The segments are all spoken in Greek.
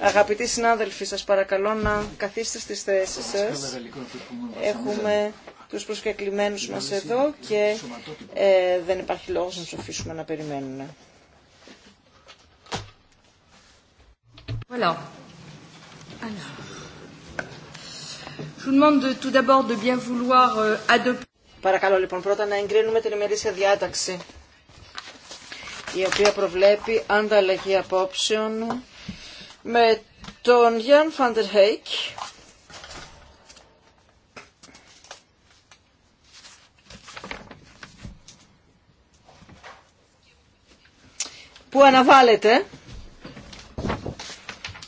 Αγαπητοί συνάδελφοι, σας παρακαλώ να καθίσετε στις θέσεις σας. Έχουμε τους προσκεκλημένους μας εδώ και ε, δεν υπάρχει λόγος να τους αφήσουμε να περιμένουν. Παρακαλώ λοιπόν πρώτα να εγκρίνουμε την ημερήσια διάταξη η οποία προβλέπει ανταλλαγή απόψεων με τον Γιάνν Φαντερ Χέικ, που αναβάλλεται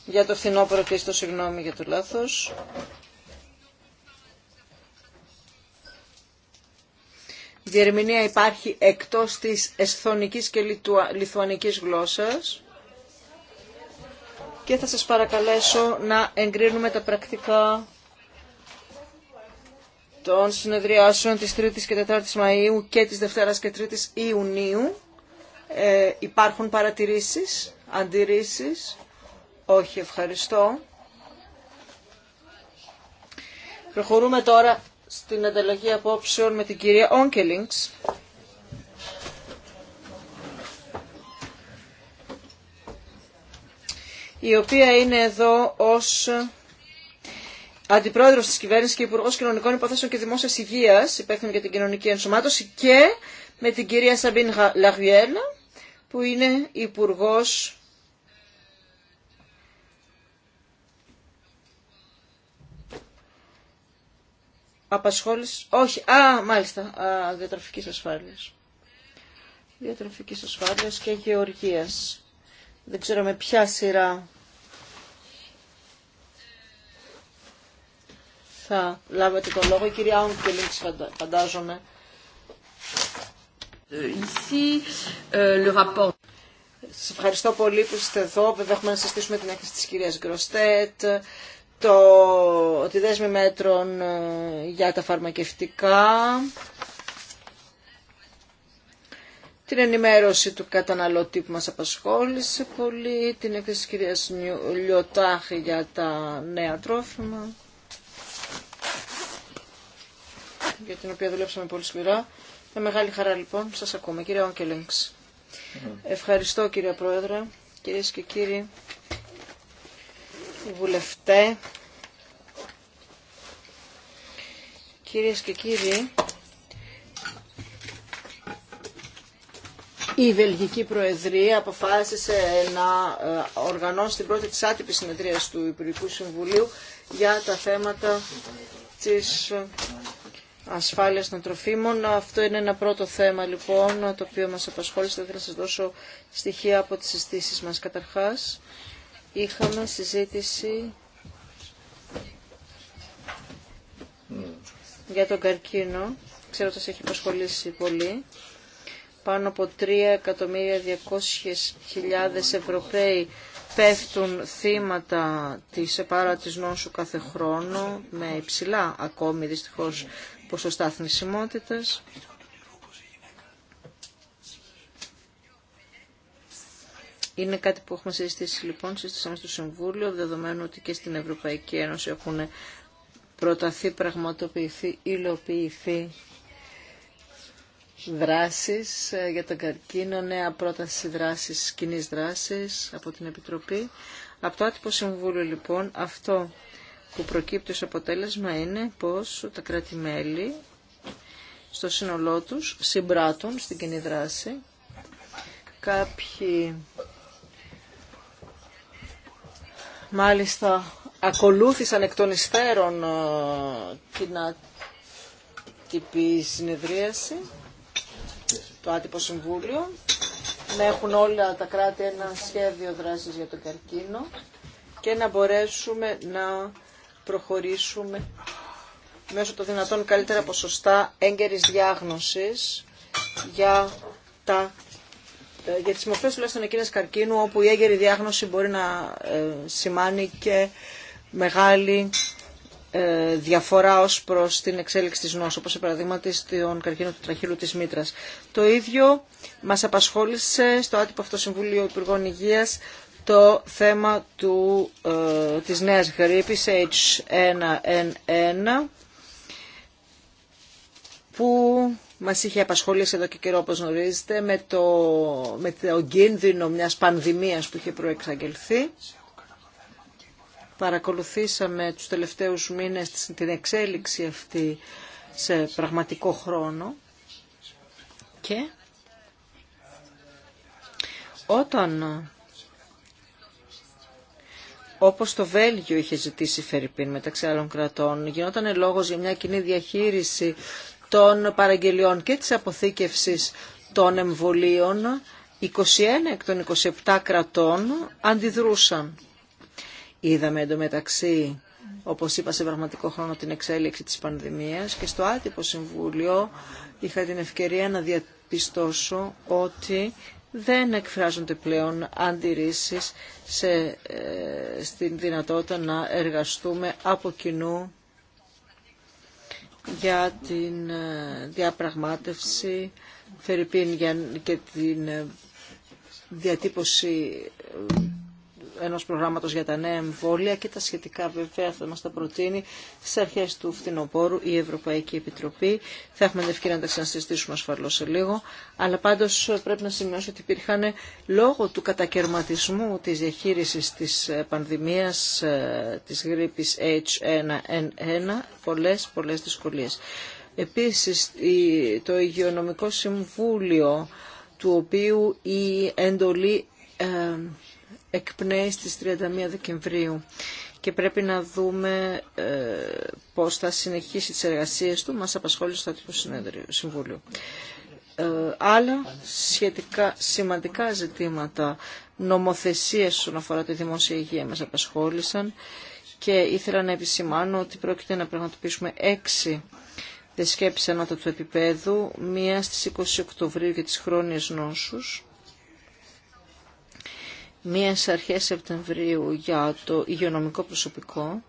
για το φθινόπωρο και στο συγγνώμη για το λάθος. διερμηνία υπάρχει εκτός της εσθονικής και λιθουανικής γλώσσας. Και θα σας παρακαλέσω να εγκρίνουμε τα πρακτικά των συνεδριάσεων της 3ης και 4ης Μαΐου και της Δευτέρας και 3ης Ιουνίου. Ε, υπάρχουν παρατηρήσεις, αντιρρήσεις. Όχι, ευχαριστώ. Προχωρούμε τώρα στην ανταλλαγή απόψεων με την κυρία Όγκελινγκς. η οποία είναι εδώ ως αντιπρόεδρος της κυβέρνησης και υπουργό Κοινωνικών Υποθέσεων και Δημόσιας Υγείας, υπεύθυνη για την κοινωνική ενσωμάτωση, και με την κυρία Σαμπίν Λαγουιέλ, που είναι υπουργό Απασχόληση. Όχι. Α, μάλιστα. Α, διατροφικής ασφάλειας. Διατροφικής ασφάλειας και γεωργίας. Δεν ξέρω με ποια σειρά θα λάβετε τον λόγο. Η κυρία Άουγκελίνγκ, φαντάζομαι. Ici, euh, le rapport. Σας ευχαριστώ πολύ που είστε εδώ. Βέβαια έχουμε να συστήσουμε την έκθεση της κυρίας Γκροστέτ, το, τη δέσμη μέτρων ε, για τα φαρμακευτικά, την ενημέρωση του καταναλωτή που μας απασχόλησε πολύ, την έκθεση της κυρίας Λιωτάχη για τα νέα τρόφιμα, για την οποία δουλέψαμε πολύ σκληρά. Με μεγάλη χαρά λοιπόν σας ακούμε. Κύριε Όγκελεγξ. Ευχαριστώ κύριε Πρόεδρε, κυρίες και κύριοι βουλευτέ, κυρίες και κύριοι, η Βελγική Προεδρία αποφάσισε να ε, οργανώσει την πρώτη της άτυπη συνεδρίας του Υπουργικού Συμβουλίου για τα θέματα της ασφάλειας των τροφίμων. Αυτό είναι ένα πρώτο θέμα λοιπόν το οποίο μας απασχόλησε. Θα ήθελα να σας δώσω στοιχεία από τις συστήσεις μας καταρχάς είχαμε συζήτηση για τον καρκίνο. Ξέρω ότι σας έχει υποσχολήσει πολύ. Πάνω από 3.200.000 Ευρωπαίοι πέφτουν θύματα της επάρατης νόσου κάθε χρόνο με υψηλά ακόμη δυστυχώς ποσοστά θνησιμότητας. Είναι κάτι που έχουμε συζητήσει λοιπόν, συζητήσαμε στο Συμβούλιο, δεδομένου ότι και στην Ευρωπαϊκή Ένωση έχουν προταθεί, πραγματοποιηθεί, υλοποιηθεί δράσεις ε, για τον καρκίνο, νέα πρόταση δράσης, κοινή δράσης από την Επιτροπή. Από το άτυπο Συμβούλιο λοιπόν αυτό που προκύπτει ως αποτέλεσμα είναι πως τα κράτη-μέλη στο σύνολό τους συμπράττουν στην κοινή δράση κάποιοι Μάλιστα, ακολούθησαν εκ των υστέρων ε, την άτυπη συνεδρίαση, το άτυπο συμβούλιο, να έχουν όλα τα κράτη ένα σχέδιο δράσης για τον καρκίνο και να μπορέσουμε να προχωρήσουμε μέσω των δυνατόν καλύτερα ποσοστά έγκαιρης διάγνωσης για τα ε, για τις μορφές τουλάχιστον εκείνες καρκίνου όπου η έγκαιρη διάγνωση μπορεί να ε, σημάνει και μεγάλη ε, διαφορά ως προς την εξέλιξη της νόσου, όπως σε παραδείγμα στον καρκίνο του τραχύλου της μήτρας. Το ίδιο μας απασχόλησε στο άτυπο αυτό Συμβούλιο Υπουργών Υγείας το θέμα του, ε, της νέας γρήπης H1N1 που μας είχε απασχολήσει εδώ και καιρό όπως γνωρίζετε με το, με το κίνδυνο μιας πανδημίας που είχε προεξαγγελθεί. Παρακολουθήσαμε τους τελευταίους μήνες την εξέλιξη αυτή σε πραγματικό χρόνο και όταν όπως το Βέλγιο είχε ζητήσει Φερρυπίν μεταξύ άλλων κρατών. Γινόταν λόγος για μια κοινή διαχείριση των παραγγελιών και της αποθήκευσης των εμβολίων 21 εκ των 27 κρατών αντιδρούσαν. Είδαμε εντωμεταξύ, όπως είπα σε πραγματικό χρόνο, την εξέλιξη της πανδημίας και στο άτυπο συμβούλιο είχα την ευκαιρία να διαπιστώσω ότι δεν εκφράζονται πλέον αντιρρήσεις σε, ε, στην δυνατότητα να εργαστούμε από κοινού για την ε, διαπραγμάτευση Φερρυπίν και την ε, διατύπωση ε, Ενό προγράμματο για τα νέα εμβόλια και τα σχετικά βέβαια θα μα τα προτείνει στι αρχέ του φθινοπόρου η Ευρωπαϊκή Επιτροπή. Θα έχουμε την ευκαιρία να τα ξανασυζητήσουμε ασφαλώ σε λίγο. Αλλά πάντως πρέπει να σημειώσω ότι υπήρχαν λόγω του κατακαιρματισμού της διαχείριση της ε, πανδημίας ε, της γρηπη h H1N1 πολλές, πολλές πολλες δυσκολιε Επίσης το Υγειονομικό Συμβούλιο του οποίου η εντολή ε, εκπνέει στις 31 Δεκεμβρίου και πρέπει να δούμε ε, πώς θα συνεχίσει τις εργασίες του. Μας απασχόλησε στο Αττικό Συμβούλιο. Ε, άλλα σχετικά σημαντικά ζητήματα νομοθεσίες όσον αφορά τη δημόσια υγεία μας απασχόλησαν και ήθελα να επισημάνω ότι πρόκειται να πραγματοποιήσουμε έξι δεσκέψεις ανώτατου επίπεδου, μία στις 20 Οκτωβρίου για τις χρόνιες νόσους, σε αρχές Σεπτεμβρίου για το υγειονομικό προσωπικό,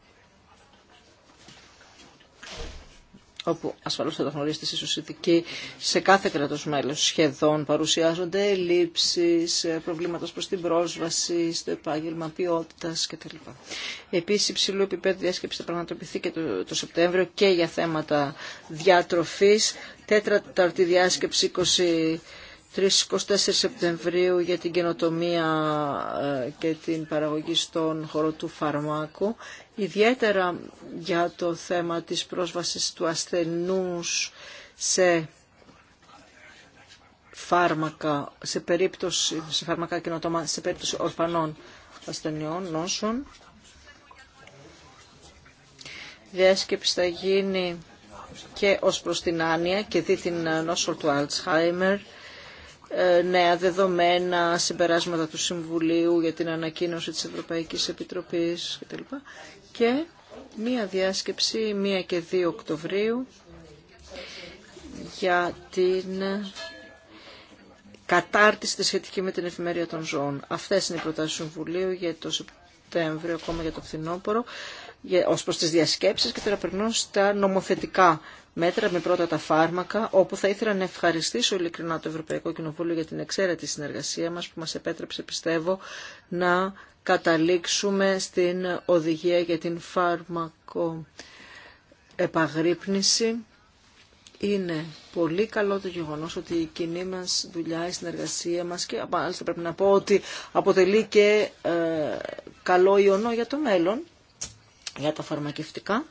όπου ασφαλώς θα τα γνωρίζετε εσείς σε κάθε κράτος μέλος σχεδόν παρουσιάζονται λήψεις, προβλήματα προς την πρόσβαση, στο επάγγελμα ποιότητας κτλ. Επίσης υψηλού επίπεδου διάσκεψη θα πραγματοποιηθεί και το, Σεπτέμβριο και για θέματα διατροφής, τέταρτη διάσκεψη 20 3-24 Σεπτεμβρίου για την καινοτομία ε, και την παραγωγή στον χώρο του φαρμάκου, ιδιαίτερα για το θέμα της πρόσβασης του ασθενούς σε φάρμακα, σε, περίπτωση, σε φάρμακα καινοτόμα, σε περίπτωση ορφανών ασθενειών, νόσων. Διάσκεψη θα γίνει και ως προς την άνοια και δει την ε, νόσο του Αλτσχάιμερ ε, νέα δεδομένα, συμπεράσματα του Συμβουλίου για την ανακοίνωση της Ευρωπαϊκής Επιτροπής κτλ. Και μία διάσκεψη, μία και 2 Οκτωβρίου, για την κατάρτιση τη σχετική με την εφημερία των ζώων. Αυτές είναι οι προτάσεις του Συμβουλίου για το Σεπτέμβριο, ακόμα για το φθινόπωρο, ως προς τις διασκέψεις και τώρα περνώ στα νομοθετικά μέτρα με πρώτα τα φάρμακα, όπου θα ήθελα να ευχαριστήσω ειλικρινά το Ευρωπαϊκό Κοινοβούλιο για την εξαίρετη συνεργασία μας που μας επέτρεψε, πιστεύω, να καταλήξουμε στην οδηγία για την φάρμακο επαγρύπνηση. Είναι πολύ καλό το γεγονός ότι η κοινή μας δουλειά, η συνεργασία μας και μάλιστα πρέπει να πω ότι αποτελεί και ε, καλό ιονό για το μέλλον, για τα φαρμακευτικά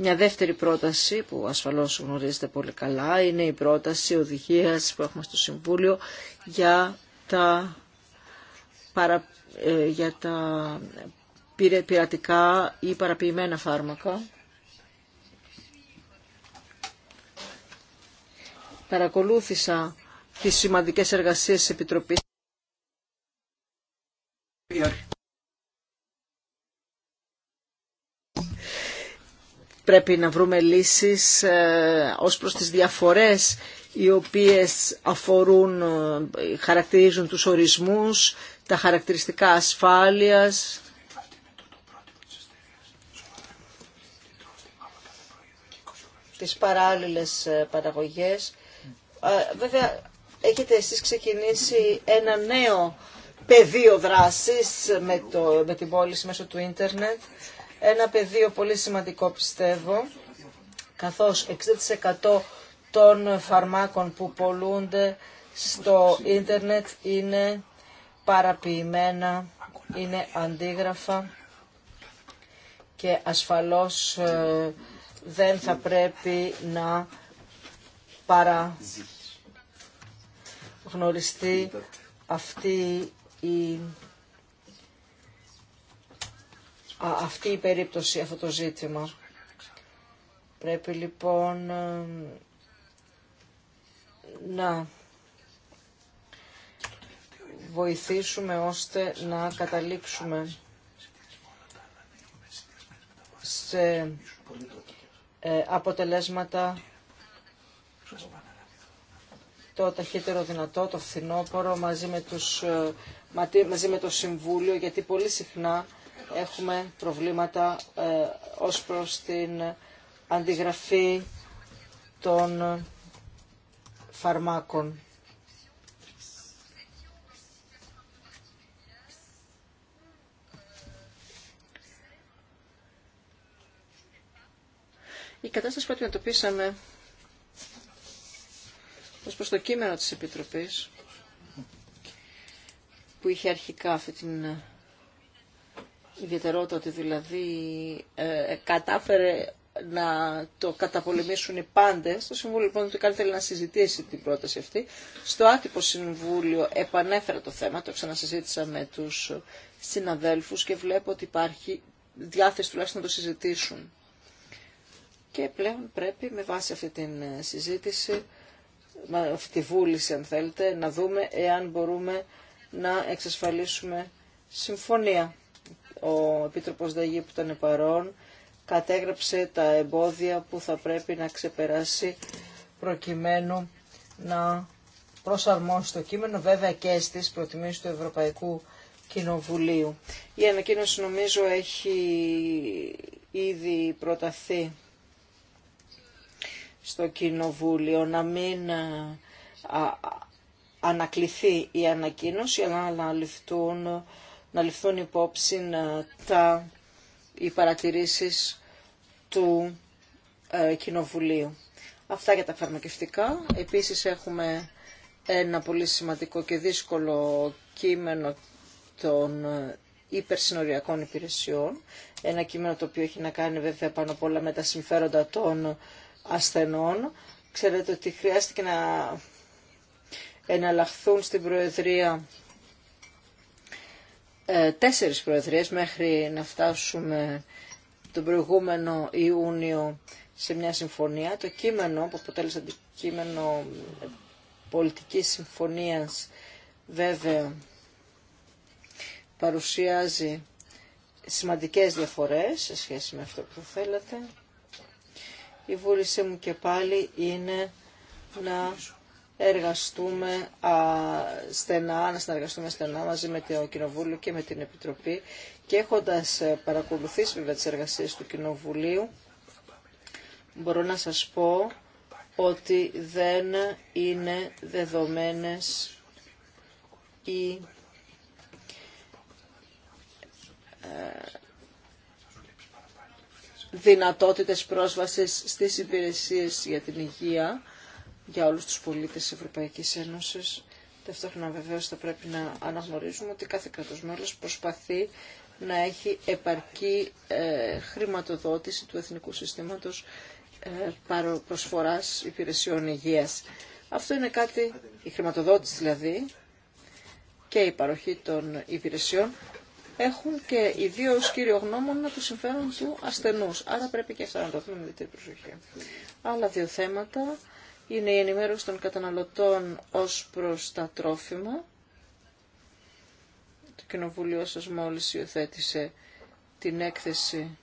μια δεύτερη πρόταση που ασφαλώς γνωρίζετε πολύ καλά είναι η πρόταση οδηγίας που έχουμε στο Συμβούλιο για τα, παρα, ε, για τα πειρατικά ή παραποιημένα φάρμακα. Παρακολούθησα τις σημαντικές εργασίες της Επιτροπής πρέπει να βρούμε λύσεις ε, ως προς τις διαφορές οι οποίες αφορούν, ε, χαρακτηρίζουν τους ορισμούς, τα χαρακτηριστικά ασφάλειας. τις παράλληλες ε, παραγωγές. Βέβαια, έχετε εσείς ξεκινήσει ένα νέο πεδίο δράσης με, το, με την πώληση μέσω του ίντερνετ ένα πεδίο πολύ σημαντικό πιστεύω, καθώς 60% των φαρμάκων που πολλούνται στο ίντερνετ είναι παραποιημένα, είναι αντίγραφα και ασφαλώς ε, δεν θα πρέπει να παραγνωριστεί αυτή η αυτή η περίπτωση, αυτό το ζήτημα. Πρέπει λοιπόν ε, να βοηθήσουμε ώστε να καταλήξουμε σε ε, αποτελέσματα το ταχύτερο δυνατό, το φθινόπωρο μαζί με, τους, ε, μαζί με το Συμβούλιο γιατί πολύ συχνά έχουμε προβλήματα ε, ως προς την αντιγραφή των φαρμάκων. Η κατάσταση που αντιμετωπίσαμε ως προς το κείμενο της Επιτροπής που είχε αρχικά αυτή την ιδιαιτερότητα ότι δηλαδή ε, ε, κατάφερε να το καταπολεμήσουν οι πάντες. Το Συμβούλιο λοιπόν ότι θέλει να συζητήσει την πρόταση αυτή. Στο άτυπο Συμβούλιο επανέφερα το θέμα, το ξανασυζήτησα με τους συναδέλφους και βλέπω ότι υπάρχει διάθεση τουλάχιστον να το συζητήσουν. Και πλέον πρέπει με βάση αυτή την ε, συζήτηση, αυτή τη βούληση αν θέλετε, να δούμε εάν μπορούμε να εξασφαλίσουμε συμφωνία ο Επίτροπος Δαγή που ήταν παρόν κατέγραψε τα εμπόδια που θα πρέπει να ξεπεράσει προκειμένου να προσαρμόσει το κείμενο βέβαια και στις προτιμήσεις του Ευρωπαϊκού Κοινοβουλίου. Η ανακοίνωση νομίζω έχει ήδη προταθεί στο Κοινοβούλιο να μην ε, ανακληθεί η ανακοίνωση αλλά να αναλυφθούν να ληφθούν υπόψη τα, οι παρατηρήσεις του ε, Κοινοβουλίου. Αυτά για τα φαρμακευτικά. Επίσης έχουμε ένα πολύ σημαντικό και δύσκολο κείμενο των ε, υπερσυνοριακών υπηρεσιών. Ένα κείμενο το οποίο έχει να κάνει βέβαια πάνω απ' όλα με τα συμφέροντα των ασθενών. Ξέρετε ότι χρειάστηκε να εναλλαχθούν στην Προεδρία ε, τέσσερις προεδρίες μέχρι να φτάσουμε τον προηγούμενο Ιούνιο σε μια συμφωνία. Το κείμενο που αποτέλεσε αντικείμενο πολιτικής συμφωνίας βέβαια παρουσιάζει σημαντικές διαφορές σε σχέση με αυτό που θέλατε. Η βούλησή μου και πάλι είναι να εργαστούμε α, στενά, να συνεργαστούμε στενά μαζί με το Κοινοβούλιο και με την Επιτροπή και έχοντας ε, παρακολουθήσει βέβαια τις εργασίες του Κοινοβουλίου μπορώ να σας πω ότι δεν είναι δεδομένες οι ε, δυνατότητες πρόσβασης στις υπηρεσίες για την υγεία για όλους τους πολίτες της Ευρωπαϊκής Ένωσης. Ταυτόχρονα βεβαίως θα πρέπει να αναγνωρίζουμε ότι κάθε κρατος μέλος προσπαθεί να έχει επαρκή ε, χρηματοδότηση του εθνικού συστήματος ε, προσφοράς υπηρεσιών υγείας. Αυτό είναι κάτι, η χρηματοδότηση δηλαδή και η παροχή των υπηρεσιών έχουν και οι δύο ως κύριο γνώμονα το συμφέρον του ασθενούς. Άρα πρέπει και αυτά να το δούμε με ιδιαίτερη προσοχή. Άλλα δύο θέματα είναι η ενημέρωση των καταναλωτών ως προς τα τρόφιμα. Το Κοινοβουλίο σας μόλις υιοθέτησε την έκθεση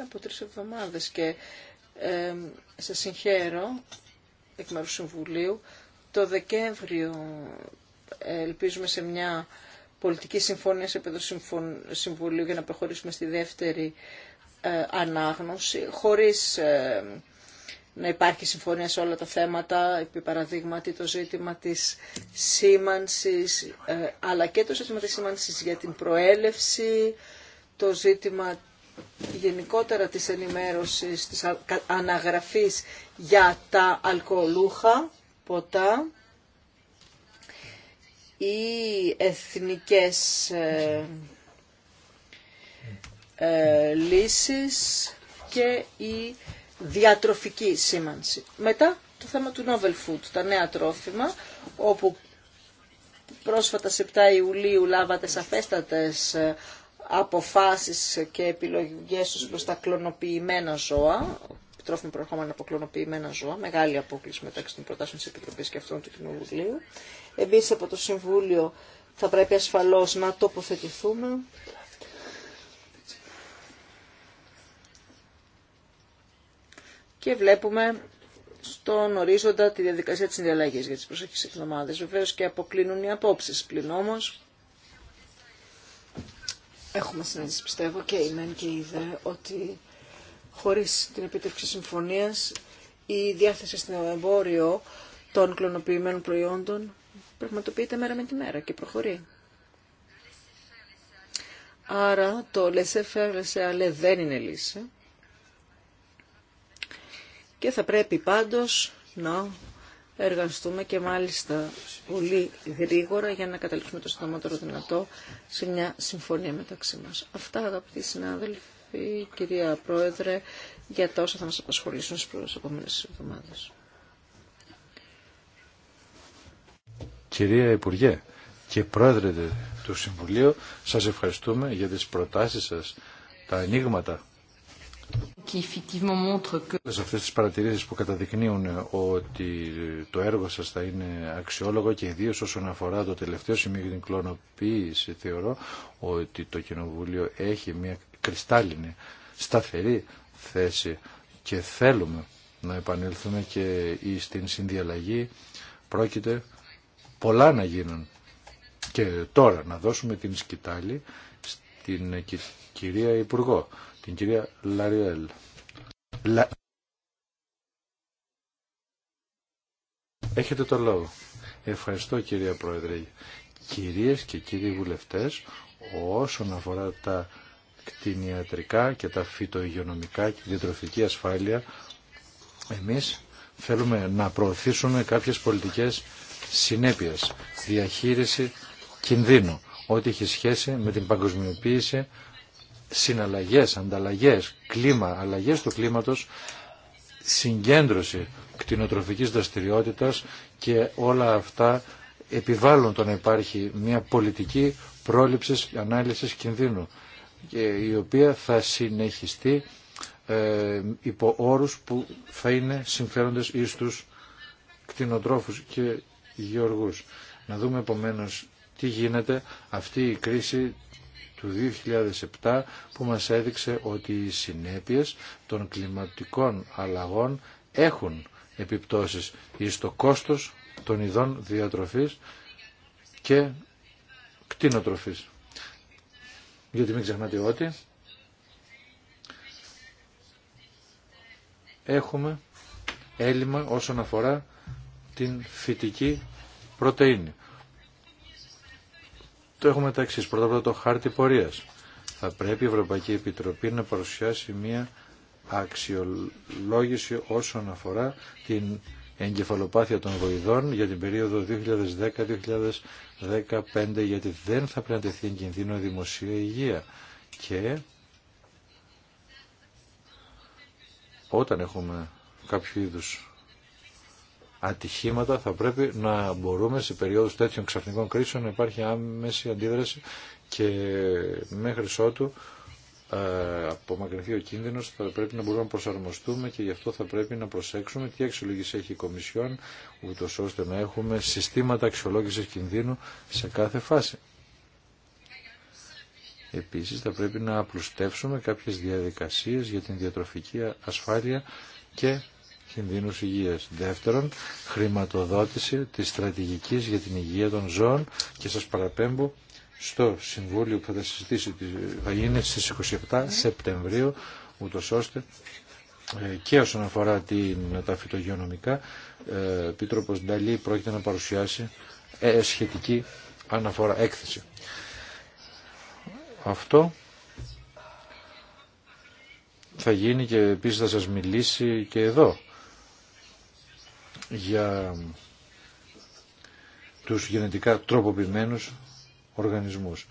από τρεις εβδομάδες και ε, σας συγχαίρω εκ μέρους Συμβουλίου. Το Δεκέμβριο ε, ελπίζουμε σε μια πολιτική συμφωνία σε επίπεδο Συμβουλίου για να προχωρήσουμε στη δεύτερη ε, ανάγνωση χωρίς... Ε, να υπάρχει συμφωνία σε όλα τα θέματα, επί παραδείγματι το ζήτημα της σήμανσης, ε, αλλά και το ζήτημα της σήμανσης για την προέλευση, το ζήτημα γενικότερα της ενημέρωσης, της αναγραφής για τα αλκοολούχα ποτά, οι εθνικές ε, ε λύσεις και οι διατροφική σήμανση. Μετά το θέμα του novel food, τα νέα τρόφιμα, όπου πρόσφατα σε 7 Ιουλίου λάβατε σαφέστατες ε, αποφάσεις και επιλογές τους προς τα κλωνοποιημένα ζώα, τρόφιμα προερχόμενα από κλωνοποιημένα ζώα, μεγάλη απόκληση μεταξύ των προτάσεων της Επιτροπής και αυτών του Κοινοβουλίου. Επίσης από το Συμβούλιο θα πρέπει ασφαλώς να τοποθετηθούμε και βλέπουμε στον ορίζοντα τη διαδικασία της συνδιαλλαγής για τις προσεχείς εβδομάδες. Βεβαίως και αποκλίνουν οι απόψεις πλην όμως. Έχουμε συνέντευξη πιστεύω και η ΜΕΝ και η ΔΕ ότι χωρίς την επίτευξη συμφωνίας η διάθεση στην εμπόριο των κλωνοποιημένων προϊόντων πραγματοποιείται μέρα με τη μέρα και προχωρεί. Άρα το laissez δεν είναι λύση και θα πρέπει πάντως να εργαστούμε και μάλιστα πολύ γρήγορα για να καταλήξουμε το συντομότερο δυνατό σε μια συμφωνία μεταξύ μας. Αυτά αγαπητοί συνάδελφοι, κυρία Πρόεδρε, για τα όσα θα μας απασχολήσουν στις επόμενες εβδομάδες. Κυρία Υπουργέ και Πρόεδρε του Συμβουλίου, σας ευχαριστούμε για τις προτάσεις σας, τα ανοίγματα σε αυτές τις παρατηρήσεις που καταδεικνύουν ότι το έργο σας θα είναι αξιόλογο και ιδίω όσον αφορά το τελευταίο σημείο για την κλωνοποίηση θεωρώ ότι το Κοινοβούλιο έχει μια κρυστάλλινη σταθερή θέση και θέλουμε να επανέλθουμε και στην συνδιαλλαγή πρόκειται πολλά να γίνουν και τώρα να δώσουμε την σκητάλη στην κυρία Υπουργό την κυρία Λαριέλ. Έχετε το λόγο. Ευχαριστώ κυρία Πρόεδρε. Κυρίες και κύριοι βουλευτές, όσον αφορά τα κτηνιατρικά και τα φυτοϊγειονομικά και διατροφική ασφάλεια, εμείς θέλουμε να προωθήσουμε κάποιες πολιτικές συνέπειες, διαχείριση κινδύνου, ό,τι έχει σχέση με την παγκοσμιοποίηση συναλλαγές, ανταλλαγές, κλίμα, αλλαγές του κλίματος, συγκέντρωση κτηνοτροφικής δραστηριότητας και όλα αυτά επιβάλλουν το να υπάρχει μια πολιτική πρόληψης ανάλυσης κινδύνου η οποία θα συνεχιστεί ε, υπό όρους που θα είναι συμφέροντες εις τους κτηνοτρόφους και γεωργούς. Να δούμε επομένως τι γίνεται αυτή η κρίση του 2007 που μας έδειξε ότι οι συνέπειες των κλιματικών αλλαγών έχουν επιπτώσεις εις το κόστος των ειδών διατροφής και κτηνοτροφής. Γιατί μην ξεχνάτε ότι έχουμε έλλειμμα όσον αφορά την φυτική πρωτεΐνη το έχουμε τα εξή. Πρώτα απ' όλα το χάρτη πορεία. Θα πρέπει η Ευρωπαϊκή Επιτροπή να παρουσιάσει μια αξιολόγηση όσον αφορά την εγκεφαλοπάθεια των βοηδών για την περίοδο 2010-2015 γιατί δεν θα πρέπει να τεθεί εν κινδύνο δημοσία υγεία. Και όταν έχουμε κάποιο είδους ατυχήματα θα πρέπει να μπορούμε σε περίοδους τέτοιων ξαφνικών κρίσεων να υπάρχει άμεση αντίδραση και μέχρι ότου ε, απομακρυνθεί ο κίνδυνο, θα πρέπει να μπορούμε να προσαρμοστούμε και γι' αυτό θα πρέπει να προσέξουμε τι αξιολόγηση έχει η Κομισιόν, ούτω ώστε να έχουμε συστήματα αξιολόγηση κινδύνου σε κάθε φάση. Επίσης θα πρέπει να απλουστεύσουμε κάποιες διαδικασίες για την διατροφική ασφάλεια και κινδύνους υγείας. Δεύτερον, χρηματοδότηση της στρατηγικής για την υγεία των ζώων και σας παραπέμπω στο Συμβούλιο που θα συζητήσει, θα γίνει στις 27 Σεπτεμβρίου, ούτω ώστε ε, και όσον αφορά την, τα φυτογειονομικά, ο ε, Επίτροπος Νταλή πρόκειται να παρουσιάσει ε, σχετική αναφορά έκθεση. Αυτό θα γίνει και επίσης θα σας μιλήσει και εδώ για τους γενετικά τροποποιημένους οργανισμούς.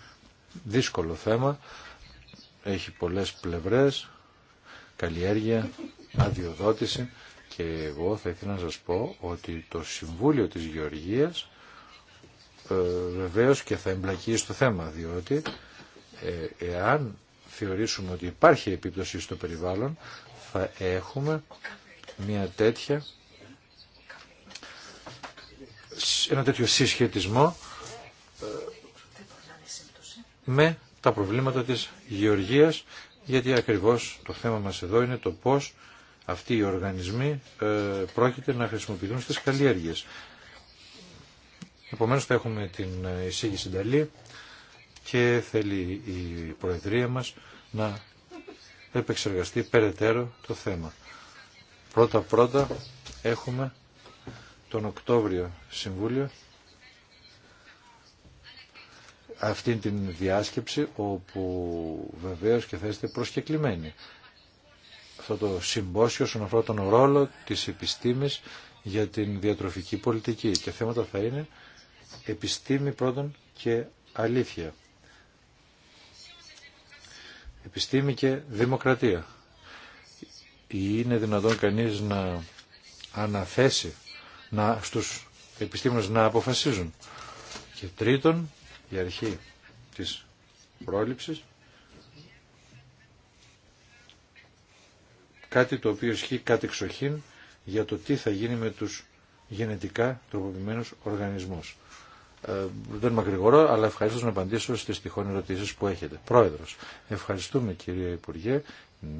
Δύσκολο θέμα, έχει πολλές πλευρές, καλλιέργεια, αδειοδότηση και εγώ θα ήθελα να σας πω ότι το Συμβούλιο της Γεωργίας ε, βεβαίως και θα εμπλακεί στο θέμα διότι ε, εάν θεωρήσουμε ότι υπάρχει επίπτωση στο περιβάλλον θα έχουμε μια τέτοια ένα τέτοιο συσχετισμό ε, με τα προβλήματα της γεωργίας γιατί ακριβώς το θέμα μας εδώ είναι το πώς αυτοί οι οργανισμοί ε, πρόκειται να χρησιμοποιηθούν στις καλλιέργειες. Επομένως θα έχουμε την ε, εισήγηση Νταλή και θέλει η Προεδρία μας να επεξεργαστεί περαιτέρω το θέμα. Πρώτα-πρώτα έχουμε τον Οκτώβριο Συμβούλιο αυτήν την διάσκεψη όπου βεβαίως και θα είστε προσκεκλημένοι. Αυτό το συμπόσιο όσον αφορά τον ρόλο της επιστήμης για την διατροφική πολιτική και θέματα θα είναι επιστήμη πρώτον και αλήθεια. Επιστήμη και δημοκρατία. Είναι δυνατόν κανείς να αναθέσει να, στους επιστήμονες να αποφασίζουν. Και τρίτον, η αρχή της πρόληψης, κάτι το οποίο ισχύει κάτι εξοχήν για το τι θα γίνει με τους γενετικά τροποποιημένους οργανισμούς. Ε, δεν μακρηγορώ, αλλά ευχαριστώ να απαντήσω στις τυχόν ερωτήσεις που έχετε. Πρόεδρος, ευχαριστούμε κυρία Υπουργέ.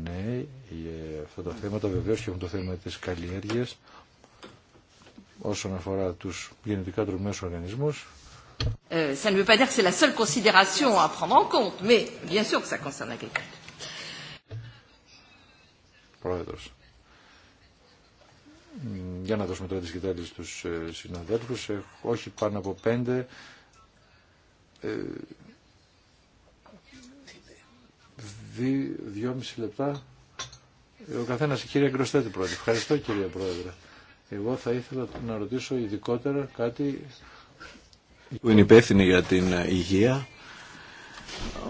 Ναι, για αυτά τα θέματα βεβαίως και με το θέμα της καλλιέργειας όσον αφορά τους γενετικά τροπημένους οργανισμούς. Ε, ça ne veut pas dire que c'est la seule considération à prendre en compte, mais bien sûr que ça concerne l'agriculture. Πρόεδρος. Για να δώσουμε τώρα τις κοιτάλεις στους ε, συναδέλφους. Ε, όχι πάνω από πέντε. Δυο δυ, λεπτά. Ο καθένας, κύριε Γκροστέτη, πρώτα. Ευχαριστώ, κύριε Πρόεδρε. Εγώ θα ήθελα να ρωτήσω ειδικότερα κάτι που είναι υπεύθυνοι για την υγεία.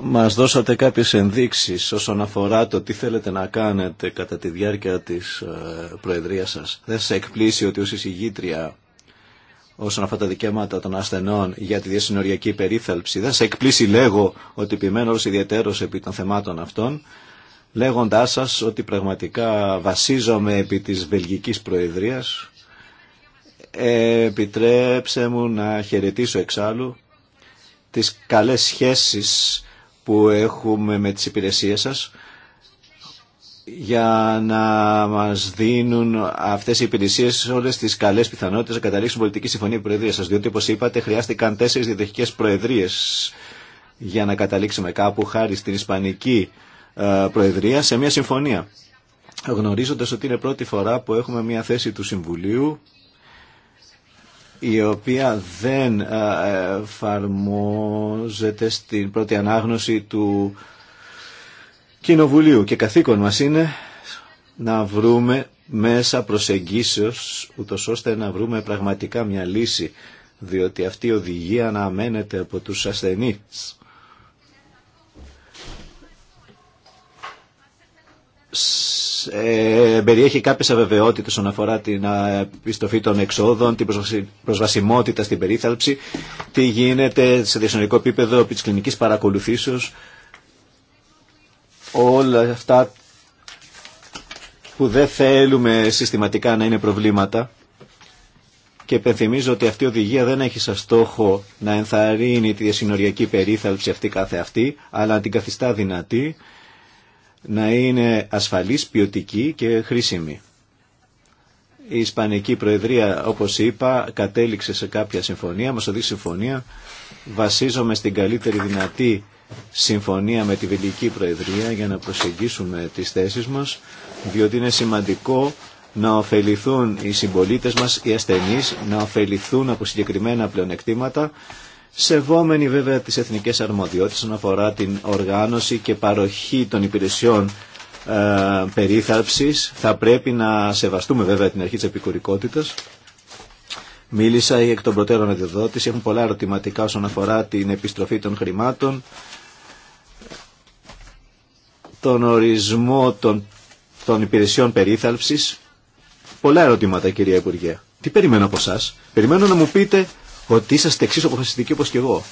Μας δώσατε κάποιες ενδείξεις όσον αφορά το τι θέλετε να κάνετε κατά τη διάρκεια της ε, προεδρίας σας. Δεν σε εκπλήσει ότι ως εισηγήτρια όσον αφορά τα δικαιώματα των ασθενών για τη διασυνοριακή περίθαλψη. Δεν σε εκπλήσει λέγω ότι επιμένω ως ιδιαίτερος επί των θεμάτων αυτών λέγοντά σας ότι πραγματικά βασίζομαι επί της Βελγικής Προεδρίας Επιτρέψε μου να χαιρετήσω εξάλλου τις καλές σχέσεις που έχουμε με τις υπηρεσίες σας για να μας δίνουν αυτές οι υπηρεσίες όλες τις καλές πιθανότητες να καταλήξουν πολιτική συμφωνία προεδρίας σας διότι όπως είπατε χρειάστηκαν τέσσερις διεδοχικές προεδρίες για να καταλήξουμε κάπου χάρη στην Ισπανική ε, Προεδρία σε μια συμφωνία γνωρίζοντας ότι είναι πρώτη φορά που έχουμε μια θέση του Συμβουλίου η οποία δεν ε, εφαρμόζεται στην πρώτη ανάγνωση του Κοινοβουλίου και καθήκον μας είναι να βρούμε μέσα προσεγγίσεως ούτως ώστε να βρούμε πραγματικά μια λύση διότι αυτή η οδηγία αναμένεται από τους ασθενείς ε, περιέχει κάποιες αβεβαιότητες όσον αφορά την επιστοφή των εξόδων, την προσβασιμότητα στην περίθαλψη, τι γίνεται σε διασυνορικό επίπεδο επί της κλινικής παρακολουθήσεως, όλα αυτά που δεν θέλουμε συστηματικά να είναι προβλήματα. Και επενθυμίζω ότι αυτή η οδηγία δεν έχει σαν στόχο να ενθαρρύνει τη διασυνοριακή περίθαλψη αυτή κάθε αυτή, αλλά να την καθιστά δυνατή να είναι ασφαλής, ποιοτική και χρήσιμη. Η Ισπανική Προεδρία, όπως είπα, κατέληξε σε κάποια συμφωνία, μας οδήγησε συμφωνία. Βασίζομαι στην καλύτερη δυνατή συμφωνία με τη Βελική Προεδρία για να προσεγγίσουμε τις θέσεις μας, διότι είναι σημαντικό να ωφεληθούν οι συμπολίτες μας, οι ασθενείς, να ωφεληθούν από συγκεκριμένα πλεονεκτήματα σεβόμενοι βέβαια τις εθνικές αρμοδιότητες όσον αφορά την οργάνωση και παροχή των υπηρεσιών ε, περίθαλψης. Θα πρέπει να σεβαστούμε βέβαια την αρχή της επικουρικότητας. Μίλησα εκ των προτέρων αντιδότηση. Έχουν πολλά ερωτηματικά όσον αφορά την επιστροφή των χρημάτων, τον ορισμό των, των υπηρεσιών περίθαλψης. Πολλά ερωτήματα, κυρία Υπουργέ. Τι περιμένω από εσά. Περιμένω να μου πείτε ότι είσαστε εξίσου αποφασιστικοί όπως και εγώ,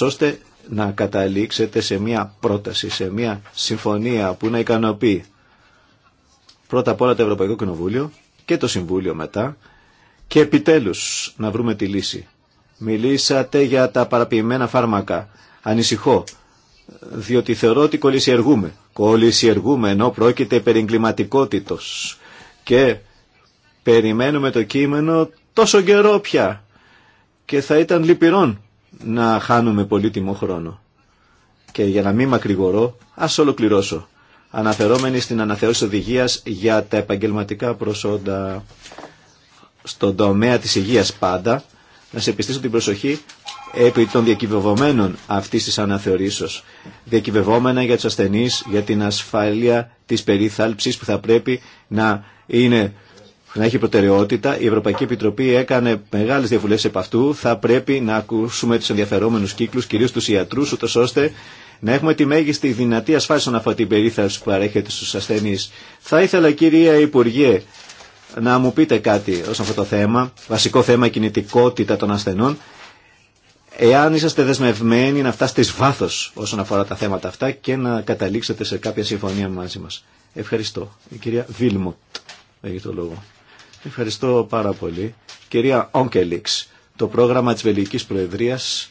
ώστε να καταλήξετε σε μια πρόταση, σε μια συμφωνία που να ικανοποιεί πρώτα απ' όλα το Ευρωπαϊκό Κοινοβούλιο και το Συμβούλιο μετά και επιτέλους να βρούμε τη λύση. Μιλήσατε για τα παραποιημένα φάρμακα. Ανησυχώ, διότι θεωρώ ότι κολλησιεργούμε. Κολλησιεργούμε ενώ πρόκειται περί εγκληματικότητος και Περιμένουμε το κείμενο τόσο καιρό πια και θα ήταν λυπηρόν να χάνουμε πολύτιμο χρόνο. Και για να μην μακρηγορώ, ας ολοκληρώσω. Αναφερόμενοι στην αναθεώρηση οδηγία για τα επαγγελματικά προσόντα στον τομέα της υγείας πάντα, να σε επιστήσω την προσοχή επί των διακυβευομένων αυτής της αναθεωρήσεως. Διακυβευόμενα για τους ασθενείς, για την ασφάλεια της περίθαλψης που θα πρέπει να είναι να έχει προτεραιότητα. Η Ευρωπαϊκή Επιτροπή έκανε μεγάλε διαβουλεύσει επ' αυτού. Θα πρέπει να ακούσουμε του ενδιαφερόμενου κύκλου, κυρίω του ιατρού, ούτω ώστε να έχουμε τη μέγιστη δυνατή ασφάλιση στον αφορά την περίθαλψη που παρέχεται στου ασθενεί. Θα ήθελα, κυρία Υπουργέ, να μου πείτε κάτι όσον αυτό το θέμα, βασικό θέμα κινητικότητα των ασθενών. Εάν είσαστε δεσμευμένοι να φτάσετε εις βάθος όσον αφορά τα θέματα αυτά και να καταλήξετε σε κάποια συμφωνία μαζί μας. Ευχαριστώ. Η κυρία Βίλμοτ έχει το λόγο. Ευχαριστώ πάρα πολύ. Κυρία Όγκελιξ, το πρόγραμμα της Βελικής Προεδρίας,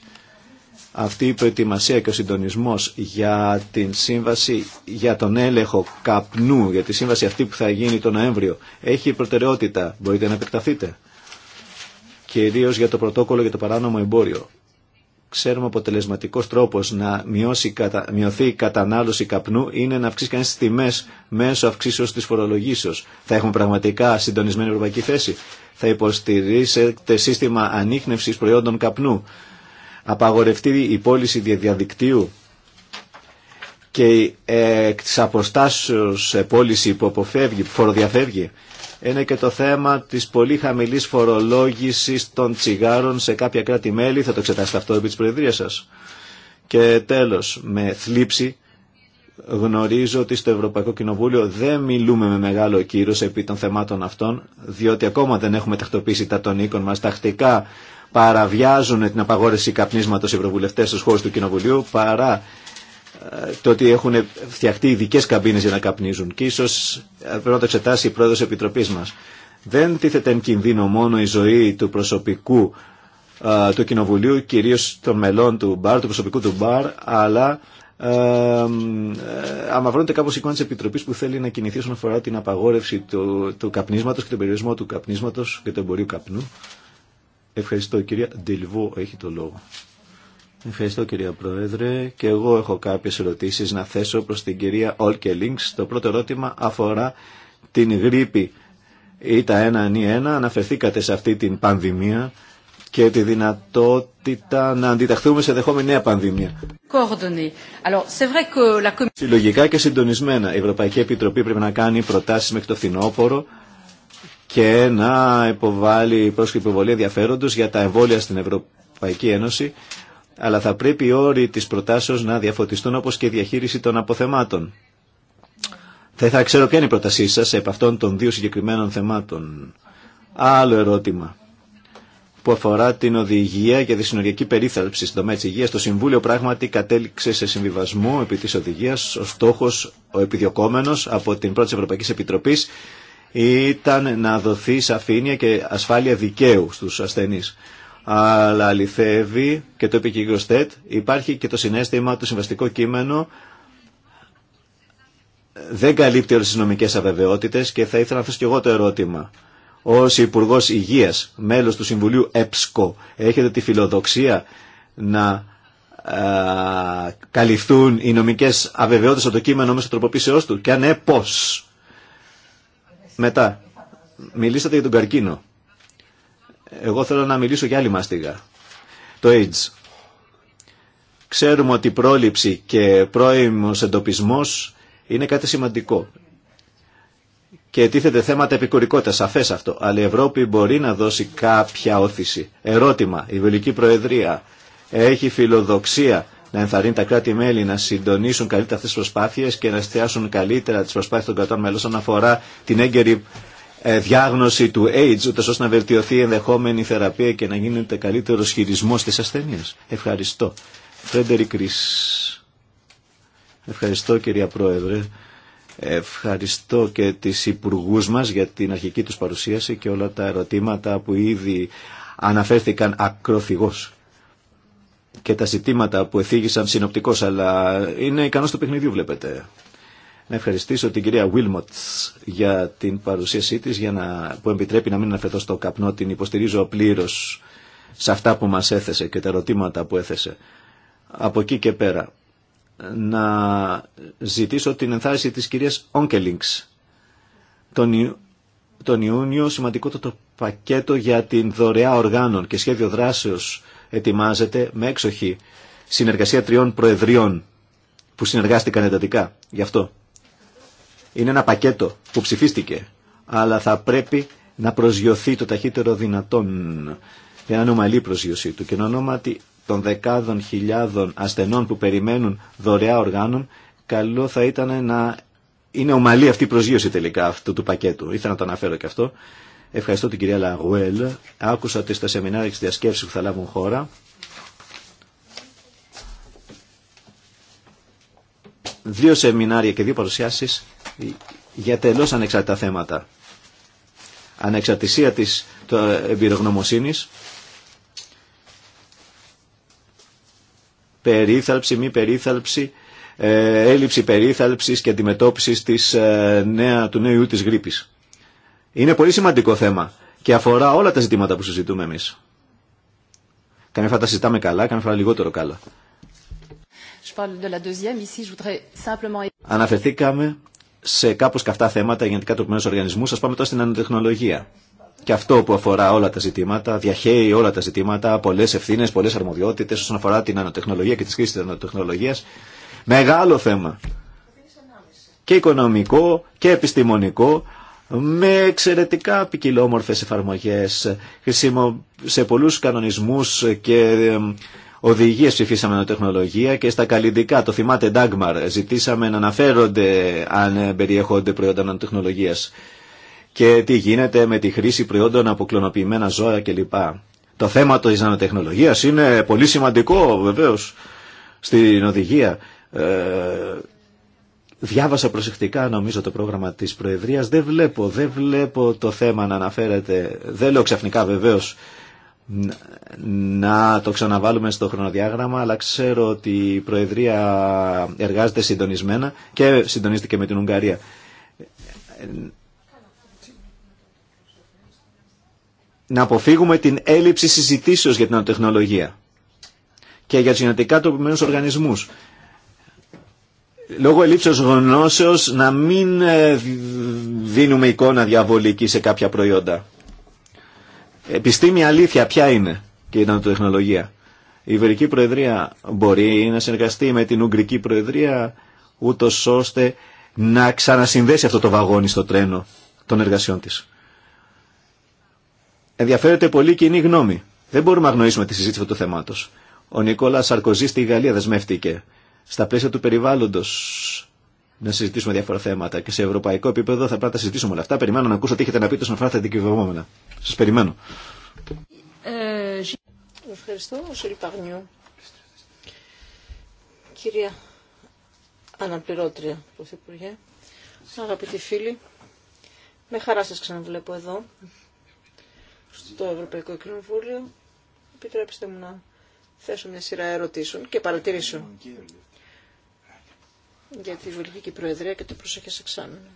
αυτή η προετοιμασία και ο συντονισμός για την σύμβαση, για τον έλεγχο καπνού, για τη σύμβαση αυτή που θα γίνει το Νοέμβριο, έχει προτεραιότητα. Μπορείτε να επεκταθείτε. Κυρίως για το πρωτόκολλο για το παράνομο εμπόριο ξέρουμε αποτελεσματικός τρόπος να μειώσει, μειωθεί η κατανάλωση καπνού είναι να αυξήσει κανείς τις τιμές μέσω αυξήσεως της φορολογήσεως. Θα έχουμε πραγματικά συντονισμένη ευρωπαϊκή θέση. Θα υποστηρίσετε σύστημα ανείχνευσης προϊόντων καπνού. Απαγορευτεί η πώληση διαδικτύου και ε, εκ της αποστάσεως πώληση που φοροδιαφεύγει είναι και το θέμα της πολύ χαμηλής φορολόγησης των τσιγάρων σε κάποια κράτη-μέλη. Θα το εξετάσετε αυτό επί της Προεδρίας σας. Και τέλος, με θλίψη γνωρίζω ότι στο Ευρωπαϊκό Κοινοβούλιο δεν μιλούμε με μεγάλο κύρος επί των θεμάτων αυτών, διότι ακόμα δεν έχουμε τακτοποιήσει τα των οίκων μας τακτικά παραβιάζουν την απαγόρευση καπνίσματος οι ευρωβουλευτές στους χώρους του Κοινοβουλίου παρά το ότι έχουν φτιαχτεί ειδικέ καμπίνε για να καπνίζουν και ίσω ε, πρέπει να το εξετάσει η πρόεδρος επιτροπή μα. Δεν τίθεται εν κινδύνο μόνο η ζωή του προσωπικού ε, του Κοινοβουλίου, κυρίω των μελών του μπαρ, του προσωπικού του μπαρ, αλλά αμαυρώνεται ε, κάπως η εικόνα Επιτροπής που θέλει να κινηθεί όσον αφορά την απαγόρευση του, του καπνίσματος και τον περιορισμό του καπνίσματο και του εμπορίου καπνού. Ευχαριστώ κυρία Ντελβού, έχει το λόγο. Ευχαριστώ κυρία Πρόεδρε και εγώ έχω κάποιες ερωτήσεις να θέσω προς την κυρία Όλκε Λίνξ. Το πρώτο ερώτημα αφορά την γρήπη ή τα 1-1. Αναφερθήκατε σε αυτή την πανδημία και τη δυνατότητα να αντιταχθούμε σε δεχόμενη νέα πανδημία. Συλλογικά και συντονισμένα η Ευρωπαϊκή Επιτροπή πρέπει να κάνει προτάσεις μέχρι το φθινόπωρο και να υποβάλει πρόσκληση βολή ενδιαφέροντος για τα εμβόλια στην Ευρωπαϊκή Ένωση αλλά θα πρέπει οι όροι της προτάσεως να διαφωτιστούν όπως και η διαχείριση των αποθεμάτων. Θα ήθελα ξέρω ποια είναι η πρότασή σας επ' αυτών των δύο συγκεκριμένων θεμάτων. Άλλο ερώτημα που αφορά την οδηγία για τη συνοριακή περίθαλψη στην τομέα τη υγείας. Το Συμβούλιο πράγματι κατέληξε σε συμβιβασμό επί της οδηγίας. Ο στόχο, ο επιδιωκόμενος από την πρώτη Ευρωπαϊκή Επιτροπή ήταν να δοθεί σαφήνεια και ασφάλεια δικαίου στου ασθενεί αλλά αληθεύει και το είπε και υπάρχει και το συνέστημα, του συμβαστικό κείμενο δεν καλύπτει όλες τις νομικές αβεβαιότητες και θα ήθελα να θέσω και εγώ το ερώτημα. Ως υπουργό Υγείας, μέλος του Συμβουλίου ΕΠΣΚΟ, έχετε τη φιλοδοξία να α, καλυφθούν οι νομικές αβεβαιότητες από το κείμενο μέσω τροποποίησεώς του και αν ναι, Μετά, μιλήσατε για τον καρκίνο. Εγώ θέλω να μιλήσω για άλλη μαστίγα. Το AIDS. Ξέρουμε ότι η πρόληψη και πρώιμος εντοπισμός είναι κάτι σημαντικό. Και τίθεται θέματα επικουρικότητας, σαφέ αυτό. Αλλά η Ευρώπη μπορεί να δώσει κάποια όθηση. Ερώτημα. Η Βελική Προεδρία έχει φιλοδοξία να ενθαρρύνει τα κράτη-μέλη να συντονίσουν καλύτερα αυτές τις προσπάθειες και να εστιάσουν καλύτερα τις προσπάθειες των κρατών μελών όσον αφορά την έγκαιρη ε, διάγνωση του AIDS, ούτως ώστε να βελτιωθεί η ενδεχόμενη θεραπεία και να γίνεται καλύτερο χειρισμός τη ασθένειας. Ευχαριστώ. Φρέντερικ Ευχαριστώ κυρία Πρόεδρε. Ευχαριστώ και τις υπουργούς μας για την αρχική τους παρουσίαση και όλα τα ερωτήματα που ήδη αναφέρθηκαν ακροθυγώς και τα ζητήματα που εθίγησαν συνοπτικώς, αλλά είναι ικανός του παιχνιδιού βλέπετε να ευχαριστήσω την κυρία Βίλμοτ για την παρουσίασή της που επιτρέπει να μην αναφερθώ στο καπνό. Την υποστηρίζω πλήρω σε αυτά που μας έθεσε και τα ερωτήματα που έθεσε. Από εκεί και πέρα να ζητήσω την ενθάρρυνση της κυρίας Όγκελινγκ. Τον, Ιούνιο τον Ιούνιο το πακέτο για την δωρεά οργάνων και σχέδιο δράσεω ετοιμάζεται με έξοχη συνεργασία τριών προεδριών που συνεργάστηκαν εντατικά γι' αυτό. Είναι ένα πακέτο που ψηφίστηκε, αλλά θα πρέπει να προσγειωθεί το ταχύτερο δυνατόν. ομαλή ανομαλή προσγειωσή του και εν ονόματι των δεκάδων χιλιάδων ασθενών που περιμένουν δωρεά οργάνων, καλό θα ήταν να είναι ομαλή αυτή η προσγείωση τελικά αυτού του πακέτου. Ήθελα να το αναφέρω και αυτό. Ευχαριστώ την κυρία Λαγουέλ. Άκουσα ότι στα σεμινάρια της διασκέψης που θα λάβουν χώρα δύο σεμινάρια και δύο παρουσιάσεις για τελώς ανεξάρτητα θέματα. Ανεξαρτησία της εμπειρογνωμοσύνης, περίθαλψη, μη περίθαλψη, ε, έλλειψη περίθαλψης και αντιμετώπισης της, ε, νέα, του νέου της γρήπης. Είναι πολύ σημαντικό θέμα και αφορά όλα τα ζητήματα που συζητούμε εμείς. Καμιά φορά τα συζητάμε καλά, καμιά φορά λιγότερο καλά. Αναφερθήκαμε σε κάπως καυτά θέματα του τροπημένους οργανισμούς. Σας πάμε τώρα στην ανατεχνολογία. Και αυτό που αφορά όλα τα ζητήματα, διαχέει όλα τα ζητήματα, πολλέ ευθύνε, πολλέ αρμοδιότητε όσον αφορά την ανατεχνολογία και τι χρήσει τη ανατεχνολογία. Μεγάλο θέμα. Και οικονομικό και επιστημονικό, με εξαιρετικά ποικιλόμορφε εφαρμογέ σε πολλού κανονισμού και Οδηγίε ψηφίσαμε τεχνολογία και στα καλλιντικά, το θυμάται Ντάγμαρ, ζητήσαμε να αναφέρονται αν περιέχονται προϊόντα ανατεχνολογία και τι γίνεται με τη χρήση προϊόντων από κλωνοποιημένα ζώα κλπ. Το θέμα τη ανατεχνολογία είναι πολύ σημαντικό βεβαίω στην οδηγία. Ε, διάβασα προσεκτικά νομίζω το πρόγραμμα της Προεδρίας. Δεν βλέπω, δεν βλέπω το θέμα να αναφέρεται. Δεν λέω ξαφνικά βεβαίως να το ξαναβάλουμε στο χρονοδιάγραμμα, αλλά ξέρω ότι η Προεδρία εργάζεται συντονισμένα και συντονίστηκε με την Ουγγαρία. Να αποφύγουμε την έλλειψη συζητήσεως για την τεχνολογία και για τους γενετικά τροπημένους οργανισμούς. Λόγω ελλείψεως γνώσεως να μην ε, δίνουμε εικόνα διαβολική σε κάποια προϊόντα. Επιστήμη αλήθεια ποια είναι και η τεχνολογία; Η Βερική Προεδρία μπορεί να συνεργαστεί με την Ουγγρική Προεδρία ούτω ώστε να ξανασυνδέσει αυτό το βαγόνι στο τρένο των εργασιών της. Ενδιαφέρεται πολύ κοινή γνώμη. Δεν μπορούμε να γνωρίσουμε τη συζήτηση αυτού του θέματος. Ο Νικόλα Σαρκοζή στη Γαλλία δεσμεύτηκε στα πλαίσια του περιβάλλοντος να συζητήσουμε διάφορα θέματα και σε ευρωπαϊκό επίπεδο θα πρέπει να συζητήσουμε όλα αυτά. Περιμένω να ακούσω τι έχετε να πείτε όσον αφορά τα αντικειμενόμενα. Σα περιμένω. Ε, ευχαριστώ, ευχαριστώ, Παγνιού. Κυρία Αναπληρώτρια Πρωθυπουργέ, αγαπητοί φίλοι, με χαρά σας ξαναβλέπω εδώ, στο Ευρωπαϊκό Κοινοβούλιο. Επιτρέψτε μου να θέσω μια σειρά ερωτήσεων και παρατηρήσεων για τη Βελγική Προεδρία και το προσεχές εξάμεινο.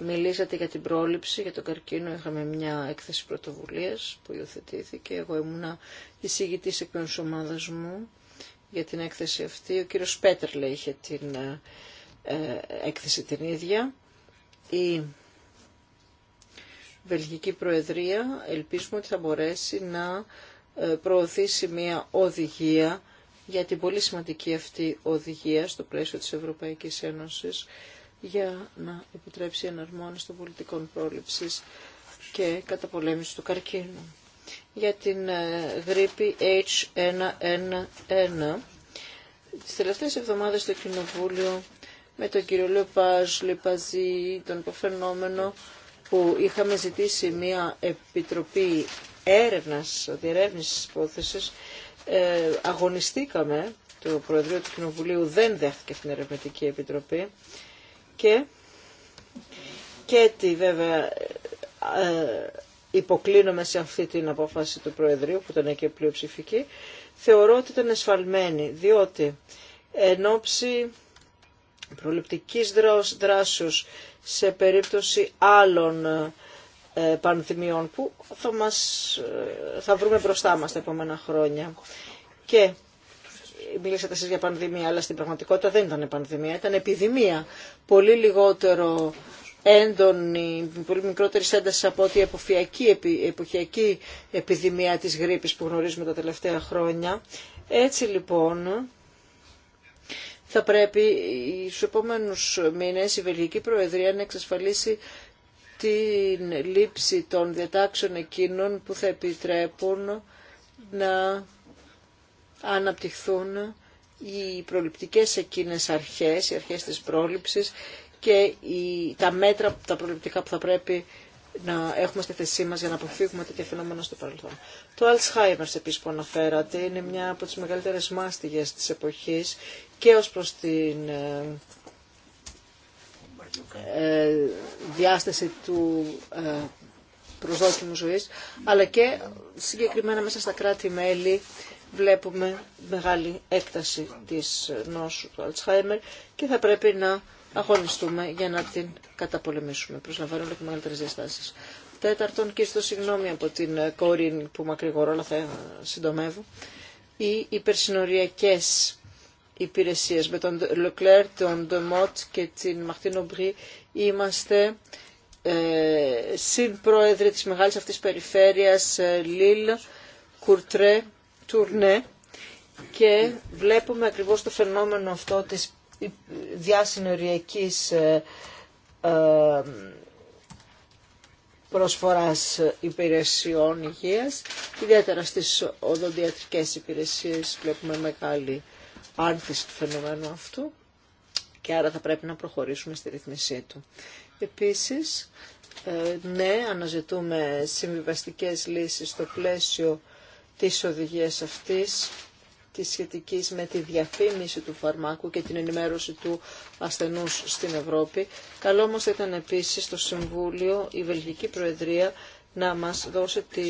Μιλήσατε για την πρόληψη, για τον καρκίνο. Είχαμε μια έκθεση πρωτοβουλία που υιοθετήθηκε. Εγώ ήμουνα εισηγητή εκ ομάδα μου για την έκθεση αυτή. Ο κύριο Πέτερλε είχε την ε, ε, έκθεση την ίδια. Η Βελγική Προεδρία ελπίζουμε ότι θα μπορέσει να ε, προωθήσει μια οδηγία για την πολύ σημαντική αυτή οδηγία στο πλαίσιο της Ευρωπαϊκής Ένωσης για να επιτρέψει εναρμόνιση των πολιτικών πρόληψης και καταπολέμηση του καρκίνου. Για την ε, γρήπη H1N1, τις τελευταίες εβδομάδες στο Κοινοβούλιο με τον κύριο Λεπάζ, Λεπαζή, τον υποφαινόμενο που είχαμε ζητήσει μια επιτροπή έρευνας, διερεύνησης υπόθεσης, ε, αγωνιστήκαμε, το Προεδρείο του Κοινοβουλίου δεν δέχτηκε την Ερευνητική Επιτροπή και, και τη βέβαια ε, ε, υποκλίνομαι σε αυτή την απόφαση του Προεδρείου που ήταν και πλειοψηφική, θεωρώ ότι ήταν εσφαλμένη, διότι εν ώψη προληπτικής δράσεως σε περίπτωση άλλων ε, πανδημιών που θα, μας, ε, θα βρούμε μπροστά μας τα επόμενα χρόνια. Και μιλήσατε εσείς για πανδημία, αλλά στην πραγματικότητα δεν ήταν πανδημία, ήταν επιδημία. Πολύ λιγότερο έντονη, πολύ μικρότερη ένταση από ότι η εποχιακή, εποχιακή επιδημία της γρήπης που γνωρίζουμε τα τελευταία χρόνια. Έτσι λοιπόν, θα πρέπει στους επόμενους μήνες η Βελγική Προεδρία να εξασφαλίσει την λήψη των διατάξεων εκείνων που θα επιτρέπουν να αναπτυχθούν οι προληπτικές εκείνες αρχές, οι αρχές της πρόληψης και οι, τα μέτρα, τα προληπτικά που θα πρέπει να έχουμε στη θέσή μας για να αποφύγουμε τέτοια φαινόμενα στο παρελθόν. Το Alzheimer's επίσης που αναφέρατε είναι μια από τις μεγαλύτερες μάστιγες της εποχής και ως προς την ε, ε, διάσταση του ε, προσδόκιμου ζωής, αλλά και συγκεκριμένα μέσα στα κράτη-μέλη βλέπουμε μεγάλη έκταση της νόσου του Αλτσχάιμερ και θα πρέπει να αγωνιστούμε για να την καταπολεμήσουμε. προσλαμβάνω και μεγαλύτερες διαστάσεις. Τέταρτον, και στο συγγνώμη από την κόρη που μακρηγορώ, αλλά θα συντομεύω, οι υπερσυνοριακές υπηρεσίες. Με τον Λεκλέρ, τον Ντεμότ και την Μαχτίνο Ομπρί είμαστε ε, συμπρόεδροι της μεγάλης αυτής περιφέρειας Λίλ, Κουρτρέ, Τουρνέ και βλέπουμε ακριβώς το φαινόμενο αυτό της διασυνοριακής ε, ε, προσφοράς υπηρεσιών υγείας, ιδιαίτερα στις οδοντιατρικές υπηρεσίες βλέπουμε μεγάλη άνθηση του φαινομένου αυτού και άρα θα πρέπει να προχωρήσουμε στη ρυθμισή του. Επίσης, ε, ναι, αναζητούμε συμβιβαστικές λύσεις στο πλαίσιο της οδηγίας αυτής, της σχετικής με τη διαφήμιση του φαρμάκου και την ενημέρωση του ασθενούς στην Ευρώπη. Καλό όμως ήταν επίσης το Συμβούλιο, η Βελγική Προεδρία, να μας δώσει τη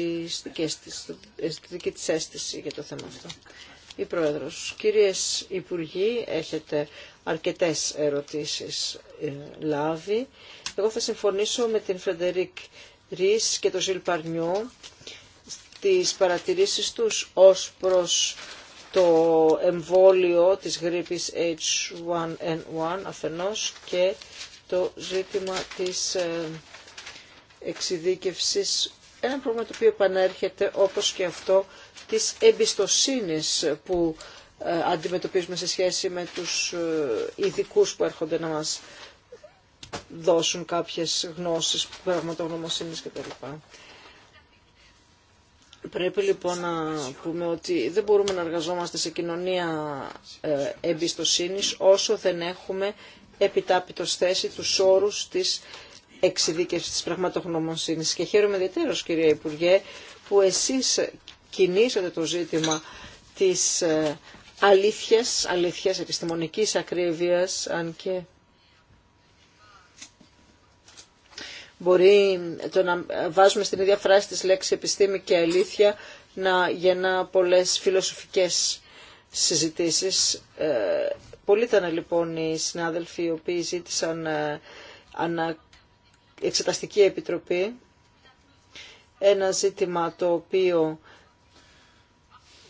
δική της αίσθηση για το θέμα αυτό η Πρόεδρος. Κυρίες Υπουργοί, έχετε αρκετές ερωτήσεις ε, λάβει. Εγώ θα συμφωνήσω με την Φρεντερίκ Ρίς και τον Ζιλ Παρνιό στις παρατηρήσεις τους ως προς το εμβόλιο της γρήπης H1N1 αφενός και το ζήτημα της ε, εξειδίκευσης. Ένα πρόβλημα το οποίο επανέρχεται όπως και αυτό της εμπιστοσύνης που ε, αντιμετωπίζουμε σε σχέση με τους ε, ειδικού που έρχονται να μας δώσουν κάποιες γνώσεις πραγματογνωμοσύνης κτλ. Πρέπει λοιπόν να πούμε ότι δεν μπορούμε να εργαζόμαστε σε κοινωνία ε, εμπιστοσύνης όσο δεν έχουμε επιτάπητος θέση του όρους της εξειδίκευσης της πραγματογνωμοσύνης. Και χαίρομαι ιδιαίτερως κυρία Υπουργέ που εσείς κοινήσετε το ζήτημα της ε, αλήθειας, αλήθειας επιστημονικής ακρίβειας, αν και μπορεί το να βάζουμε στην ίδια φράση της λέξη επιστήμη και αλήθεια να γεννά πολλές φιλοσοφικές συζητήσεις. Ε, Πολλοί ήταν λοιπόν οι συνάδελφοι οι οποίοι ζήτησαν ε, ανα εξεταστική επιτροπή, ένα ζήτημα το οποίο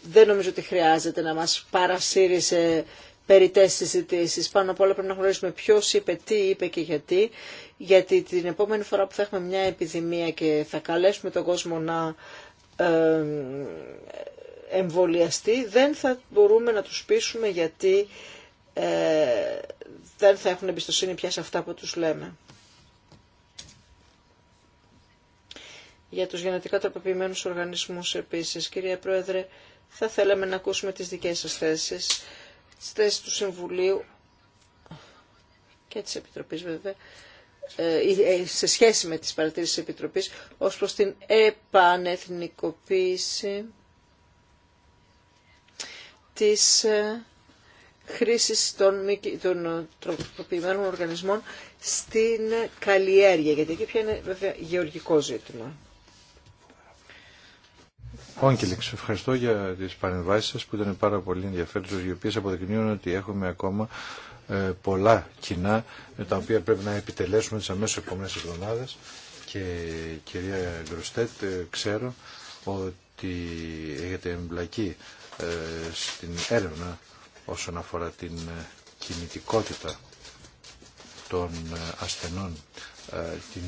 δεν νομίζω ότι χρειάζεται να μας παρασύρει σε περίτες συζητήσεις. Πάνω απ' όλα πρέπει να γνωρίσουμε ποιος είπε, τι είπε και γιατί. Γιατί την επόμενη φορά που θα έχουμε μια επιδημία και θα καλέσουμε τον κόσμο να εμβολιαστεί, δεν θα μπορούμε να τους πείσουμε γιατί ε, δεν θα έχουν εμπιστοσύνη πια σε αυτά που τους λέμε. Για τους γενετικά τροποποιημένους οργανισμούς επίσης, κύρια Πρόεδρε, θα θέλαμε να ακούσουμε τις δικές σας θέσεις, τις θέσεις του Συμβουλίου και της Επιτροπής βέβαια, ε, ε, σε σχέση με τις παρατηρήσεις της Επιτροπής, ως προς την επανεθνικοποίηση της ε, χρήσης των, των τροποποιημένων οργανισμών στην καλλιέργεια, γιατί εκεί πια είναι βέβαια γεωργικό ζήτημα. Όγκελεξ, ευχαριστώ για τις παρεμβάσεις σας που ήταν πάρα πολύ ενδιαφέρουσες, οι οποίες αποδεικνύουν ότι έχουμε ακόμα ε, πολλά κοινά με τα οποία πρέπει να επιτελέσουμε τις αμέσως επόμενες εβδομάδες και κυρία Γκροστέτ ε, ξέρω ότι έχετε εμπλακεί ε, στην έρευνα όσον αφορά την κινητικότητα των ασθενών την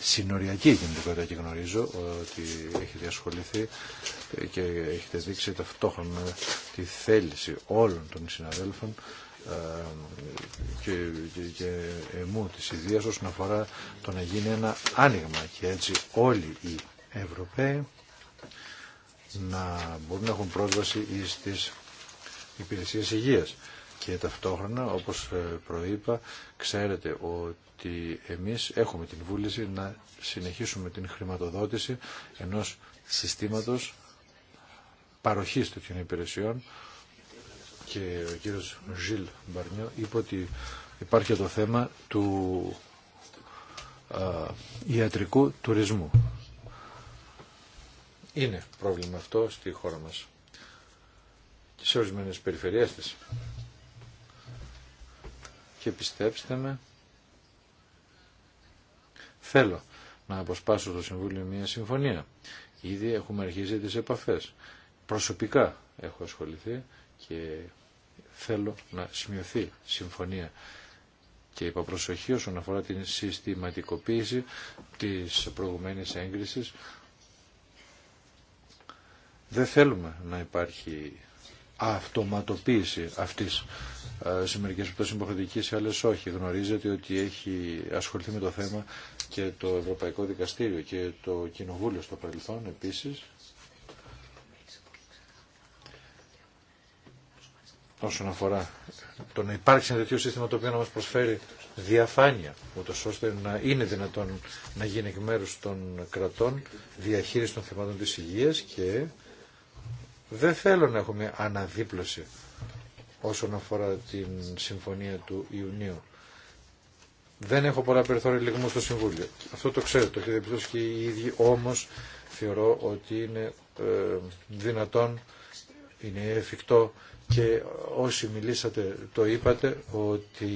συνοριακή κινητικότητα και γνωρίζω ότι έχετε ασχοληθεί και έχετε δείξει ταυτόχρονα τη θέληση όλων των συναδέλφων ε, και, και, και εμού της ιδίας όσον αφορά το να γίνει ένα άνοιγμα και έτσι όλοι οι Ευρωπαίοι να μπορούν να έχουν πρόσβαση στις υπηρεσίες υγείας. Και ταυτόχρονα, όπως ε, προείπα, ξέρετε ότι ότι εμείς έχουμε την βούληση να συνεχίσουμε την χρηματοδότηση ενός συστήματος παροχής τέτοιων υπηρεσιών και ο κύριος Ζιλ Μπαρνιό είπε ότι υπάρχει το θέμα του ιατρικού τουρισμού. Είναι πρόβλημα αυτό στη χώρα μας και σε ορισμένες περιφερειές της. Και πιστέψτε με, θέλω να αποσπάσω στο Συμβούλιο μια συμφωνία. Ήδη έχουμε αρχίσει τις επαφές. Προσωπικά έχω ασχοληθεί και θέλω να σημειωθεί συμφωνία. Και είπα προσοχή όσον αφορά την συστηματικοποίηση της προηγουμένης έγκρισης. Δεν θέλουμε να υπάρχει αυτοματοποίηση αυτή ε, σε μερικέ που υποχρεωτική, σε άλλε όχι. Γνωρίζετε ότι έχει ασχοληθεί με το θέμα και το Ευρωπαϊκό Δικαστήριο και το Κοινοβούλιο στο παρελθόν επίση. όσον αφορά το να υπάρξει ένα τέτοιο σύστημα το οποίο να μας προσφέρει διαφάνεια, ούτως ώστε να είναι δυνατόν να γίνει εκ μέρου των κρατών διαχείριση των θεμάτων τη υγεία και δεν θέλω να έχουμε αναδίπλωση όσον αφορά την συμφωνία του Ιουνίου. Δεν έχω πολλά περιθώρια λιγμού στο Συμβούλιο. Αυτό το ξέρω, το έχετε διαπιστώσει και οι ίδιοι, όμως θεωρώ ότι είναι ε, δυνατόν, είναι εφικτό και όσοι μιλήσατε το είπατε ότι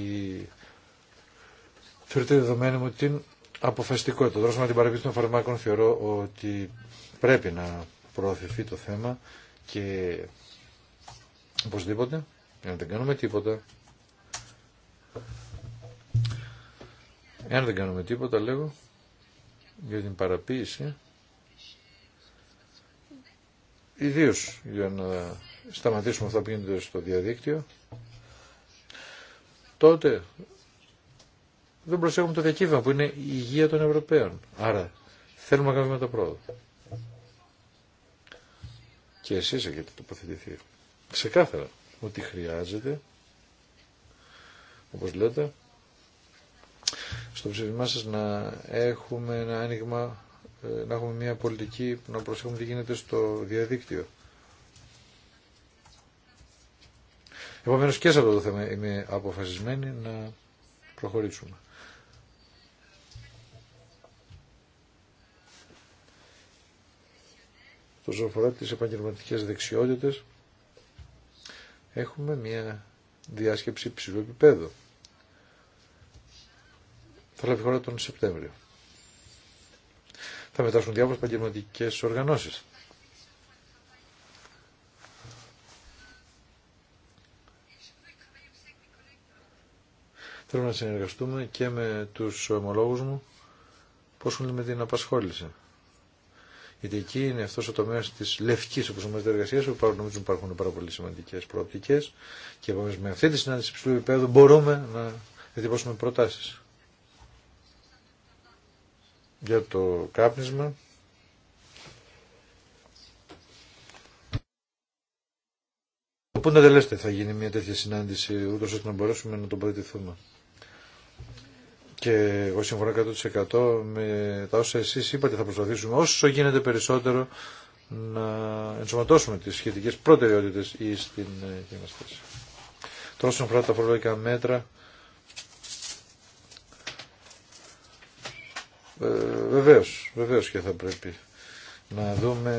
θεωρείται δεδομένη μου την αποφασιστικότητα. Δρόσμα την παραποίηση των φαρμάκων θεωρώ ότι πρέπει να προωθηθεί το θέμα και οπωσδήποτε, εάν δεν κάνουμε τίποτα, εάν δεν κάνουμε τίποτα λέγω για την παραποίηση, ιδίω για να σταματήσουμε αυτά που γίνεται στο διαδίκτυο, τότε δεν προσέχουμε το διακύβευμα που είναι η υγεία των Ευρωπαίων. Άρα θέλουμε να κάνουμε τα πρόοδο και εσείς έχετε τοποθετηθεί ξεκάθαρα ότι χρειάζεται όπως λέτε στο ψηφισμά σας να έχουμε ένα άνοιγμα ε, να έχουμε μια πολιτική να προσέχουμε τι γίνεται στο διαδίκτυο Επομένως και σε αυτό το θέμα είμαι αποφασισμένη να προχωρήσουμε. όσον αφορά τις επαγγελματικές δεξιότητες έχουμε μια διάσκεψη ψηλού επίπεδου. Θα λάβει χώρα τον Σεπτέμβριο. Θα μετάσχουν διάφορες επαγγελματικέ οργανώσεις. Θέλω να συνεργαστούμε και με τους ομολόγους μου πώς είναι με την απασχόληση γιατί εκεί είναι αυτό ο τομέας της λευκής όπως ονομάζεται εργασίας, όπου νομίζω ότι υπάρχουν πάρα πολύ σημαντικέ προοπτικές και επομένω με αυτή τη συνάντηση υψηλού επίπεδου μπορούμε να διατυπώσουμε προτάσεις. Για το κάπνισμα. Οπότε δεν τελέστε θα γίνει μια τέτοια συνάντηση, ούτω ώστε να μπορέσουμε να το παρατηθούμε. Και εγώ συμφωνώ 100% με τα όσα εσείς είπατε θα προσπαθήσουμε όσο γίνεται περισσότερο να ενσωματώσουμε τις σχετικές προτεραιότητες ή στην ε, κοινωνική σχέση. Τώρα όσον αφορά τα φορολογικά μέτρα, ε, βεβαίως, και θα πρέπει να δούμε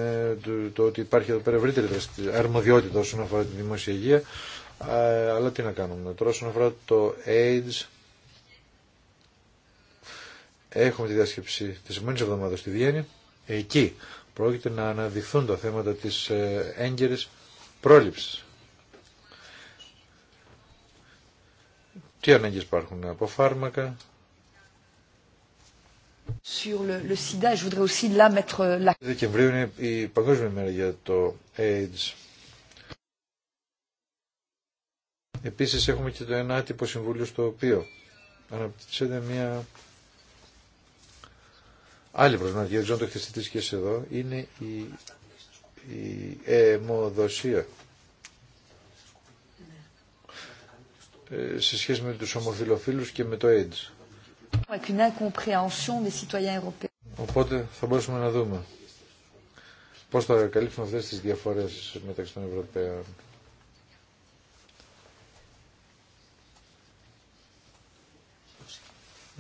το, ότι υπάρχει εδώ πέρα ευρύτερη αρμοδιότητα όσον αφορά τη δημόσια υγεία, ε, αλλά τι να κάνουμε. Τώρα όσον αφορά το AIDS, Έχουμε τη διάσκεψη της επόμενης εβδομάδα στη Βιέννη. Εκεί πρόκειται να αναδειχθούν τα θέματα της ε, έγκαιρης πρόληψης. Τι ανάγκες υπάρχουν από φάρμακα. Sur Δεκεμβρίου είναι η παγκόσμια μέρα για το AIDS. Επίσης έχουμε και το ένα άτυπο συμβούλιο στο οποίο αναπτύσσεται μια Άλλη προβληματική, δεν ξέρω αν το έχετε και εδώ, είναι η, η αιμοδοσία. Ε, σε σχέση με τους ομοφιλοφίλους και με το AIDS. Οπότε θα μπορούσαμε να δούμε πώς θα καλύψουμε αυτές τις διαφορές μεταξύ των Ευρωπαίων.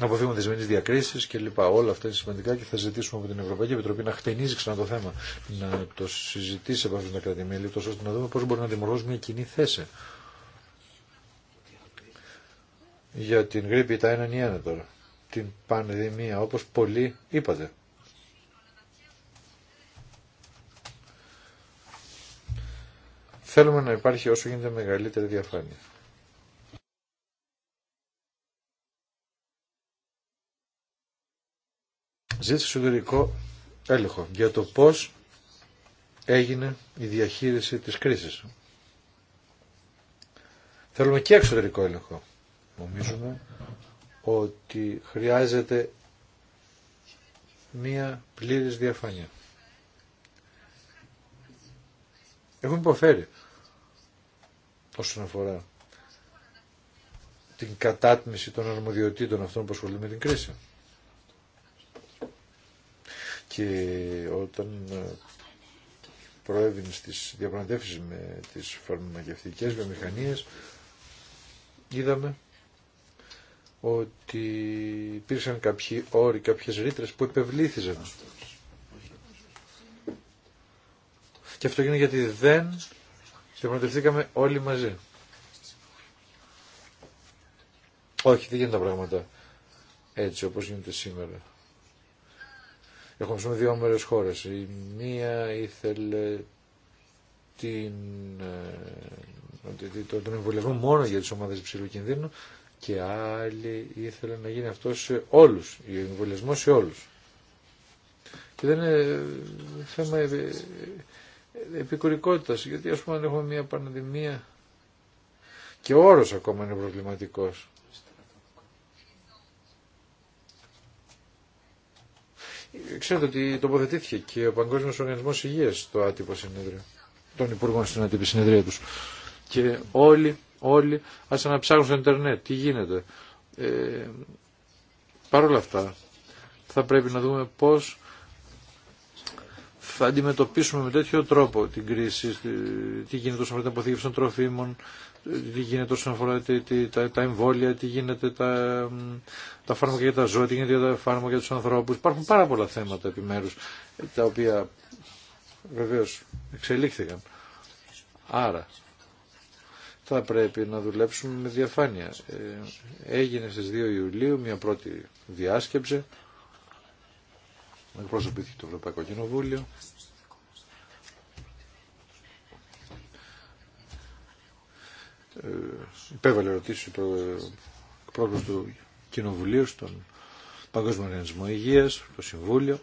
να αποφύγουμε διακρίσεις διακρίσει κλπ. Όλα αυτά είναι σημαντικά και θα ζητήσουμε από την Ευρωπαϊκή Επιτροπή να χτενίζει ξανά το θέμα, να το συζητήσει από αυτήν την κρατημέλη, ώστε να δούμε πώ μπορεί να δημιουργήσουμε μια κοινή θέση. Για την γρήπη τα έναν ή ένα τώρα. Την πανδημία, όπω πολλοί είπατε. Θέλουμε να υπάρχει όσο γίνεται μεγαλύτερη διαφάνεια. ζήτησε εσωτερικό έλεγχο για το πώς έγινε η διαχείριση της κρίσης. Θέλουμε και εξωτερικό έλεγχο. Νομίζουμε ότι χρειάζεται μία πλήρης διαφάνεια. Έχουμε υποφέρει όσον αφορά την κατάτμιση των αρμοδιοτήτων αυτών που ασχολούνται με την κρίση και όταν ε, προέβηνε στις διαπραγματεύσεις με τις φαρμακευτικές βιομηχανίες είδαμε ότι υπήρξαν κάποιοι όροι, κάποιες ρήτρες που επευλήθησαν. Και αυτό γίνεται γιατί δεν διαπραγματευθήκαμε όλοι μαζί. Όχι, δεν γίνονται τα πράγματα έτσι όπως γίνεται σήμερα. Έχουμε πούμε δύο μέρες χώρες. Η μία ήθελε την, ε, τον εμβολιασμό μόνο για τις ομάδες υψηλού κινδύνου και άλλη ήθελε να γίνει αυτό σε όλους, ο εμβολιασμό σε όλους. Και δεν είναι ε, θέμα ε, επικουρικότητας, γιατί ας πούμε αν έχουμε μια πανδημία και ο όρος ακόμα είναι προβληματικός. Ξέρετε ότι τοποθετήθηκε και ο Παγκόσμιος Οργανισμός Υγείας στο άτυπο συνέδριο των Υπουργών στην άτυπη συνεδρία τους. Και όλοι, όλοι ας αναψάγουν στο Ιντερνετ τι γίνεται. Ε, Παρ' όλα αυτά θα πρέπει να δούμε πώς θα αντιμετωπίσουμε με τέτοιο τρόπο την κρίση, τι γίνεται όσον αφορά την αποθήκευση των τροφίμων, τι γίνεται όσον αφορά τα εμβόλια, τι γίνεται τα, τα φάρμακα για τα ζώα, τι γίνεται για τα φάρμακα για τους ανθρώπους. Υπάρχουν πάρα πολλά θέματα επιμέρους, τα οποία βεβαίως εξελίχθηκαν. Άρα, θα πρέπει να δουλέψουμε με διαφάνεια. Ε, έγινε στις 2 Ιουλίου μια πρώτη διάσκεψη, εκπροσωπήθηκε το Ευρωπαϊκό Κοινοβούλιο. Ε, υπέβαλε ερωτήσει προ, πρόεδρο του Κοινοβουλίου στον Παγκόσμιο Οργανισμό Υγεία, το Συμβούλιο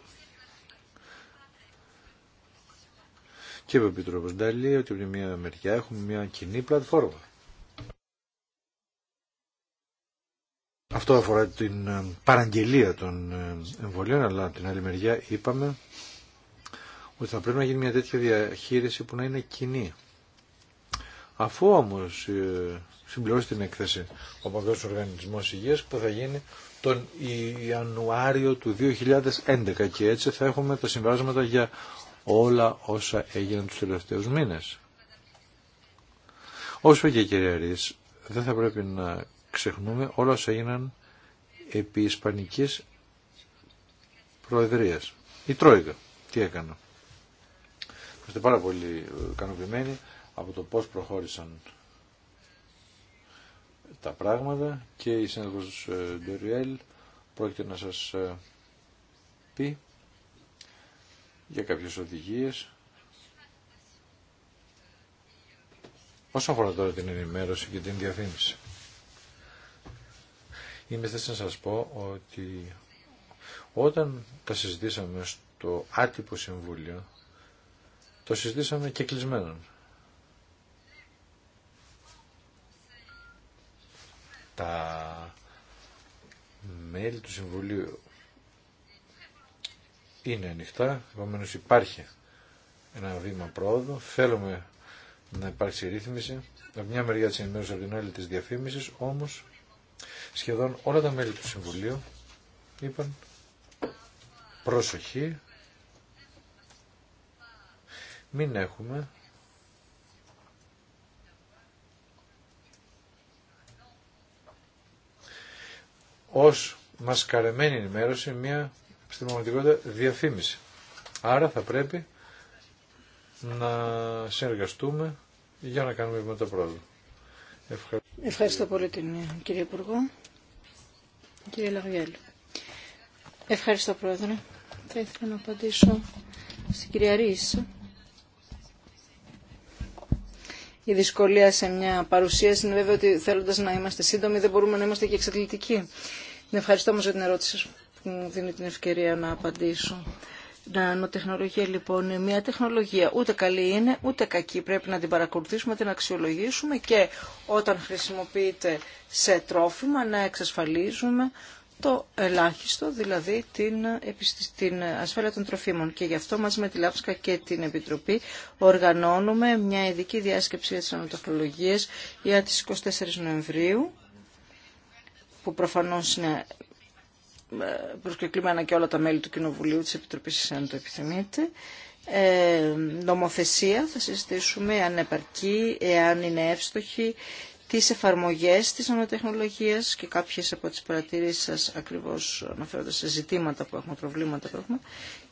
και είπε ο Επιτρόπος Νταλή ότι από τη μία μεριά έχουμε μια κοινή πλατφόρμα. Αυτό αφορά την ε, παραγγελία των ε, εμβολίων, αλλά από την άλλη μεριά είπαμε ότι θα πρέπει να γίνει μια τέτοια διαχείριση που να είναι κοινή. Αφού όμως ε, συμπληρώσει την έκθεση ο Παγκόσμιος Οργανισμός Υγείας που θα γίνει τον Ιανουάριο του 2011 και έτσι θα έχουμε τα συμβάσματα για όλα όσα έγιναν τους τελευταίους μήνες. Όσο και κυρία δεν θα πρέπει να ξεχνούμε όλα όσα έγιναν επί Ισπανικής Προεδρίας. Η Τρόικα, τι έκανα. Είμαστε πάρα πολύ ικανοποιημένοι από το πώς προχώρησαν τα πράγματα και η συνάδελφος ε, Ντοριέλ πρόκειται να σας ε, πει για κάποιες οδηγίες Όσον αφορά τώρα την ενημέρωση και την διαφήμιση, είμαι θέση να σας πω ότι όταν τα συζητήσαμε στο άτυπο συμβούλιο, το συζητήσαμε και κλεισμένον. τα μέλη του Συμβουλίου είναι ανοιχτά, επομένω υπάρχει ένα βήμα πρόοδο, θέλουμε να υπάρξει ρύθμιση, από μια μεριά της ενημέρωσης, από την άλλη της διαφήμισης, όμως σχεδόν όλα τα μέλη του Συμβουλίου είπαν προσοχή, μην έχουμε ως μασκαρεμένη ενημέρωση μια στην διαφήμιση. Άρα θα πρέπει να συνεργαστούμε για να κάνουμε βήματα πρόοδο. Ευχαριστώ. Ευχαριστώ πολύ την κυρία Υπουργό. Κύριε Λαγιέλ. Ευχαριστώ Πρόεδρε. Θα ήθελα να απαντήσω στην κυρία Ρίσο. Η δυσκολία σε μια παρουσίαση είναι βέβαια ότι θέλοντας να είμαστε σύντομοι δεν μπορούμε να είμαστε και εξατλητικοί. Ναι, ευχαριστώ όμως για την ερώτηση που μου δίνει την ευκαιρία να απαντήσω. Νανοτεχνολογία λοιπόν είναι μια τεχνολογία. Ούτε καλή είναι, ούτε κακή. Πρέπει να την παρακολουθήσουμε, την αξιολογήσουμε και όταν χρησιμοποιείται σε τρόφιμα να εξασφαλίζουμε το ελάχιστο, δηλαδή την, την ασφάλεια των τροφίμων. Και γι' αυτό μαζί με τη Λάψκα και την Επιτροπή οργανώνουμε μια ειδική διάσκεψη για τις ανατεχνολογίες για τις 24 Νοεμβρίου που προφανώς είναι ε, προσκεκλημένα και όλα τα μέλη του Κοινοβουλίου τη επιτροπή αν το επιθυμείτε. Ε, νομοθεσία θα συζητήσουμε αν επαρκεί, εάν είναι εύστοχη, τις εφαρμογές της νομοτεχνολογίας και κάποιες από τις παρατηρήσεις σας ακριβώς αναφέροντας σε ζητήματα που έχουμε, προβλήματα που έχουμε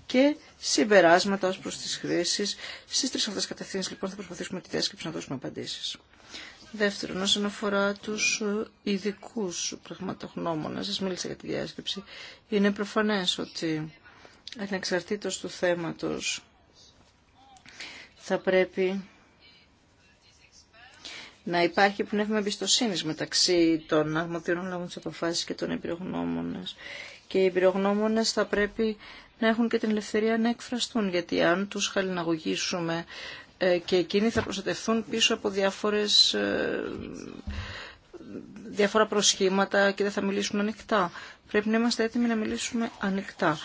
και συμπεράσματα ως προς τις χρήσεις. Στις τρεις αυτές κατευθύνσεις λοιπόν θα προσπαθήσουμε τη διάσκεψη να δώσουμε απαντήσεις. Δεύτερον, όσον αφορά τους ε, ειδικού πραγματογνώμονες, σας μίλησα για τη διάσκεψη, είναι προφανές ότι ανεξαρτήτω του θέματος θα πρέπει να υπάρχει πνεύμα εμπιστοσύνη μεταξύ των αρμοδίων λόγων τη αποφάση και των εμπειρογνώμονε. Και οι εμπειρογνώμονε θα πρέπει να έχουν και την ελευθερία να εκφραστούν, γιατί αν του χαλιναγωγήσουμε ε, και εκείνοι θα προστατευθούν πίσω από διάφορες, ε, διάφορα προσχήματα και δεν θα μιλήσουν ανοιχτά. Πρέπει να είμαστε έτοιμοι να μιλήσουμε ανοιχτά.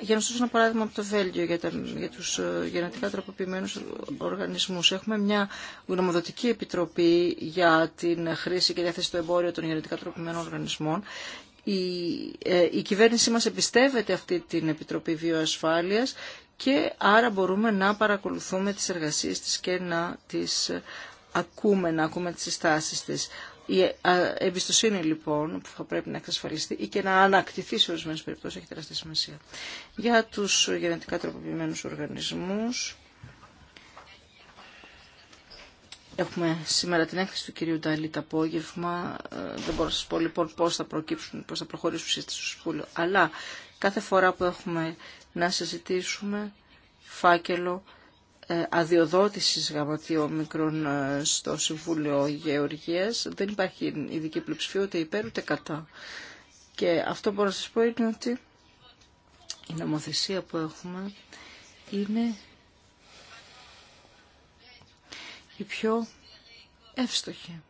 Για να σας δώσω ένα παράδειγμα από το Βέλγιο για, τα, για τους ε, γενετικά τροποποιημένους οργανισμούς. Έχουμε μια γνωμοδοτική επιτροπή για την χρήση και διάθεση στο εμπόριο των γενετικά τροποποιημένων οργανισμών. Η, η κυβέρνησή μας εμπιστεύεται αυτή την Επιτροπή Βιοασφάλειας και άρα μπορούμε να παρακολουθούμε τις εργασίες της και να τις ακούμε, να ακούμε τις συστάσεις της. Η ε, εμπιστοσύνη λοιπόν που θα πρέπει να εξασφαλιστεί ή και να ανακτηθεί σε ορισμένε περιπτώσει έχει τεράστια σημασία. Για τους γενετικά τροποποιημένους οργανισμούς Έχουμε σήμερα την έκθεση του κυρίου Ντάλι το απόγευμα. Ε, δεν μπορώ να σας πω λοιπόν πώς θα προκύψουν, πώς θα προχωρήσουν στο Συμβούλιο. Αλλά κάθε φορά που έχουμε να συζητήσουμε φάκελο ε, αδειοδότησης γραμματείων μικρών ε, στο Συμβούλιο Γεωργίας. Δεν υπάρχει ειδική πλειοψηφία ούτε υπέρ ούτε κατά. Και αυτό μπορώ να σας πω είναι ότι η νομοθεσία που έχουμε είναι η πιο εύστοχη.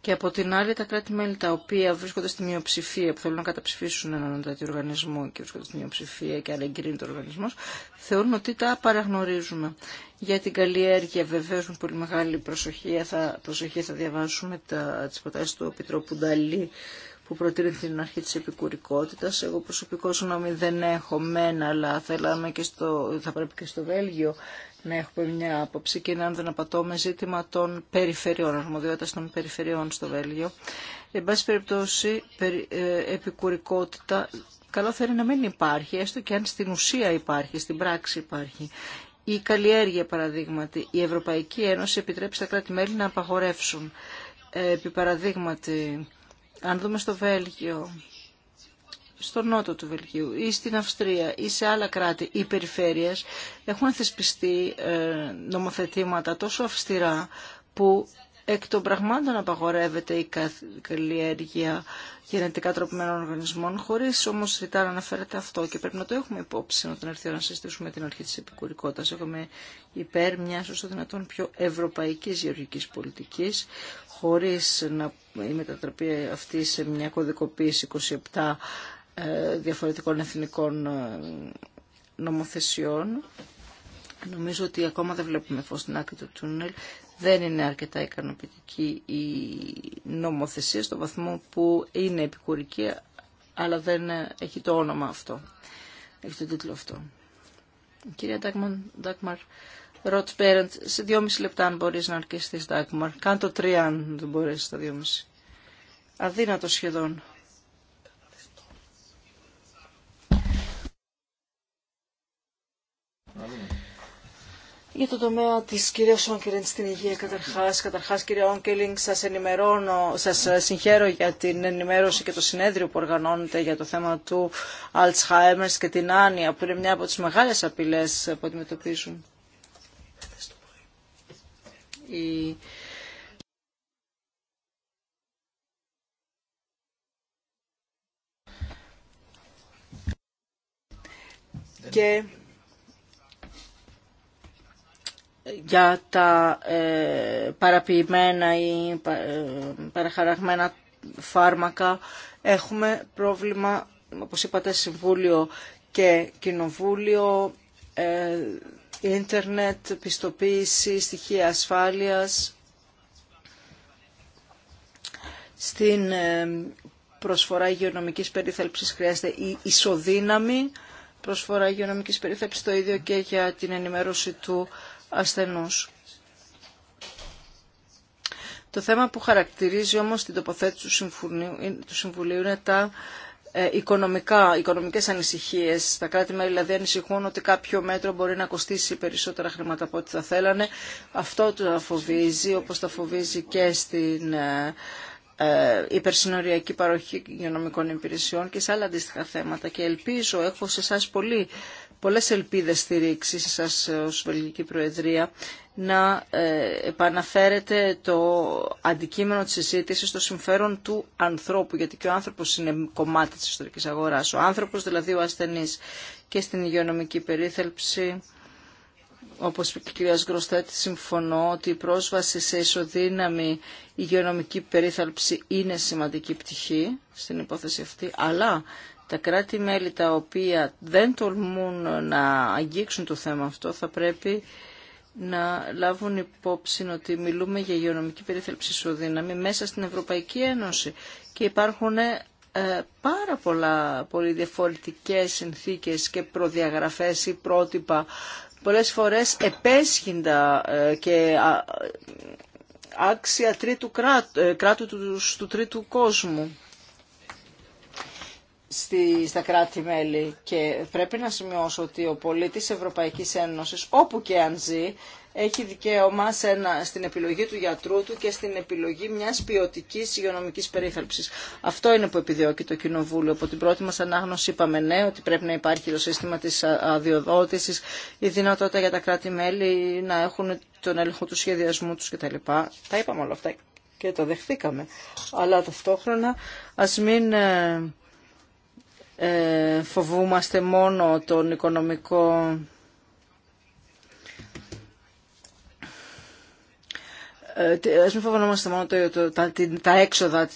και από την άλλη τα κράτη-μέλη τα οποία βρίσκονται στη μειοψηφία, που θέλουν να καταψηφίσουν έναν τέτοιο οργανισμό και βρίσκονται στη μειοψηφία και αν εγκρίνει το οργανισμό, θεωρούν ότι τα παραγνωρίζουμε. Για την καλλιέργεια βεβαίω με πολύ μεγάλη προσοχή θα, προσοχή θα διαβάσουμε τι προτάσει του Επιτρόπου Νταλή που προτείνει την αρχή της επικουρικότητας. Εγώ προσωπικό γνώμη δεν έχω μένα, αλλά θέλαμε και στο, θα πρέπει και στο Βέλγιο να έχουμε μια άποψη και να αν δεν με ζήτημα των περιφερειών, αρμοδιότητας των περιφερειών στο Βέλγιο. Εν πάση περιπτώσει, ε, επικουρικότητα καλό θέλει είναι να μην υπάρχει, έστω και αν στην ουσία υπάρχει, στην πράξη υπάρχει. Η καλλιέργεια, παραδείγματι, η Ευρωπαϊκή Ένωση επιτρέπει στα κράτη-μέλη να απαγορεύσουν. Ε, επί παραδείγματι, αν δούμε στο Βέλγιο, στο νότο του Βελγίου ή στην Αυστρία ή σε άλλα κράτη ή περιφέρειες έχουν θεσπιστεί ε, νομοθετήματα τόσο αυστηρά που εκ των πραγμάτων απαγορεύεται η καλλιέργεια γενετικά τροπημένων οργανισμών, χωρί όμω ρητά να αναφέρεται αυτό και πρέπει να το έχουμε υπόψη όταν έρθει να συζητήσουμε την αρχή τη επικούρικότητα. Έχουμε υπέρ μια όσο δυνατόν πιο ευρωπαϊκή γεωργική πολιτική, χωρί να η μετατραπεί αυτή σε μια κωδικοποίηση 27 ε, διαφορετικών εθνικών ε, νομοθεσιών. Νομίζω ότι ακόμα δεν βλέπουμε φως στην άκρη του τούνελ δεν είναι αρκετά ικανοποιητική η νομοθεσία στο βαθμό που είναι επικουρική αλλά δεν έχει το όνομα αυτό, έχει το τίτλο αυτό. κυρία Ντάκμαρ Ρότς Πέρεντ, σε δυόμιση λεπτά αν μπορείς να αρκεστείς Ντάκμαρ, κάν το τρία αν δεν μπορείς στα δυόμιση. Αδύνατο σχεδόν. Για το τομέα τη κυρία Όγκελινγκ στην υγεία καταρχάς, καταρχάς κυρία Όγκελινγκ, σας, ενημερώνω, σας ε, συγχαίρω για την ενημέρωση και το συνέδριο που οργανώνεται για το θέμα του Αλτσχάιμερ και την άνοια που είναι μια από τις μεγάλες απειλέ που αντιμετωπίζουν. Και για τα ε, παραποιημένα ή ε, παραχαραγμένα φάρμακα. Έχουμε πρόβλημα, όπως είπατε, Συμβούλιο και Κοινοβούλιο, ε, ίντερνετ, πιστοποίηση, στοιχεία ασφάλειας. Στην ε, προσφορά υγειονομικής περίθαλψης χρειάζεται η ισοδύναμη προσφορά ασφαλειας στην προσφορα υγειονομικης περιθέλψης χρειαζεται περίθαλψης, το ίδιο και για την ενημέρωση του ασθενούς. Το θέμα που χαρακτηρίζει όμως την τοποθέτηση του Συμβουλίου, του Συμβουλίου είναι τα ε, οικονομικά, οικονομικές ανησυχίες. Τα κράτη-μέλη δηλαδή ανησυχούν ότι κάποιο μέτρο μπορεί να κοστίσει περισσότερα χρήματα από ό,τι θα θέλανε. Αυτό το φοβίζει, όπως τα φοβίζει και στην... Ε, ε, υπερσυνοριακή παροχή υγειονομικών υπηρεσιών και σε άλλα αντίστοιχα θέματα. Και ελπίζω, έχω σε εσά πολύ πολλές ελπίδες στηρίξη σε εσά ως Βελγική Προεδρία να ε, επαναφέρετε το αντικείμενο της συζήτηση στο συμφέρον του ανθρώπου, γιατί και ο άνθρωπος είναι κομμάτι της ιστορικής αγοράς. Ο άνθρωπος δηλαδή ο ασθενής και στην υγειονομική περίθαλψη όπως είπε και η κυρία Γκροστέτη, συμφωνώ ότι η πρόσβαση σε ισοδύναμη υγειονομική περίθαλψη είναι σημαντική πτυχή στην υπόθεση αυτή, αλλά τα κράτη-μέλη τα οποία δεν τολμούν να αγγίξουν το θέμα αυτό θα πρέπει να λάβουν υπόψη ότι μιλούμε για υγειονομική περίθαλψη ισοδύναμη μέσα στην Ευρωπαϊκή Ένωση και υπάρχουν ε, πάρα πολλά πολύ διαφορετικές συνθήκες και προδιαγραφές ή πρότυπα πολλές φορές επέσχυντα ε, και άξια τρίτου κράτου, ε, του, τρίτου κόσμου στη, στα κράτη-μέλη και πρέπει να σημειώσω ότι ο πολίτης Ευρωπαϊκής Ένωσης όπου και αν ζει έχει δικαίωμα ένα, στην επιλογή του γιατρού του και στην επιλογή μιας ποιοτική υγειονομικής περίθαλψης. Αυτό είναι που επιδιώκει το Κοινοβούλιο. Από την πρώτη μας ανάγνωση είπαμε ναι ότι πρέπει να υπάρχει το σύστημα της αδειοδότησης, η δυνατότητα για τα κράτη-μέλη να έχουν τον έλεγχο του σχεδιασμού τους κτλ. Τα είπαμε όλα αυτά και το δεχθήκαμε. Αλλά ταυτόχρονα ας μην ε, ε, φοβούμαστε μόνο τον οικονομικό Ε, ας μην φοβόμαστε μόνο το, το, τα, έξοδα,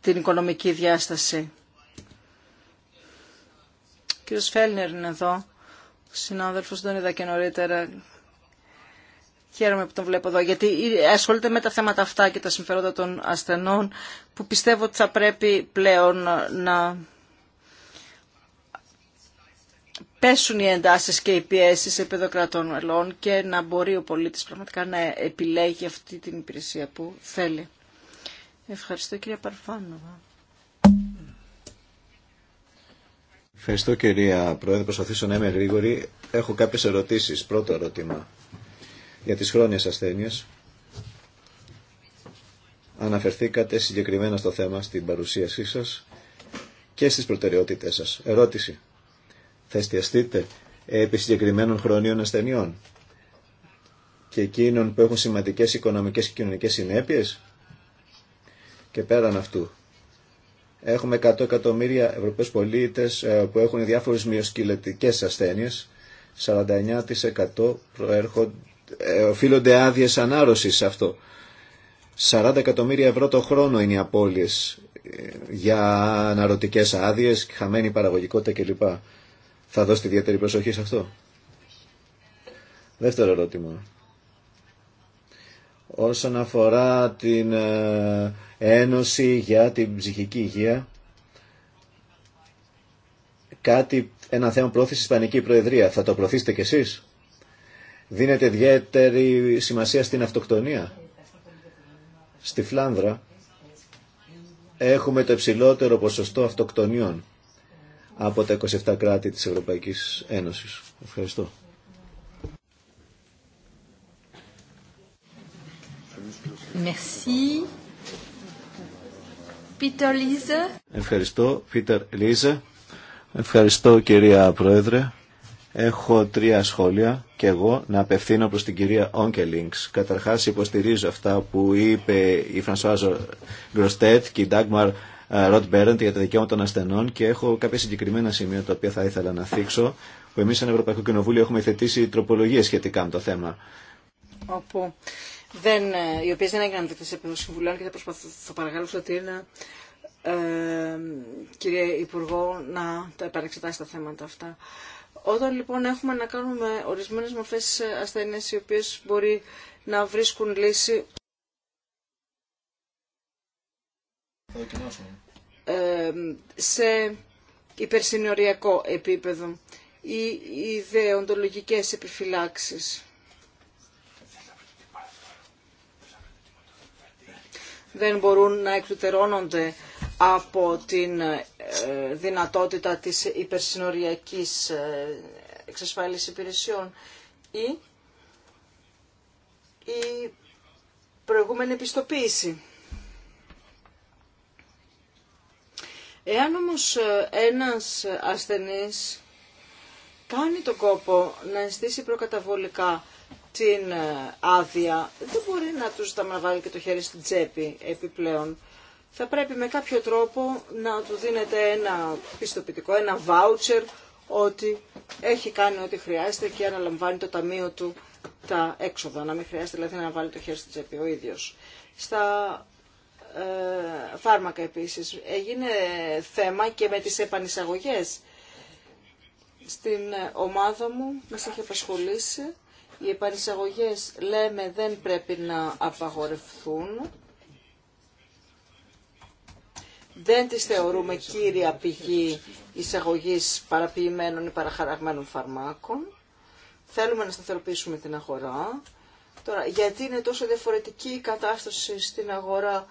την οικονομική διάσταση. Ο κύριος Φέλνερ είναι εδώ, Συνάδελφο, τον είδα και νωρίτερα. Χαίρομαι που τον βλέπω εδώ, γιατί ασχολείται με τα θέματα αυτά και τα συμφέροντα των ασθενών, που πιστεύω ότι θα πρέπει πλέον να πέσουν οι εντάσεις και οι πιέσεις σε επίπεδο κρατών μελών και να μπορεί ο πολίτης πραγματικά να επιλέγει αυτή την υπηρεσία που θέλει. Ευχαριστώ κυρία Παρφάνοβα. Ευχαριστώ κυρία Πρόεδρε. Προσπαθήσω να είμαι γρήγορη. Έχω κάποιες ερωτήσεις. Πρώτο ερώτημα για τις χρόνιες ασθένειες. Αναφερθήκατε συγκεκριμένα στο θέμα στην παρουσίασή σας και στις προτεραιότητές σας. Ερώτηση θα εστιαστείτε επί συγκεκριμένων χρονίων ασθενειών και εκείνων που έχουν σημαντικές οικονομικές και κοινωνικές συνέπειες και πέραν αυτού. Έχουμε 100 εκατομμύρια Ευρωπαίους πολίτες ε, που έχουν διάφορες μειοσκυλετικές ασθένειες. 49% προέρχονται, ε, οφείλονται άδειε ανάρρωσης σε αυτό. 40 εκατομμύρια ευρώ το χρόνο είναι οι απώλειες ε, για αναρωτικές άδειες, χαμένη παραγωγικότητα κλπ. Θα δώσετε ιδιαίτερη προσοχή σε αυτό. Δεύτερο ερώτημα. Όσον αφορά την ε, Ένωση για την Ψυχική Υγεία, κάτι, ένα θέμα πρόθεση Ισπανική Προεδρία. Θα το προωθήσετε κι εσείς. Δίνετε ιδιαίτερη σημασία στην αυτοκτονία. Στη Φλάνδρα έχουμε το υψηλότερο ποσοστό αυτοκτονιών από τα 27 κράτη της Ευρωπαϊκής Ένωσης. Ευχαριστώ. Merci. Peter Lise. Ευχαριστώ, Πίτερ Λίζε. Ευχαριστώ, κυρία Πρόεδρε. Έχω τρία σχόλια και εγώ να απευθύνω προς την κυρία Όγκελινγκς. Καταρχάς υποστηρίζω αυτά που είπε η Φρανσουάζο Γκροστέτ και η Ντάγμαρ Ροτ ε, Μπέρεντ για τα δικαιώματα των ασθενών και έχω κάποια συγκεκριμένα σημεία τα οποία θα ήθελα να θίξω που εμείς σαν Ευρωπαϊκό Κοινοβούλιο έχουμε θετήσει τροπολογίες σχετικά με το θέμα. Όπου δεν, ε, οι οποίες δεν έγιναν δεκτές επίπεδο συμβουλών και θα, προσπαθώ, θα παρακαλούσα την ε, κύριε Υπουργό να τα επαρεξετάσει τα θέματα αυτά. Όταν λοιπόν έχουμε να κάνουμε ορισμένες μορφές ασθένειες οι οποίες μπορεί να βρίσκουν λύση σε υπερσυνοριακό επίπεδο ή ιδεοντολογικές επιφυλάξεις. Δεν μπορούν να εκπλητερώνονται από την ε, δυνατότητα της υπερσυνοριακής ε, εξασφάλισης υπηρεσιών ή η προηγούμενη επιστοποίηση. Εάν όμως ε, ένας ασθενής κάνει τον κόπο να αισθήσει προκαταβολικά την ε, άδεια, δεν μπορεί να του ζητάμε να βάλει και το χέρι στην τσέπη επιπλέον. Θα πρέπει με κάποιο τρόπο να του δίνεται ένα πιστοποιητικό, ένα voucher ότι έχει κάνει ό,τι χρειάζεται και αναλαμβάνει το ταμείο του τα έξοδα. Να μην χρειάζεται δηλαδή να βάλει το χέρι στην τσέπη ο ίδιος. Στα ε, φάρμακα επίσης. Έγινε θέμα και με τις επανεισαγωγές. Στην ομάδα μου μας έχει απασχολήσει. Οι επανεισαγωγές λέμε δεν πρέπει να απαγορευθούν. Δεν τις θεωρούμε κύρια πηγή εισαγωγής παραποιημένων ή παραχαραγμένων φαρμάκων. Θέλουμε να σταθεροποιήσουμε την αγορά. Τώρα, γιατί είναι τόσο διαφορετική η κατάσταση στην αγορά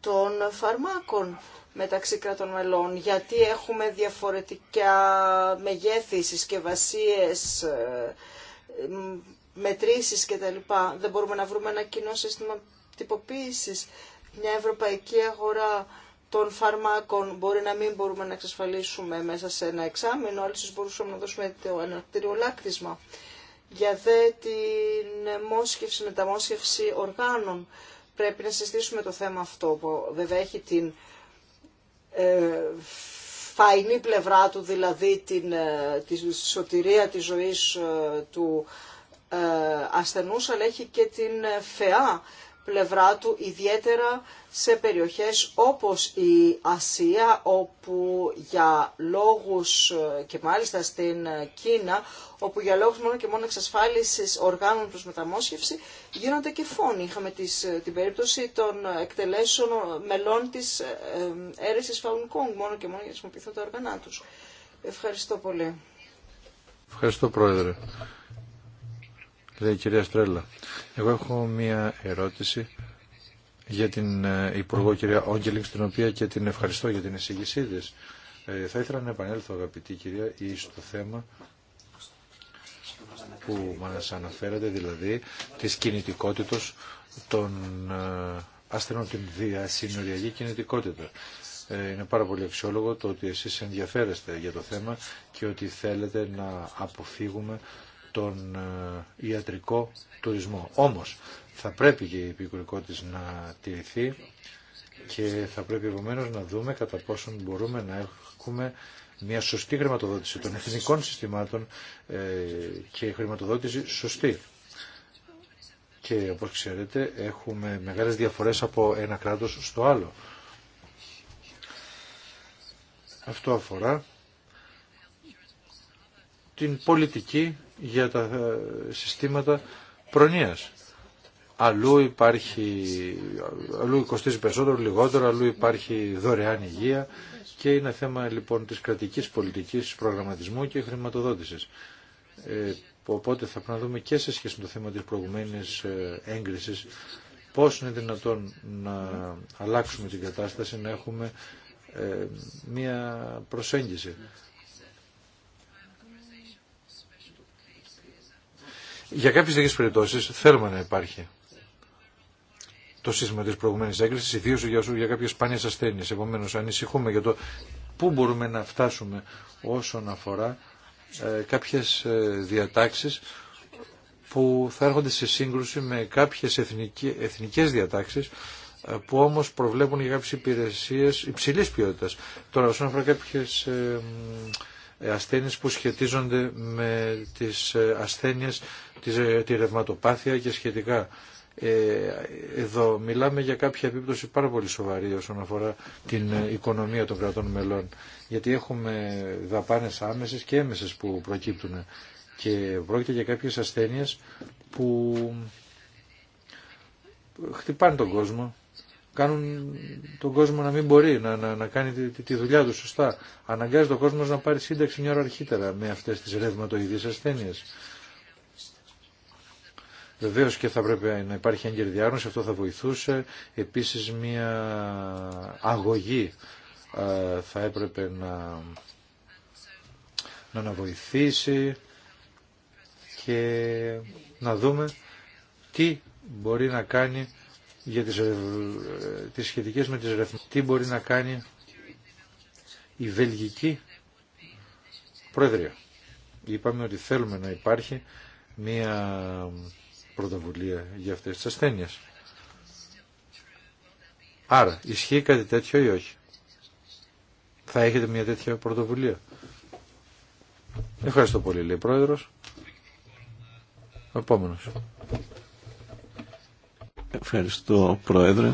των φαρμάκων μεταξύ κρατών μελών, γιατί έχουμε διαφορετικά μεγέθη, συσκευασίε, ε, μετρήσεις κτλ. Δεν μπορούμε να βρούμε ένα κοινό σύστημα τυποποίηση. Μια ευρωπαϊκή αγορά των φαρμάκων μπορεί να μην μπορούμε να εξασφαλίσουμε μέσα σε ένα εξάμεινο, αλλά ίσως μπορούσαμε να δώσουμε το τριολάκτισμα Για δε την μόσχευση, μεταμόσχευση οργάνων πρέπει να συστήσουμε το θέμα αυτό που βέβαια έχει την ε, φαϊνή πλευρά του, δηλαδή την, ε, τη σωτηρία της ζωής ε, του ασθενούς, αλλά έχει και την φεά πλευρά του, ιδιαίτερα σε περιοχές όπως η Ασία, όπου για λόγους, ε, και μάλιστα στην ε, Κίνα, όπου για λόγους μόνο και μόνο εξασφάλισης οργάνων προς μεταμόσχευση, γίνονται και φόνοι. Είχαμε τις, ε, την περίπτωση των εκτελέσεων μελών της αίρεσης Φαουν μόνο και μόνο για να χρησιμοποιηθούν τα οργανά τους. Ευχαριστώ πολύ. Ευχαριστώ Πρόεδρε κυρία Στρέλλα. Εγώ έχω μία ερώτηση για την ε, Υπουργό κυρία Όγκελινγκ, την οποία και την ευχαριστώ για την εισηγησή της. Ε, θα ήθελα να επανέλθω αγαπητή κυρία ή στο θέμα που μας αναφέρατε, δηλαδή της κινητικότητας των ασθενών, ε, την διασυνοριακή κινητικότητα. Είναι πάρα πολύ αξιόλογο το ότι εσείς ενδιαφέρεστε για το θέμα και ότι θέλετε να αποφύγουμε τον ε, ιατρικό τουρισμό. Όμως θα πρέπει και η επικουρικότητα να τηρηθεί και θα πρέπει επομένω να δούμε κατά πόσον μπορούμε να έχουμε μια σωστή χρηματοδότηση των εθνικών συστημάτων ε, και χρηματοδότηση σωστή. Και όπως ξέρετε έχουμε μεγάλες διαφορές από ένα κράτος στο άλλο. Αυτό αφορά την πολιτική για τα ε, συστήματα προνοίας. Αλλού υπάρχει, αλλού κοστίζει περισσότερο, λιγότερο, αλλού υπάρχει δωρεάν υγεία και είναι θέμα λοιπόν της κρατικής πολιτικής προγραμματισμού και χρηματοδότησης. Ε, οπότε θα πρέπει να δούμε και σε σχέση με το θέμα της προηγουμένης ε, έγκρισης πώς είναι δυνατόν να αλλάξουμε την κατάσταση, να έχουμε ε, μία προσέγγιση. Για κάποιε τέτοιε περιπτώσει θέλουμε να υπάρχει το σύστημα τη προηγούμενη έγκριση, ιδίω για, για κάποιες σπάνιες ασθένειες. Επομένως, ανησυχούμε για το πού μπορούμε να φτάσουμε όσον αφορά ε, κάποιες ε, διατάξεις που θα έρχονται σε σύγκρουση με κάποιες εθνική, εθνικές διατάξεις ε, που όμως προβλέπουν για κάποιες υπηρεσίες υψηλής ποιότητας. Τώρα, όσον αφορά κάποιες ε, ασθένειες που σχετίζονται με τις ασθένειες τη ρευματοπάθεια και σχετικά. Ε, εδώ μιλάμε για κάποια επίπτωση πάρα πολύ σοβαρή όσον αφορά την ε, οικονομία των κρατών μελών γιατί έχουμε δαπάνες άμεσες και έμεσε που προκύπτουν και πρόκειται για κάποιες ασθένειες που χτυπάνε τον κόσμο κάνουν τον κόσμο να μην μπορεί να, να, να κάνει τη, τη, δουλειά του σωστά αναγκάζει τον κόσμο να πάρει σύνταξη μια ώρα αρχίτερα με αυτές τις ρευματοειδείς ασθένειε. Βεβαίως και θα πρέπει να υπάρχει έγκαιρη διάγνωση, αυτό θα βοηθούσε. Επίσης μια αγωγή ε, θα έπρεπε να, να, να βοηθήσει και να δούμε τι μπορεί να κάνει για τις, ε, τις σχετικές με τις ρεθμίες. Τι μπορεί να κάνει η Βελγική Πρόεδρια. Είπαμε ότι θέλουμε να υπάρχει μια πρωτοβουλία για αυτές τις ασθένειες. Άρα, ισχύει κάτι τέτοιο ή όχι. Θα έχετε μια τέτοια πρωτοβουλία. Ευχαριστώ πολύ, λέει Πρόεδρος. Ο επόμενος. Ευχαριστώ, Πρόεδρε.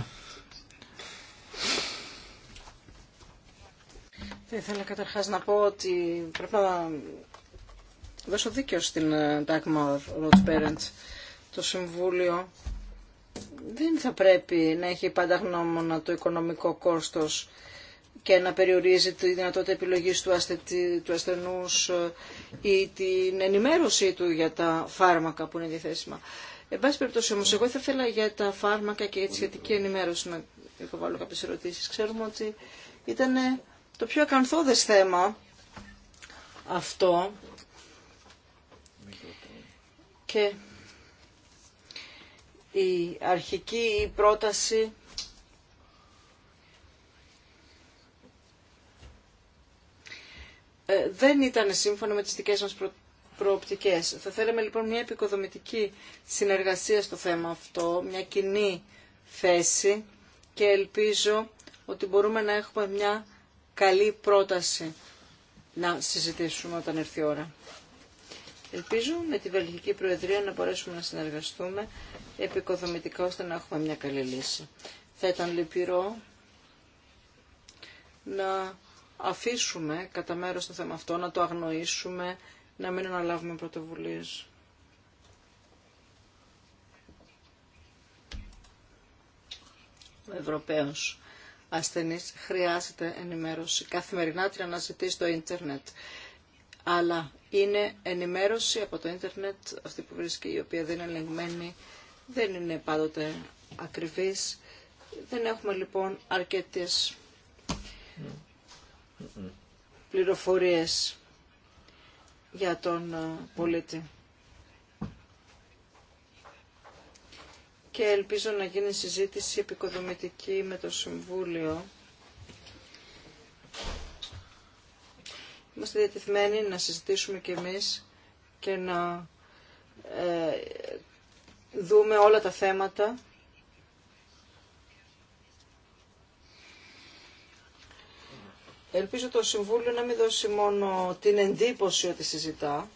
Θα ήθελα καταρχάς να πω ότι πρέπει να δώσω δίκιο στην ε, Dagmar Parents το Συμβούλιο δεν θα πρέπει να έχει πάντα γνώμονα το οικονομικό κόστος και να περιορίζει τη δυνατότητα επιλογής του, ασθενού ασθενούς ε, ή την ενημέρωσή του για τα φάρμακα που είναι διαθέσιμα. Εν πάση περιπτώσει όμως, εγώ θα ήθελα για τα φάρμακα και για τη σχετική ενημέρωση να υποβάλω κάποιες ερωτήσεις. Ξέρουμε ότι ήταν το πιο ακαθόδες θέμα αυτό και η αρχική πρόταση ε, δεν ήταν σύμφωνα με τις δικές μας προοπτικές. Θα θέλαμε λοιπόν μια επικοδομητική συνεργασία στο θέμα αυτό, μια κοινή θέση και ελπίζω ότι μπορούμε να έχουμε μια καλή πρόταση να συζητήσουμε όταν έρθει η ώρα. Ελπίζω με τη Βελγική Προεδρία να μπορέσουμε να συνεργαστούμε επικοδομητικά ώστε να έχουμε μια καλή λύση. Θα ήταν λυπηρό να αφήσουμε κατά μέρος το θέμα αυτό, να το αγνοήσουμε, να μην αναλάβουμε πρωτοβουλίες. Ο Ευρωπαίος ασθενής χρειάζεται ενημέρωση. Καθημερινά την αναζητεί στο ίντερνετ. Αλλά είναι ενημέρωση από το ίντερνετ αυτή που βρίσκει, η οποία δεν είναι ελεγμένη δεν είναι πάντοτε ακριβής. Δεν έχουμε λοιπόν αρκετές πληροφορίες για τον ε, πολίτη. Και ελπίζω να γίνει συζήτηση επικοδομητική με το Συμβούλιο. Είμαστε διατεθειμένοι να συζητήσουμε και εμείς και να ε, δούμε όλα τα θέματα Ελπίζω το Συμβούλιο να μην δώσει μόνο την εντύπωση ότι συζητά,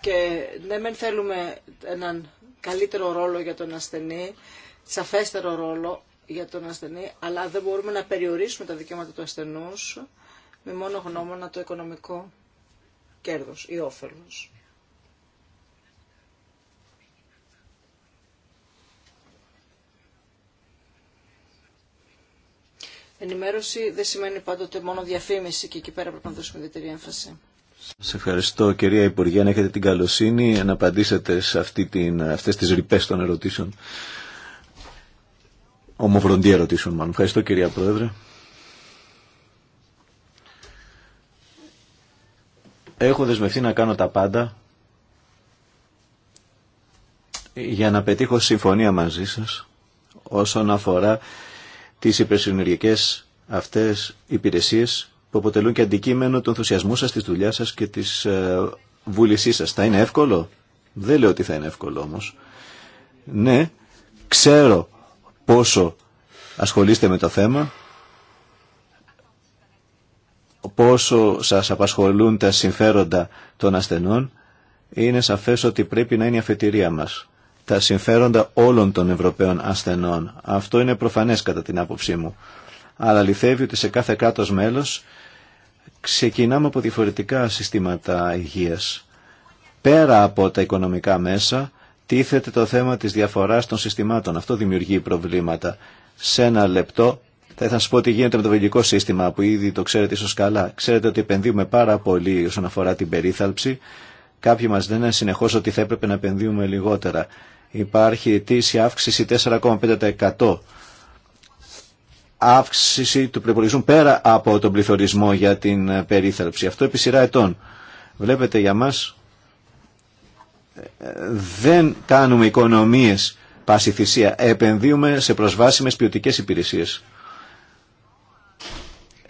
Και ναι, μεν θέλουμε έναν καλύτερο ρόλο για τον ασθενή, σαφέστερο ρόλο για τον ασθενή, αλλά δεν μπορούμε να περιορίσουμε τα δικαιώματα του ασθενούς με μόνο γνώμονα το οικονομικό κέρδος ή όφελος. Ενημέρωση δεν σημαίνει πάντοτε μόνο διαφήμιση και εκεί πέρα πρέπει να δώσουμε ιδιαίτερη έμφαση. Σας ευχαριστώ κυρία Υπουργέ αν έχετε την καλοσύνη να απαντήσετε σε αυτή την, αυτές τις ρηπές των ερωτήσεων. Ομοφροντή ερωτήσεων μάλλον. Ευχαριστώ κυρία Πρόεδρε. Έχω δεσμευτεί να κάνω τα πάντα για να πετύχω συμφωνία μαζί σας όσον αφορά τις υπερσυνεργικές αυτές υπηρεσίες που αποτελούν και αντικείμενο του ενθουσιασμού σας, της δουλειάς σας και της ε, βούλησής σας. Θα είναι εύκολο. Δεν λέω ότι θα είναι εύκολο όμως. Ναι, ξέρω πόσο ασχολείστε με το θέμα πόσο σας απασχολούν τα συμφέροντα των ασθενών, είναι σαφές ότι πρέπει να είναι η αφετηρία μας. Τα συμφέροντα όλων των Ευρωπαίων ασθενών. Αυτό είναι προφανές κατά την άποψή μου. Αλλά αληθεύει ότι σε κάθε κράτος μέλος ξεκινάμε από διαφορετικά συστήματα υγείας. Πέρα από τα οικονομικά μέσα, τίθεται το θέμα της διαφοράς των συστημάτων. Αυτό δημιουργεί προβλήματα. Σε ένα λεπτό θα ήθελα να σα πω ότι γίνεται με το βελγικό σύστημα που ήδη το ξέρετε ίσω καλά. Ξέρετε ότι επενδύουμε πάρα πολύ όσον αφορά την περίθαλψη. Κάποιοι μα λένε συνεχώ ότι θα έπρεπε να επενδύουμε λιγότερα. Υπάρχει ετήσια αύξηση 4,5% αύξηση του προπολογισμού πέρα από τον πληθωρισμό για την περίθαλψη. Αυτό επί σειρά ετών. Βλέπετε για μας δεν κάνουμε οικονομίες πάση θυσία. Επενδύουμε σε προσβάσιμες ποιοτικές υπηρεσίες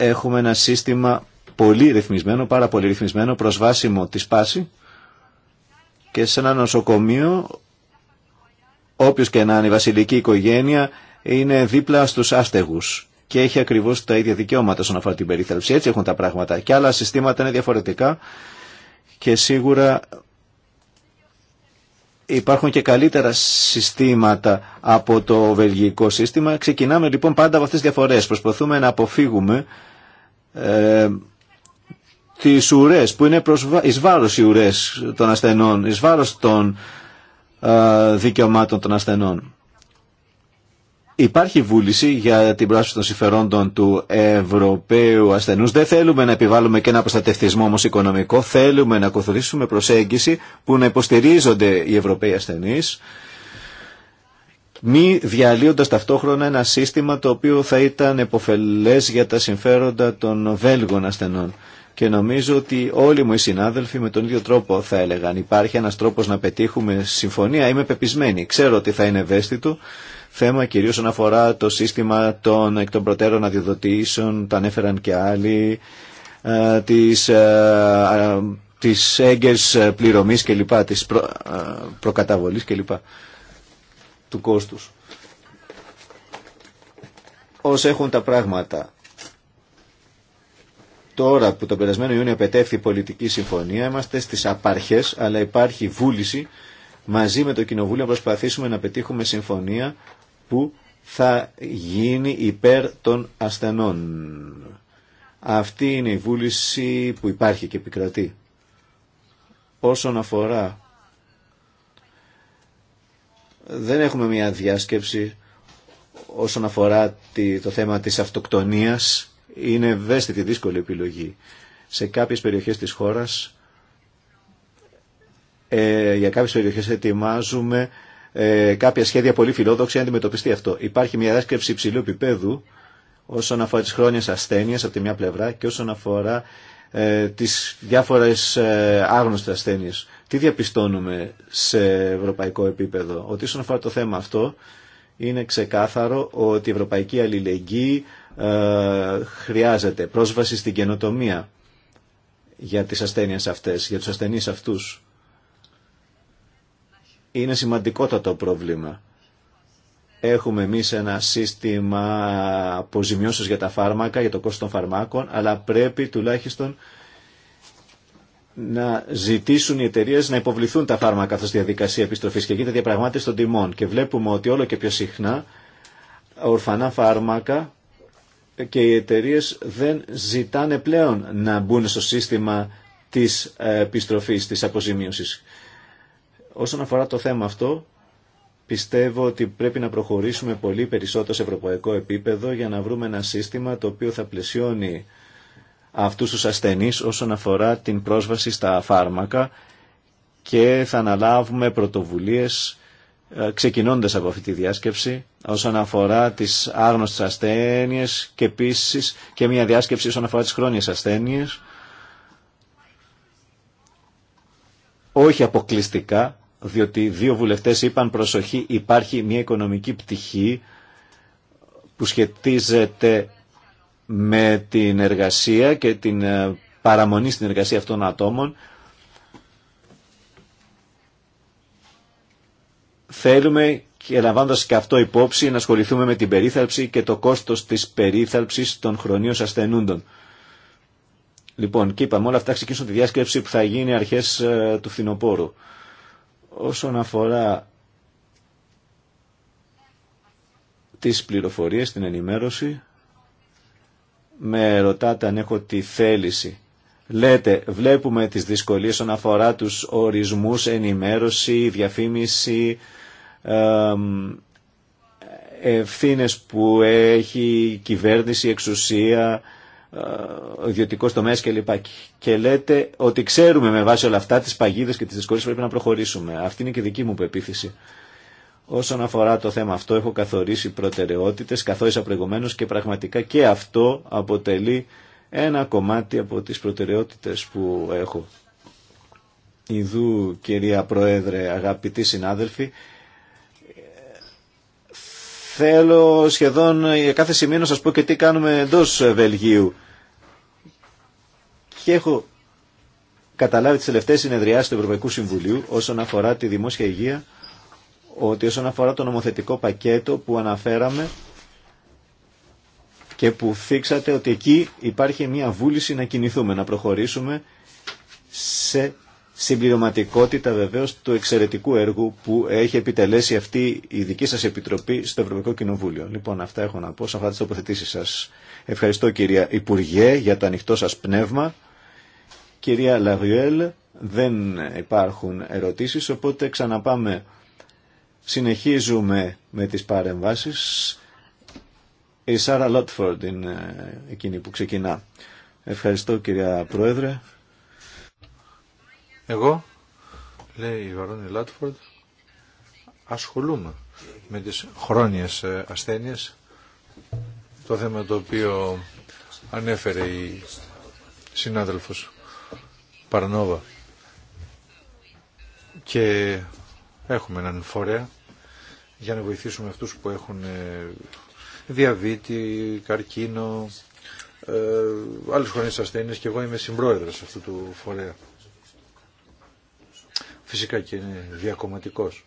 έχουμε ένα σύστημα πολύ ρυθμισμένο, πάρα πολύ ρυθμισμένο, προσβάσιμο τη πάση και σε ένα νοσοκομείο όποιος και να είναι η βασιλική οικογένεια είναι δίπλα στους άστεγους και έχει ακριβώς τα ίδια δικαιώματα στον αφορά την περίθαλψη. Έτσι έχουν τα πράγματα. Και άλλα συστήματα είναι διαφορετικά και σίγουρα υπάρχουν και καλύτερα συστήματα από το βελγικό σύστημα. Ξεκινάμε λοιπόν πάντα από αυτές τις διαφορές. Προσπαθούμε να αποφύγουμε ε, τις ουρές που είναι προς, εις βάρος οι ουρές των ασθενών, εις βάρος των ε, δικαιωμάτων των ασθενών. Υπάρχει βούληση για την πράσινη των συμφερόντων του Ευρωπαίου ασθενούς. Δεν θέλουμε να επιβάλλουμε και ένα προστατευτισμό όμω οικονομικό. Θέλουμε να ακολουθήσουμε προσέγγιση που να υποστηρίζονται οι Ευρωπαίοι ασθενεί μη διαλύοντας ταυτόχρονα ένα σύστημα το οποίο θα ήταν εποφελές για τα συμφέροντα των Βέλγων ασθενών. Και νομίζω ότι όλοι μου οι συνάδελφοι με τον ίδιο τρόπο θα έλεγαν υπάρχει ένας τρόπος να πετύχουμε συμφωνία, είμαι πεπισμένη, ξέρω ότι θα είναι ευαίσθητο, θέμα κυρίως όσον αφορά το σύστημα των εκ των προτέρων αδειοδοτήσεων, τα ανέφεραν και άλλοι, ε, ε, α, της, πληρωμή πληρωμής κλπ, της προ, ε, προκαταβολής κλπ του κόστους. Όσο έχουν τα πράγματα. Τώρα που τον περασμένο Ιούνιο πετέφθη η πολιτική συμφωνία, είμαστε στις απάρχες, αλλά υπάρχει βούληση μαζί με το Κοινοβούλιο να προσπαθήσουμε να πετύχουμε συμφωνία που θα γίνει υπέρ των ασθενών. Αυτή είναι η βούληση που υπάρχει και επικρατεί. Όσον αφορά δεν έχουμε μια διάσκεψη όσον αφορά το θέμα της αυτοκτονίας. Είναι ευαίσθητη δύσκολη επιλογή. Σε κάποιες περιοχές της χώρας, ε, για κάποιες περιοχές ετοιμάζουμε ε, κάποια σχέδια πολύ φιλόδοξη να αντιμετωπιστεί αυτό. Υπάρχει μια διάσκεψη υψηλού επίπεδου όσον αφορά τις χρόνιες ασθένειες από τη μια πλευρά και όσον αφορά ε, τις διάφορες ε, άγνωστες ασθένειες. Τι διαπιστώνουμε σε ευρωπαϊκό επίπεδο. Ότι όσον αφορά το θέμα αυτό είναι ξεκάθαρο ότι η ευρωπαϊκή αλληλεγγύη ε, χρειάζεται πρόσβαση στην καινοτομία για τις ασθένειες αυτές, για τους ασθενείς αυτούς. Είναι σημαντικότατο πρόβλημα. Έχουμε εμείς ένα σύστημα αποζημιώσεως για τα φάρμακα, για το κόστος των φαρμάκων, αλλά πρέπει τουλάχιστον να ζητήσουν οι εταιρείε να υποβληθούν τα φάρμακα στη διαδικασία επιστροφή και γίνεται διαπραγμάτευση των τιμών. Και βλέπουμε ότι όλο και πιο συχνά ορφανά φάρμακα και οι εταιρείε δεν ζητάνε πλέον να μπουν στο σύστημα της ε, επιστροφής, της αποζημίωση. Όσον αφορά το θέμα αυτό, πιστεύω ότι πρέπει να προχωρήσουμε πολύ περισσότερο σε ευρωπαϊκό επίπεδο για να βρούμε ένα σύστημα το οποίο θα πλαισιώνει αυτούς τους ασθενείς όσον αφορά την πρόσβαση στα φάρμακα και θα αναλάβουμε πρωτοβουλίες ε, ξεκινώντας από αυτή τη διάσκεψη όσον αφορά τις άγνωστες ασθένειες και επίση και μια διάσκεψη όσον αφορά τις χρόνιες ασθένειες όχι αποκλειστικά διότι δύο βουλευτές είπαν προσοχή υπάρχει μια οικονομική πτυχή που σχετίζεται με την εργασία και την ε, παραμονή στην εργασία αυτών των ατόμων θέλουμε και λαμβάνοντα και αυτό υπόψη να ασχοληθούμε με την περίθαλψη και το κόστος της περίθαλψης των χρονίων ασθενούντων. Λοιπόν, και είπαμε όλα αυτά ξεκίνησαν τη διάσκεψη που θα γίνει αρχές ε, του φθινοπόρου. Όσον αφορά τις πληροφορίες, την ενημέρωση, με ρωτάτε αν έχω τη θέληση. Λέτε, βλέπουμε τις δυσκολίες όσον αφορά τους ορισμούς, ενημέρωση, διαφήμιση, ευθύνε που έχει η κυβέρνηση, η εξουσία, ε, ο ιδιωτικό τομέα κλπ. Και λέτε ότι ξέρουμε με βάση όλα αυτά τις παγίδες και τις δυσκολίες που πρέπει να προχωρήσουμε. Αυτή είναι και δική μου πεποίθηση. Όσον αφορά το θέμα αυτό έχω καθορίσει προτεραιότητες, καθόρισα προηγουμένως και πραγματικά και αυτό αποτελεί ένα κομμάτι από τις προτεραιότητες που έχω. Ιδού κυρία Πρόεδρε, αγαπητοί συνάδελφοι, θέλω σχεδόν για κάθε σημείο να σας πω και τι κάνουμε εντός Βελγίου. Και έχω καταλάβει τις τελευταίες συνεδριάσεις του Ευρωπαϊκού Συμβουλίου όσον αφορά τη δημόσια υγεία ότι όσον αφορά το νομοθετικό πακέτο που αναφέραμε και που θίξατε ότι εκεί υπάρχει μια βούληση να κινηθούμε, να προχωρήσουμε σε συμπληρωματικότητα βεβαίως του εξαιρετικού έργου που έχει επιτελέσει αυτή η δική σας επιτροπή στο Ευρωπαϊκό Κοινοβούλιο. Λοιπόν, αυτά έχω να πω σε αυτά τις τοποθετήσεις σας. Ευχαριστώ κυρία Υπουργέ για το ανοιχτό σας πνεύμα. Κυρία Λαγιουέλ, δεν υπάρχουν ερωτήσεις, οπότε ξαναπάμε Συνεχίζουμε με τις παρεμβάσεις. Η Σάρα Λότφορντ είναι ε, εκείνη που ξεκινά. Ευχαριστώ κυρία Πρόεδρε. Εγώ, λέει η Βαρόνι Λότφορντ ασχολούμαι με τις χρόνιες ε, ασθένειες, το θέμα το οποίο ανέφερε η συνάδελφος Παρνόβα. Και Έχουμε έναν φορέα για να βοηθήσουμε αυτούς που έχουν ε, διαβήτη, καρκίνο, ε, άλλες χρονίες ασθένειες και εγώ είμαι συμπρόεδρος αυτού του φορέα. Φυσικά και είναι διακομματικός.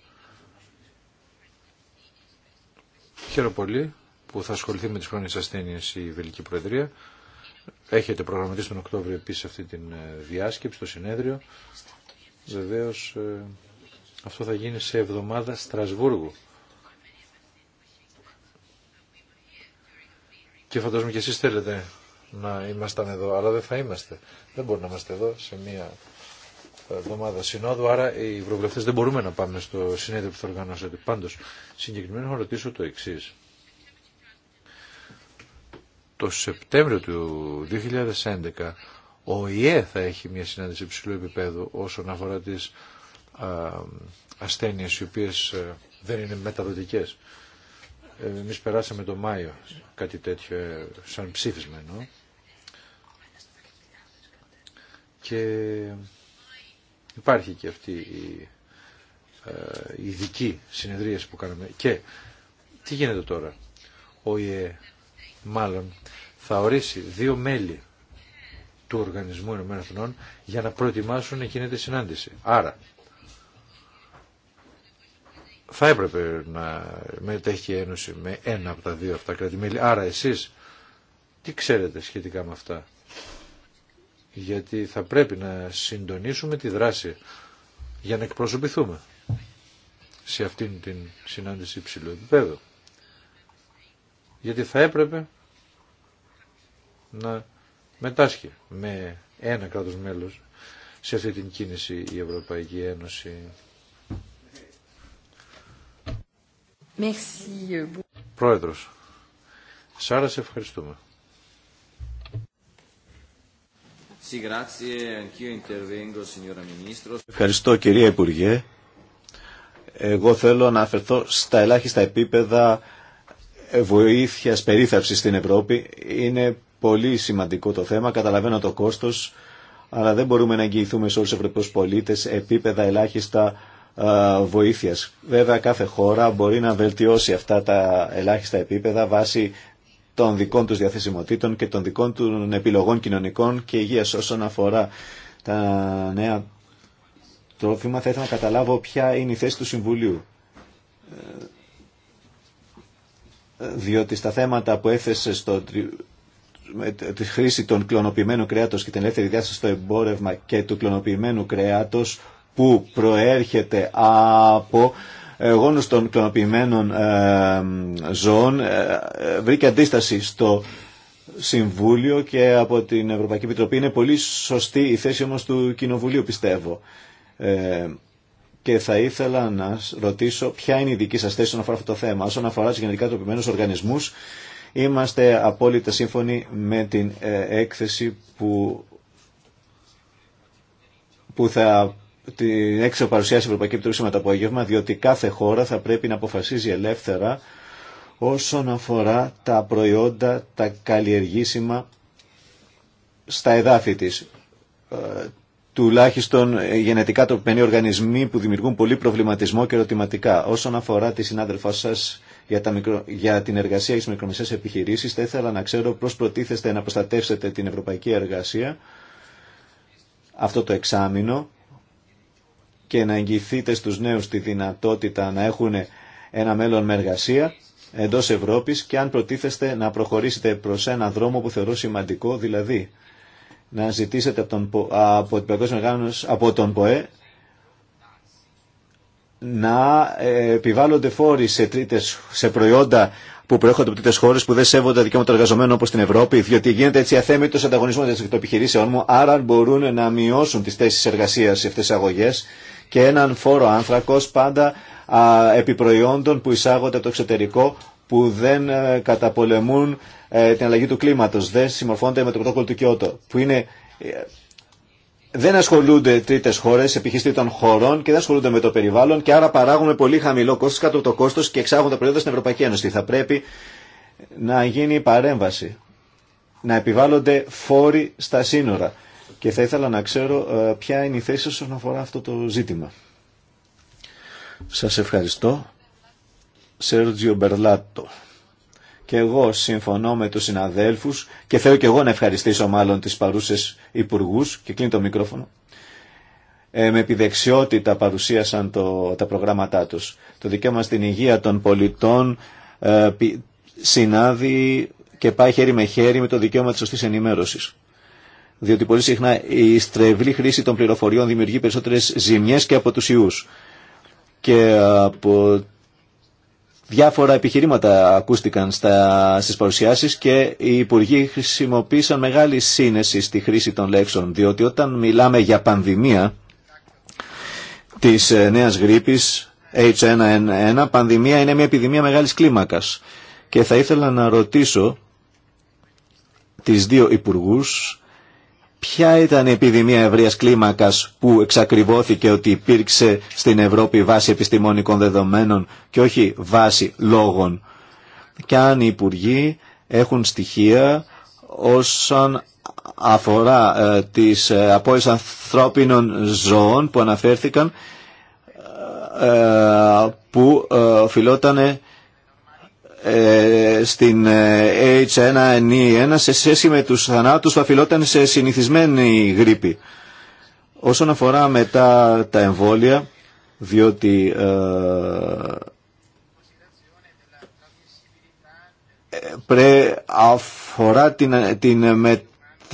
Χαίρομαι πολύ που θα ασχοληθεί με τις χρόνιες ασθένειες η Βελική Προεδρία. Έχετε προγραμματίσει τον Οκτώβριο επίσης αυτή τη ε, διάσκεψη, το συνέδριο. Βεβαίως ε, αυτό θα γίνει σε εβδομάδα Στρασβούργου. Και φαντάζομαι και εσείς θέλετε να ήμασταν εδώ, αλλά δεν θα είμαστε. Δεν μπορούμε να είμαστε εδώ σε μια εβδομάδα συνόδου, άρα οι ευρωβουλευτέ δεν μπορούμε να πάμε στο συνέδριο που θα οργανώσετε. Πάντως, συγκεκριμένα θα ρωτήσω το εξή. Το Σεπτέμβριο του 2011 ο ΙΕ θα έχει μια συνάντηση υψηλού επίπεδου όσον αφορά τις ασθένειες οι οποίες ε, δεν είναι μεταδοτικές. Εμείς περάσαμε το Μάιο κάτι τέτοιο ε, σαν ψήφισμα εννοώ. Και υπάρχει και αυτή ε, η ειδική συνεδρίαση που κάναμε. Και τι γίνεται τώρα. Ο ΙΕ μάλλον θα ορίσει δύο μέλη του Οργανισμού Ηνωμένων για να προετοιμάσουν εκείνη τη συνάντηση. Άρα θα έπρεπε να μετέχει η Ένωση με ένα από τα δύο αυτά κράτη-μέλη. Άρα εσείς τι ξέρετε σχετικά με αυτά. Γιατί θα πρέπει να συντονίσουμε τη δράση για να εκπροσωπηθούμε σε αυτήν την συνάντηση υψηλού επίπεδου. Γιατί θα έπρεπε να μετάσχει με ένα κράτος μέλος σε αυτή την κίνηση η Ευρωπαϊκή Ένωση. Euh, Πρόεδρος, Σάρα, σε ευχαριστούμε. Ευχαριστώ κυρία Υπουργέ. Εγώ θέλω να αφαιρθώ στα ελάχιστα επίπεδα βοήθειας περίθαψης στην Ευρώπη. Είναι πολύ σημαντικό το θέμα, καταλαβαίνω το κόστος, αλλά δεν μπορούμε να εγγυηθούμε σε όλους τους Ευρωπαίους πολίτες επίπεδα ελάχιστα βοήθειας. Βέβαια κάθε χώρα μπορεί να βελτιώσει αυτά τα ελάχιστα επίπεδα βάσει των δικών τους διαθεσιμοτήτων και των δικών του επιλογών κοινωνικών και υγείας όσον αφορά τα νέα τρόφιμα. Θα ήθελα να καταλάβω ποια είναι η θέση του Συμβουλίου. Ε, διότι στα θέματα που έθεσε στο, με τη χρήση των κλωνοποιημένου κρέατος και την ελεύθερη διάσταση στο εμπόρευμα και του κλωνοποιημένου κρέατος που προέρχεται από γόνους των κλωνοποιημένων ε, ζώων ε, ε, βρήκε αντίσταση στο Συμβούλιο και από την Ευρωπαϊκή Επιτροπή. Είναι πολύ σωστή η θέση όμως του Κοινοβουλίου πιστεύω. Και θα ήθελα να ρωτήσω ποια είναι η δική σας θέση όσον αφορά αυτό το θέμα. Όσον αφορά τους γενετικά τροπημένους οργανισμούς, είμαστε απόλυτα σύμφωνοι με την έκθεση που, που θα την έξω παρουσιάση Ευρωπαϊκή Επιτροπή με το απόγευμα, διότι κάθε χώρα θα πρέπει να αποφασίζει ελεύθερα όσον αφορά τα προϊόντα, τα καλλιεργήσιμα στα εδάφη της. Ε, τουλάχιστον ε, γενετικά τροπένοι οργανισμοί που δημιουργούν πολύ προβληματισμό και ερωτηματικά. Όσον αφορά τη συνάδελφά σα για, μικρο... για την εργασία στις μικρομεσαίες επιχειρήσεις, θα ήθελα να ξέρω πώς προτίθεστε να προστατεύσετε την ευρωπαϊκή εργασία αυτό το εξάμεινο και να εγγυηθείτε στους νέους τη δυνατότητα να έχουν ένα μέλλον με εργασία εντός Ευρώπης και αν προτίθεστε να προχωρήσετε προς ένα δρόμο που θεωρώ σημαντικό, δηλαδή να ζητήσετε από τον, από από τον ΠΟΕ να ε, επιβάλλονται φόροι σε, τρίτες, σε προϊόντα που προέρχονται από τρίτε χώρε που δεν σέβονται τα δικαιώματα των εργαζομένων όπω στην Ευρώπη, διότι γίνεται έτσι αθέμητο ανταγωνισμό των επιχειρήσεών μου, άρα μπορούν να μειώσουν τι θέσει εργασία σε αυτέ τι αγωγέ και έναν φόρο άνθρακος πάντα α, επιπροϊόντων που εισάγονται από το εξωτερικό που δεν ε, καταπολεμούν ε, την αλλαγή του κλίματος, δεν συμμορφώνται με το πρωτόκολλο του Κιώτο, που είναι... Ε, δεν ασχολούνται τρίτε χώρε, επιχειρήσει των χωρών και δεν ασχολούνται με το περιβάλλον και άρα παράγουμε πολύ χαμηλό κόστο κάτω από το κόστο και εξάγουν τα προϊόντα στην Ευρωπαϊκή Ένωση. Θα πρέπει να γίνει παρέμβαση. Να επιβάλλονται φόροι στα σύνορα και θα ήθελα να ξέρω ε, ποια είναι η θέση σας όσον αφορά αυτό το ζήτημα. Σας ευχαριστώ. Σέργιο Μπερλάτο. Και εγώ συμφωνώ με τους συναδέλφους και θέλω και εγώ να ευχαριστήσω μάλλον τις παρούσες υπουργούς και κλείνει το μικρόφωνο. Ε, με επιδεξιότητα παρουσίασαν το, τα προγράμματά τους. Το δικαίωμα στην υγεία των πολιτών ε, συνάδει και πάει χέρι με χέρι με το δικαίωμα της σωστής ενημέρωσης διότι πολύ συχνά η στρεβλή χρήση των πληροφοριών δημιουργεί περισσότερες ζημιές και από τους ιούς. Και από διάφορα επιχειρήματα ακούστηκαν στα, στις παρουσιάσεις και οι υπουργοί χρησιμοποίησαν μεγάλη σύνεση στη χρήση των λέξεων, διότι όταν μιλάμε για πανδημία της ε, νέας γρήπης H1N1, πανδημία είναι μια επιδημία μεγάλης κλίμακας. Και θα ήθελα να ρωτήσω τις δύο υπουργούς Ποια ήταν η επιδημία ευρεία κλίμακα που εξακριβώθηκε ότι υπήρξε στην Ευρώπη βάση επιστημονικών δεδομένων και όχι βάση λόγων. Και αν οι Υπουργοί έχουν στοιχεία όσον αφορά ε, τις ε, ανθρώπινων ζώων που αναφέρθηκαν ε, ε, που ε, οφειλότανε ε, στην ε, H1N1 e σε σχέση με τους θανάτους που αφιλόταν σε συνηθισμένη γρήπη. Όσον αφορά μετά τα εμβόλια, διότι ε, πρέ, αφορά την, την με,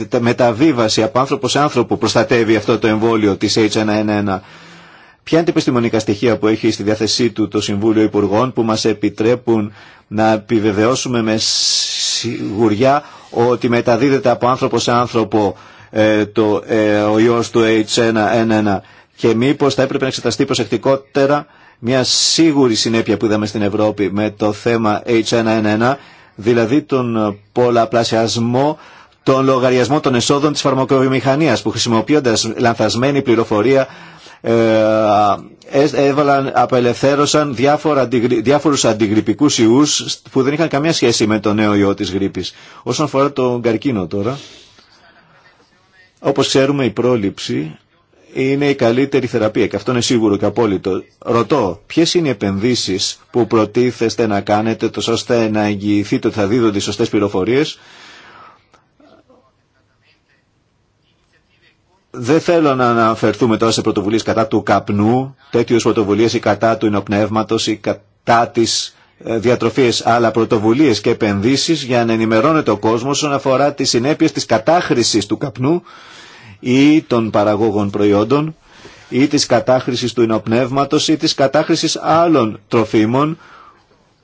τα μεταβίβαση από άνθρωπο σε άνθρωπο προστατεύει αυτό το εμβόλιο της H1N1 Ποια είναι τα επιστημονικά στοιχεία που έχει στη διάθεσή του το Συμβούλιο Υπουργών που μας επιτρέπουν να επιβεβαιώσουμε με σιγουριά ότι μεταδίδεται από άνθρωπο σε άνθρωπο ε, το, ε, ο ιός του H1N1 και μήπως θα έπρεπε να εξεταστεί προσεκτικότερα μια σίγουρη συνέπεια που είδαμε στην Ευρώπη με το θέμα H1N1 δηλαδή τον πολλαπλασιασμό τον λογαριασμών των εσόδων της φαρμακοβιομηχανίας που χρησιμοποιώντας λανθασμένη πληροφορία ε, ε, έβαλαν, απελευθέρωσαν διάφορα, διάφορους αντιγρυπικούς ιούς που δεν είχαν καμία σχέση με το νέο ιό της γρήπης. Όσον αφορά τον καρκίνο τώρα, όπως ξέρουμε η πρόληψη είναι η καλύτερη θεραπεία και αυτό είναι σίγουρο και απόλυτο. Ρωτώ, ποιε είναι οι επενδύσει που προτίθεστε να κάνετε ώστε να εγγυηθείτε ότι θα δίδονται οι σωστέ πληροφορίε Δεν θέλω να αναφερθούμε τώρα σε πρωτοβουλίες κατά του καπνού, τέτοιους πρωτοβουλίες ή κατά του εινοπνεύματος ή κατά της ε, διατροφής, αλλά πρωτοβουλίες και επενδύσεις για να ενημερώνεται ο κόσμος όσον αφορά τις συνέπειες της κατάχρησης του καπνού ή των παραγόγων προϊόντων ή της κατάχρησης του εινοπνεύματος ή της κατάχρησης άλλων τροφίμων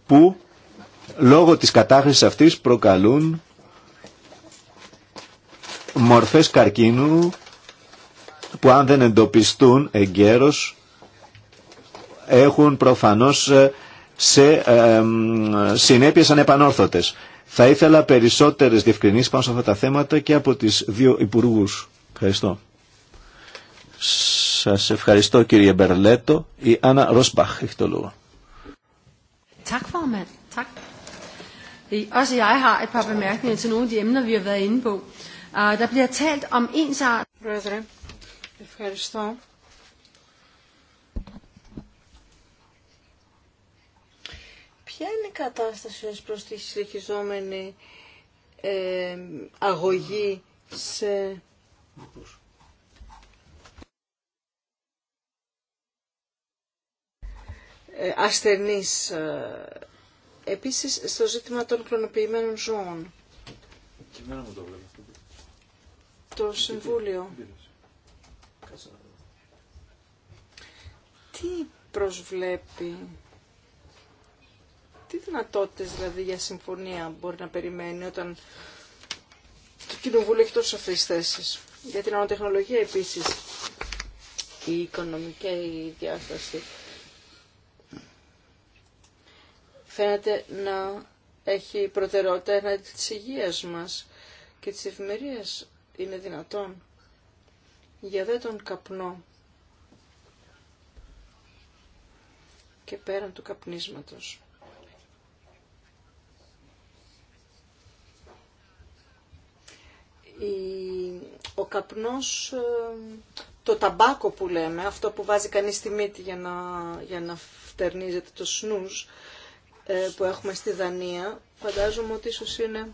που λόγω της κατάχρησης αυτής προκαλούν μορφές καρκίνου που αν δεν εντοπιστούν εγκαίρως έχουν προφανώς ε, σε συνέπειες ανεπανόρθωτες. Θα ήθελα περισσότερες διευκρινήσεις πάνω σε αυτά τα θέματα και από τις δύο υπουργούς. Ευχαριστώ. Σας ευχαριστώ κύριε Μπερλέτο. Η Άννα Ροσμπαχ έχει το λόγο. Ευχαριστώ. Ποια είναι η κατάσταση ως προς τη συνεχιζόμενη ε, αγωγή σε... Ε, ασθενείς. Ε, επίσης, στο ζήτημα των κλωνοποιημένων ζώων. Το Συμβούλιο. τι προσβλέπει, τι δυνατότητες δηλαδή για συμφωνία μπορεί να περιμένει όταν το Κοινοβούλιο έχει τόσο τι θέσεις. Για την ανατεχνολογία επίσης η οικονομική διάσταση φαίνεται να έχει προτεραιότητα έναντι τη υγείας μας και της ευημερίας είναι δυνατόν. Για δε τον καπνό και πέραν του καπνίσματος. Ο καπνός, ε, το ταμπάκο που λέμε, αυτό που βάζει κανείς στη μύτη για να, για να φτερνίζεται το σνους ε, που έχουμε στη Δανία, φαντάζομαι ότι ίσως είναι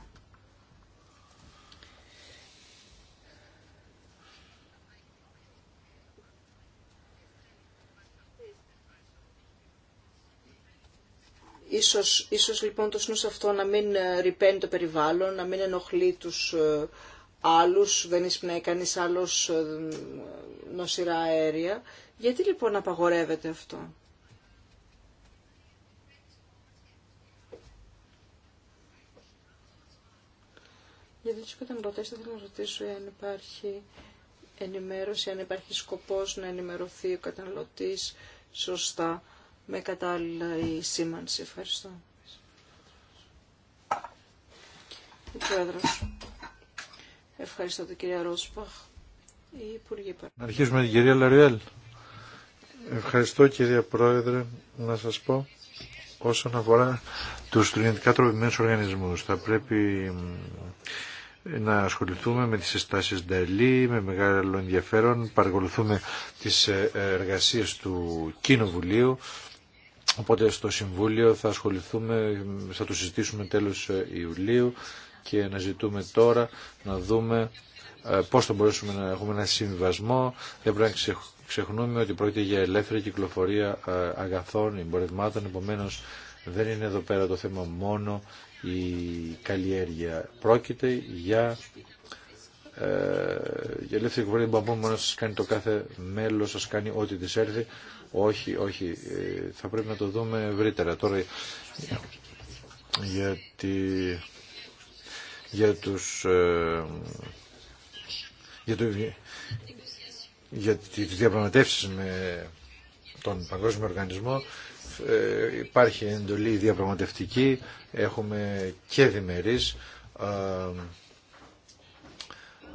Ίσως, ίσως λοιπόν το σνούς αυτό να μην ε, ρηπαίνει το περιβάλλον, να μην ενοχλεί τους ε, άλλους, δεν εισπνέει κανείς άλλος ε, νοσηρά αέρια. Γιατί λοιπόν απαγορεύεται αυτό. Γιατί τους καταναλωτές θα ήθελα να ρωτήσω αν υπάρχει ενημέρωση, αν υπάρχει σκοπός να ενημερωθεί ο καταναλωτής σωστά με κατάλληλα η σήμανση. Ευχαριστώ. Ο Πρόεδρος. Ευχαριστώ την κυρία Ρόσπαχ. Η Υπουργή Να αρχίσουμε την κυρία Λαριέλ. Ευχαριστώ κυρία Πρόεδρε να σας πω όσον αφορά τους γενετικά τροπημένους οργανισμούς. Θα πρέπει να ασχοληθούμε με τις συστάσεις Νταλή, με μεγάλο ενδιαφέρον, παρακολουθούμε τις ε, εργασίες του Κοινοβουλίου Οπότε στο Συμβούλιο θα ασχοληθούμε, θα το συζητήσουμε τέλος ε, Ιουλίου και να ζητούμε τώρα να δούμε ε, πώς θα μπορέσουμε να έχουμε ένα συμβιβασμό. Δεν πρέπει να ξεχνούμε ότι πρόκειται για ελεύθερη κυκλοφορία ε, αγαθών, εμπορευμάτων, επομένως δεν είναι εδώ πέρα το θέμα μόνο η καλλιέργεια. Πρόκειται για για ελεύθερη κυκλοφορία να σας κάνει το κάθε μέλος, σας κάνει ό,τι της έρθει. Όχι, όχι, ε, θα πρέπει να το δούμε ευρύτερα. Τώρα γιατί για τους... Ε, για, το, για τις διαπραγματεύσεις με τον Παγκόσμιο Οργανισμό ε, υπάρχει εντολή διαπραγματευτική, έχουμε και διμερείς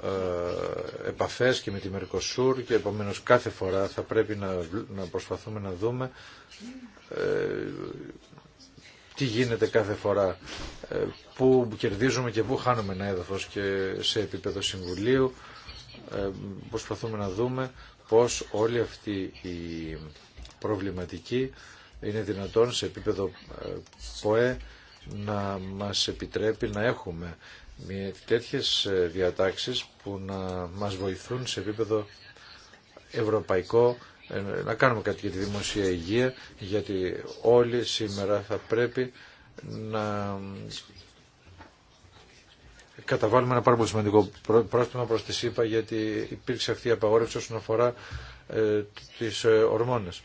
ε, επαφές και με τη Μερκοσούρ και επομένως κάθε φορά θα πρέπει να, να προσπαθούμε να δούμε ε, τι γίνεται κάθε φορά, ε, πού κερδίζουμε και πού χάνουμε ένα έδαφος και σε επίπεδο συμβουλίου. Προσπαθούμε να δούμε πώς όλη αυτή η προβληματική είναι δυνατόν σε επίπεδο ΠΟΕ να μας επιτρέπει να έχουμε με τέτοιες ε, διατάξεις που να μας βοηθούν σε επίπεδο ευρωπαϊκό ε, να κάνουμε κάτι για τη δημοσία υγεία γιατί όλοι σήμερα θα πρέπει να καταβάλουμε ένα πάρα πολύ σημαντικό πρόστιμα προς τη ΣΥΠΑ γιατί υπήρξε αυτή η απαγόρευση όσον αφορά ε, τις ε, ορμόνες.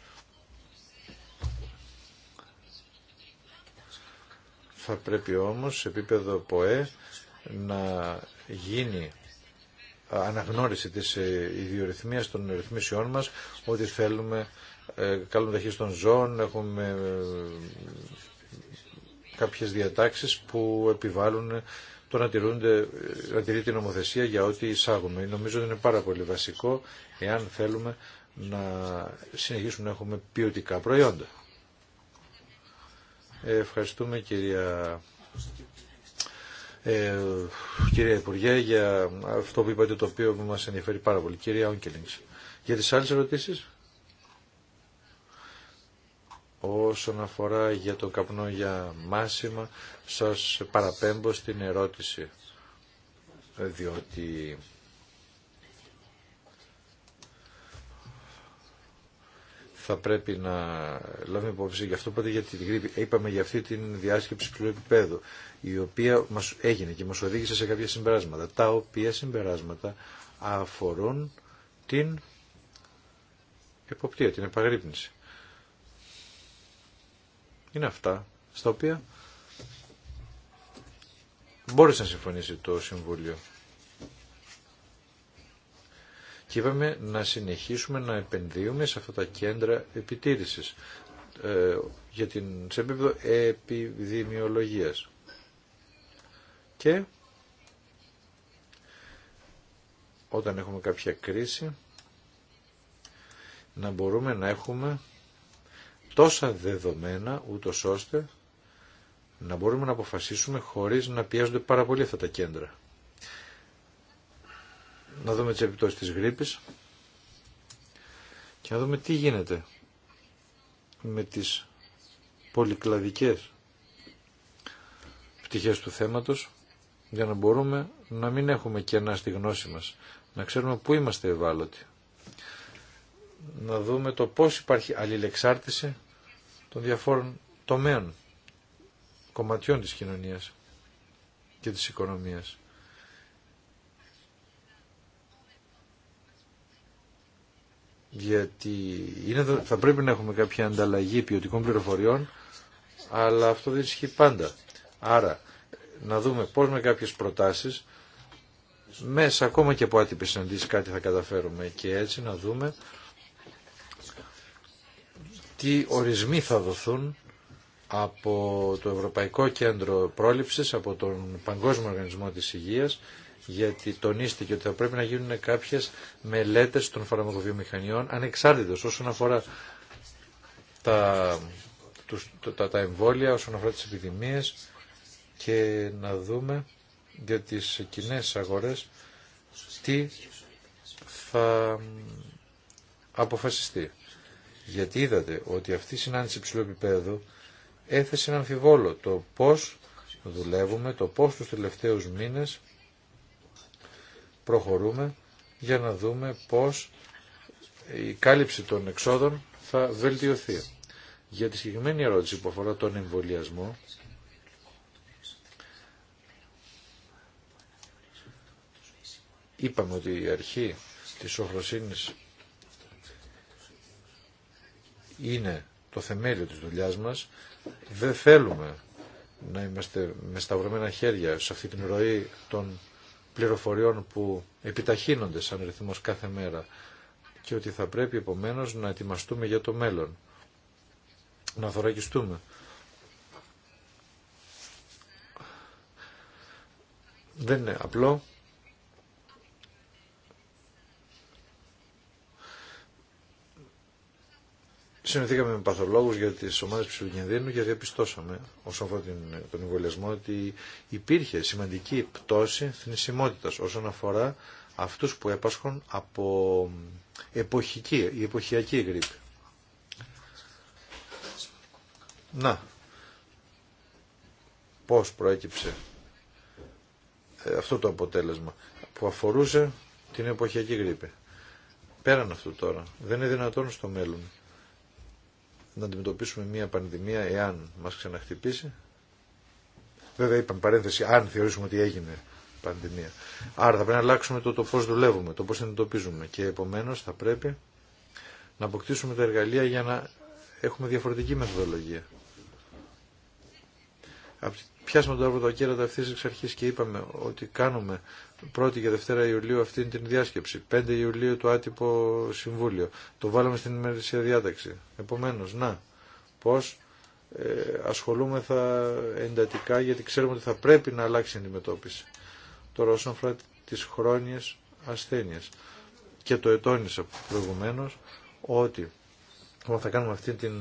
Θα πρέπει όμως σε επίπεδο ΠΟΕ να γίνει αναγνώριση της ε, ιδιορυθμίας των ρυθμίσεών μας ότι θέλουμε ε, καλούν ταχύς των ζώων, έχουμε ε, κάποιες διατάξεις που επιβάλλουν το να, τηρούνται, να τηρεί την νομοθεσία για ό,τι εισάγουμε. Νομίζω ότι είναι πάρα πολύ βασικό εάν θέλουμε να συνεχίσουμε να έχουμε ποιοτικά προϊόντα. Ευχαριστούμε κυρία ε, κυρία Υπουργέ, για αυτό που είπατε το οποίο μας ενδιαφέρει πάρα πολύ. Κυρία Όγκελινγκ, για τις άλλες ερωτήσεις. Όσον αφορά για το καπνό για μάσημα, σας παραπέμπω στην ερώτηση, διότι θα πρέπει να λάβουμε υπόψη για αυτό που για την γρήπη. Είπαμε για αυτή την διάσκεψη του επίπεδου, η οποία μας έγινε και μας οδήγησε σε κάποια συμπεράσματα, τα οποία συμπεράσματα αφορούν την εποπτεία, την επαγρύπνηση. Είναι αυτά στα οποία μπόρεσε να συμφωνήσει το Συμβούλιο και είπαμε να συνεχίσουμε να επενδύουμε σε αυτά τα κέντρα επιτήρησης ε, για την, σε επίπεδο επιδημιολογίας. Και όταν έχουμε κάποια κρίση να μπορούμε να έχουμε τόσα δεδομένα ούτω ώστε να μπορούμε να αποφασίσουμε χωρίς να πιέζονται πάρα πολύ αυτά τα κέντρα να δούμε τις επιπτώσεις της γρήπης και να δούμε τι γίνεται με τις πολυκλαδικές πτυχές του θέματος για να μπορούμε να μην έχουμε κενά στη γνώση μας, να ξέρουμε πού είμαστε ευάλωτοι. Να δούμε το πώς υπάρχει αλληλεξάρτηση των διαφόρων τομέων, κομματιών της κοινωνίας και της οικονομίας. γιατί είναι, θα πρέπει να έχουμε κάποια ανταλλαγή ποιοτικών πληροφοριών, αλλά αυτό δεν ισχύει πάντα. Άρα, να δούμε πώς με κάποιες προτάσεις, μέσα ακόμα και από άτυπες συναντήσεις κάτι θα καταφέρουμε και έτσι να δούμε τι ορισμοί θα δοθούν από το Ευρωπαϊκό Κέντρο Πρόληψης, από τον Παγκόσμιο Οργανισμό της Υγείας γιατί τονίστηκε ότι θα πρέπει να γίνουν κάποιες μελέτες των φαρμακοβιομηχανιών ανεξάρτητος όσον αφορά τα, τα, τα εμβόλια, όσον αφορά τις επιδημίες και να δούμε για τις κοινέ αγορές τι θα αποφασιστεί. Γιατί είδατε ότι αυτή η συνάντηση υψηλού επίπεδου έθεσε ένα αμφιβόλο το πώς δουλεύουμε, το πώς του τελευταίου μήνες προχωρούμε για να δούμε πώς η κάλυψη των εξόδων θα βελτιωθεί. Για τη συγκεκριμένη ερώτηση που αφορά τον εμβολιασμό, είπαμε ότι η αρχή της οχροσύνης είναι το θεμέλιο της δουλειάς μας. Δεν θέλουμε να είμαστε με σταυρωμένα χέρια σε αυτή την ροή των πληροφοριών που επιταχύνονται σαν ρυθμός κάθε μέρα και ότι θα πρέπει επομένως να ετοιμαστούμε για το μέλλον, να θωρακιστούμε. Δεν είναι απλό Συνεχίσαμε με παθολόγους για τις ομάδες ψηλοκινδύνου και διαπιστώσαμε όσον αφορά τον εμβολιασμό ότι υπήρχε σημαντική πτώση θνησιμότητας όσον αφορά αυτούς που έπασχουν από εποχική ή εποχιακή γρήπη. Να, πώς προέκυψε ε, αυτό το αποτέλεσμα που αφορούσε την εποχιακή γρήπη. Πέραν αυτού τώρα, δεν είναι δυνατόν στο μέλλον να αντιμετωπίσουμε μια πανδημία εάν μας ξαναχτυπήσει. Βέβαια είπαμε παρένθεση αν θεωρήσουμε ότι έγινε πανδημία. Άρα θα πρέπει να αλλάξουμε το, το πώς δουλεύουμε, το πώς αντιμετωπίζουμε και επομένως θα πρέπει να αποκτήσουμε τα εργαλεία για να έχουμε διαφορετική μεθοδολογία πιάσαμε το αύριο κέρατα αυτή τη αρχή και είπαμε ότι κάνουμε 1η και 2η Ιουλίου αυτήν την διάσκεψη. 5 Ιουλίου το άτυπο συμβούλιο. Το βάλαμε στην ημερησία διάταξη. Επομένω, να, πώ ε, ασχολούμεθα εντατικά γιατί ξέρουμε ότι θα πρέπει να αλλάξει η αντιμετώπιση. Τώρα, όσον αφορά τι χρόνιε ασθένειε. Και το ετώνησα προηγουμένω ότι όταν θα κάνουμε αυτή την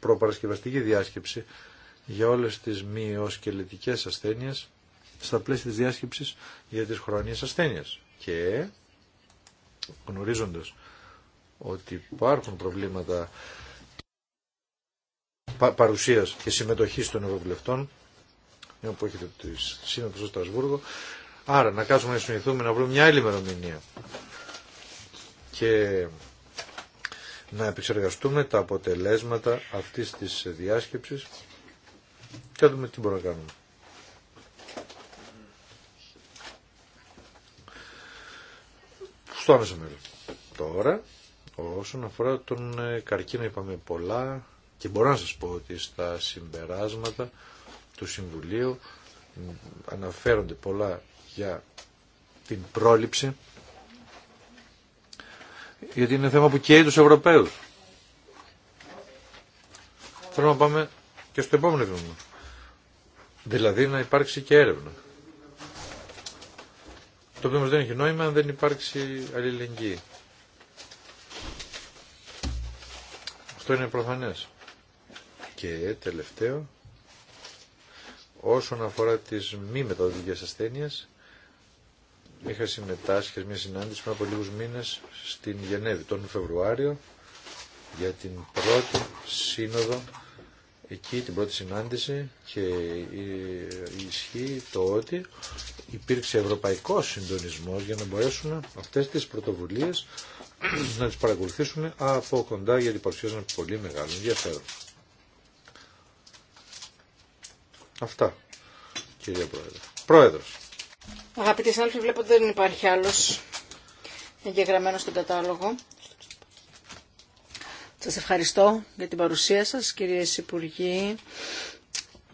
προπαρασκευαστική διάσκεψη για όλες τις οσκελετικές ασθένειες στα πλαίσια της διάσκεψης για τις χρόνιες ασθένειες. Και γνωρίζοντας ότι υπάρχουν προβλήματα παρουσίας και συμμετοχής των ευρωβουλευτών, μια ε, που έχετε τη σύνοδο στο Στρασβούργο, άρα να κάτσουμε να συνηθούμε να βρούμε μια άλλη ημερομηνία και να επεξεργαστούμε τα αποτελέσματα αυτής της διάσκεψης και δούμε τι μπορούμε να κάνουμε. Στο άμεσο μέλλον. Τώρα, όσον αφορά τον ε, καρκίνο είπαμε πολλά και μπορώ να σας πω ότι στα συμπεράσματα του Συμβουλίου αναφέρονται πολλά για την πρόληψη γιατί είναι θέμα που καίει τους Ευρωπαίους. Θέλω να πάμε και στο επόμενο βήμα. Δηλαδή να υπάρξει και έρευνα. Το οποίο δεν έχει νόημα αν δεν υπάρξει αλληλεγγύη. Αυτό είναι προφανές. Και τελευταίο, όσον αφορά τις μη μεταδοτικές ασθένειες, είχα συμμετάσχει σε μια συνάντηση πριν από λίγους μήνες στην Γενέβη τον Φεβρουάριο για την πρώτη σύνοδο εκεί την πρώτη συνάντηση και ισχύει το ότι υπήρξε ευρωπαϊκό συντονισμό για να μπορέσουν αυτές τις πρωτοβουλίες να τις παρακολουθήσουν από κοντά γιατί παρουσιάζουν πολύ μεγάλο ενδιαφέρον. Αυτά, κυρία Πρόεδρε. Πρόεδρος. Αγαπητοί συνάδελφοι, βλέπω ότι δεν υπάρχει άλλος εγγεγραμμένος στον κατάλογο. Σας ευχαριστώ για την παρουσία σας, κύριε Υπουργοί,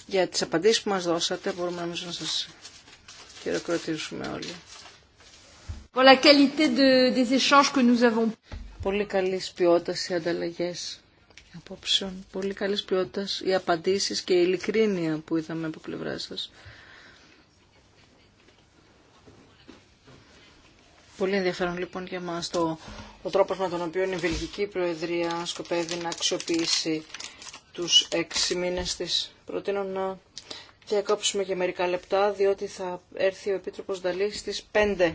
για τις απαντήσεις που μας δώσατε. Μπορούμε νομίζω να σας χειροκροτήσουμε όλοι. Πολύ καλή ποιότητα οι ανταλλαγέ απόψεων. Πολύ καλή ποιότητα οι απαντήσει και η ειλικρίνεια που είδαμε από πλευρά σα. Πολύ ενδιαφέρον λοιπόν για μας το, ο τρόπος με τον οποίο η Βελγική Προεδρία σκοπεύει να αξιοποιήσει τους έξι μήνες της. Προτείνω να διακόψουμε για μερικά λεπτά, διότι θα έρθει ο Επίτροπος Δαλής στις 5.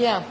Yeah.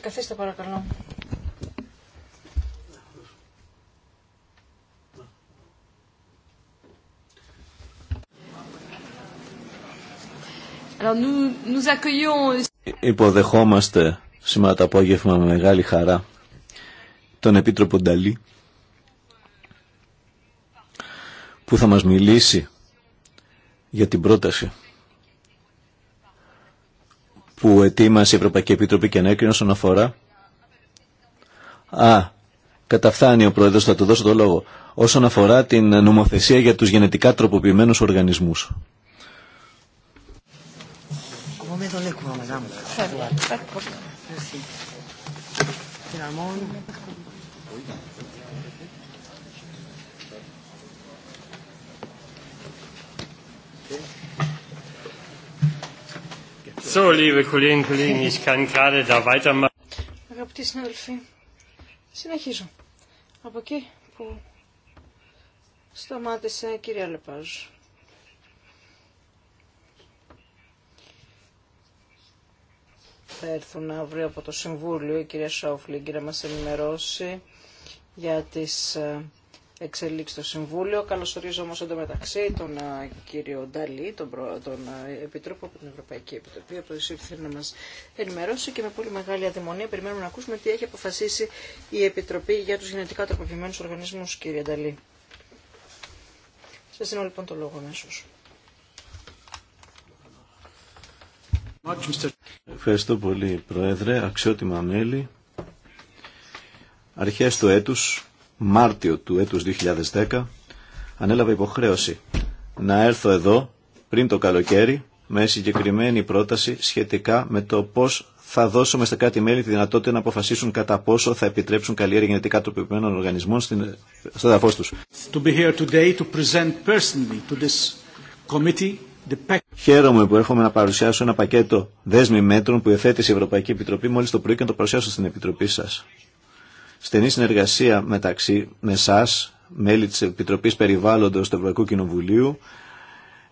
καθίστε παρακαλώ. Euh, Υποδεχόμαστε σήμερα το απόγευμα με μεγάλη χαρά τον Επίτροπο Νταλή που θα μας μιλήσει για την πρόταση που ετοίμασε η Ευρωπαϊκή Επίτροπη και ανέκρινε όσον αφορά. Α, καταφθάνει ο Πρόεδρο, θα του δώσω το λόγο. Όσον αφορά την νομοθεσία για του γενετικά τροποποιημένου οργανισμού. So, liebe Kolleginnen und Kollegen, ich kann gerade da weitermachen. Αγαπητοί συνάδελφοι, συνεχίζω. Από εκεί που σταμάτησε η κυρία Λεπάζ. Θα έρθουν αύριο από το Συμβούλιο η κυρία Σόφλιγκ να μας ενημερώσει για τις ε, εξελίξει το Συμβούλιο. Καλωσορίζω όμως εντωμεταξύ τον κύριο Νταλή, τον, τον Επιτρόπο από την Ευρωπαϊκή Επιτροπή, από ήρθε να μας ενημερώσει και με πολύ μεγάλη αδημονία περιμένουμε να ακούσουμε τι έχει αποφασίσει η Επιτροπή για τους γενετικά τροποποιημένους οργανισμούς, κύριε Νταλή. Σας δίνω λοιπόν το λόγο αμέσω. Ευχαριστώ πολύ, Πρόεδρε, αξιότιμα μέλη. Αρχές του έτους, Μάρτιο του έτους 2010 ανέλαβε υποχρέωση να έρθω εδώ πριν το καλοκαίρι με συγκεκριμένη πρόταση σχετικά με το πώς θα δώσουμε στα κάτι μέλη τη δυνατότητα να αποφασίσουν κατά πόσο θα επιτρέψουν καλλιέργεια γενετικά τροποποιημένων οργανισμών στην, στο εδαφό του. Χαίρομαι που έρχομαι να παρουσιάσω ένα πακέτο δέσμη μέτρων που εθέτησε η Ευρωπαϊκή Επιτροπή μόλι το πρωί και να το παρουσιάσω στην Επιτροπή σα στενή συνεργασία μεταξύ με εσά, μέλη της Επιτροπής Περιβάλλοντος του Ευρωπαϊκού Κοινοβουλίου,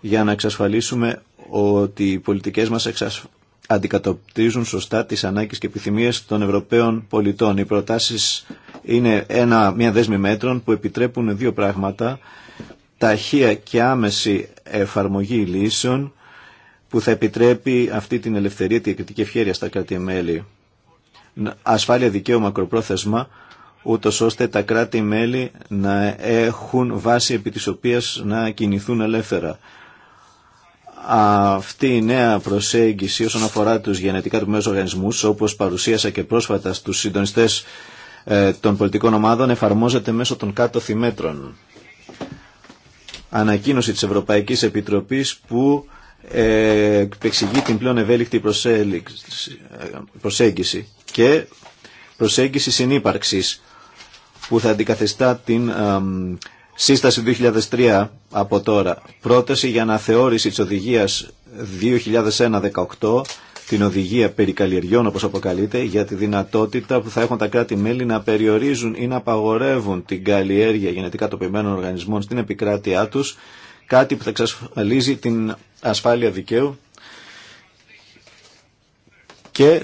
για να εξασφαλίσουμε ότι οι πολιτικές μας εξασφ... αντικατοπτρίζουν σωστά τις ανάγκες και επιθυμίες των Ευρωπαίων πολιτών. Οι προτάσεις είναι ένα, μια δέσμη μέτρων που επιτρέπουν δύο πράγματα, ταχεία και άμεση εφαρμογή λύσεων, που θα επιτρέπει αυτή την ελευθερία, την κριτική ευχέρεια στα κράτη-μέλη. Ασφάλεια δικαίου μακροπρόθεσμα ούτω ώστε τα κράτη-μέλη να έχουν βάση επί της οποίας να κινηθούν ελεύθερα. Αυτή η νέα προσέγγιση όσον αφορά τους γενετικά του οργανισμούς, όπως παρουσίασα και πρόσφατα στους συντονιστές ε, των πολιτικών ομάδων, εφαρμόζεται μέσω των κάτω θυμέτρων. Ανακοίνωση της Ευρωπαϊκής Επιτροπής που ε, εξηγεί την πλέον ευέλικτη ε, προσέγγιση και προσέγγιση συνύπαρξης που θα αντικαθιστά την σύσταση 2003 από τώρα. Πρόταση για αναθεώρηση της οδηγίας 2001-18 την οδηγία περί καλλιεργιών όπως αποκαλείται για τη δυνατότητα που θα έχουν τα κράτη-μέλη να περιορίζουν ή να απαγορεύουν την καλλιέργεια γενετικά τοπημένων οργανισμών στην επικράτειά τους κάτι που θα εξασφαλίζει την ασφάλεια δικαίου και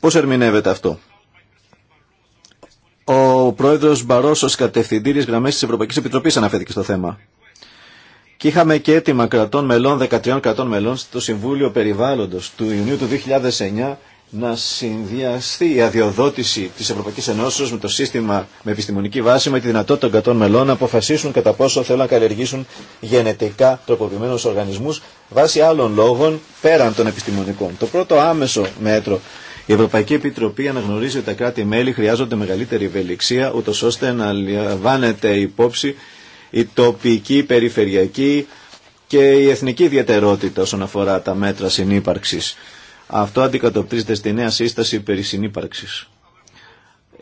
πώς ερμηνεύεται αυτό ο πρόεδρος Μπαρόσο κατευθυντήριε γραμμές τη Ευρωπαϊκή Επιτροπή αναφέρθηκε στο θέμα. Και είχαμε και έτοιμα κρατών μελών, 13 κρατών μελών, στο Συμβούλιο Περιβάλλοντο του Ιουνίου του 2009 να συνδυαστεί η αδειοδότηση τη Ευρωπαϊκή Ενώσεω με το σύστημα με επιστημονική βάση με τη δυνατότητα των κρατών μελών να αποφασίσουν κατά πόσο θέλουν να καλλιεργήσουν γενετικά τροποποιημένους οργανισμού βάσει άλλων λόγων πέραν των επιστημονικών. Το πρώτο άμεσο μέτρο η Ευρωπαϊκή Επιτροπή αναγνωρίζει ότι τα κράτη-μέλη χρειάζονται μεγαλύτερη ευελιξία, ούτω ώστε να λαμβάνεται υπόψη η τοπική, η περιφερειακή και η εθνική ιδιαιτερότητα όσον αφορά τα μέτρα συνύπαρξη. Αυτό αντικατοπτρίζεται στη νέα σύσταση περί συνύπαρξη.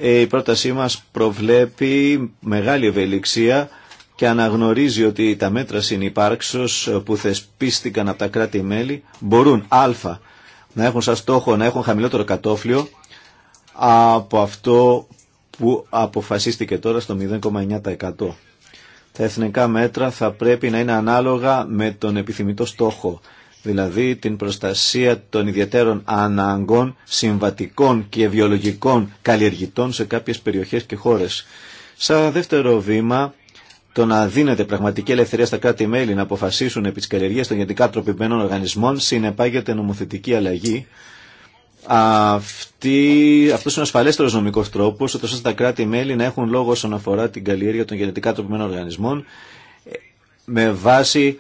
Ε, η πρότασή μα προβλέπει μεγάλη ευελιξία και αναγνωρίζει ότι τα μέτρα συνυπάρξεως που θεσπίστηκαν από τα κράτη-μέλη μπορούν α να έχουν σαν στόχο να έχουν χαμηλότερο κατόφλιο από αυτό που αποφασίστηκε τώρα στο 0,9%. Τα εθνικά μέτρα θα πρέπει να είναι ανάλογα με τον επιθυμητό στόχο, δηλαδή την προστασία των ιδιαίτερων αναγκών συμβατικών και βιολογικών καλλιεργητών σε κάποιες περιοχές και χώρες. Σαν δεύτερο βήμα το να δίνεται πραγματική ελευθερία στα κράτη-μέλη να αποφασίσουν επί τη καλλιεργία των γενικά τροπημένων οργανισμών συνεπάγεται νομοθετική αλλαγή. Αυτή, αυτός είναι ο ασφαλέστερος νομικός τρόπος, ώστε τα κράτη-μέλη να έχουν λόγο όσον αφορά την καλλιέργεια των γενετικά τροπημένων οργανισμών με βάση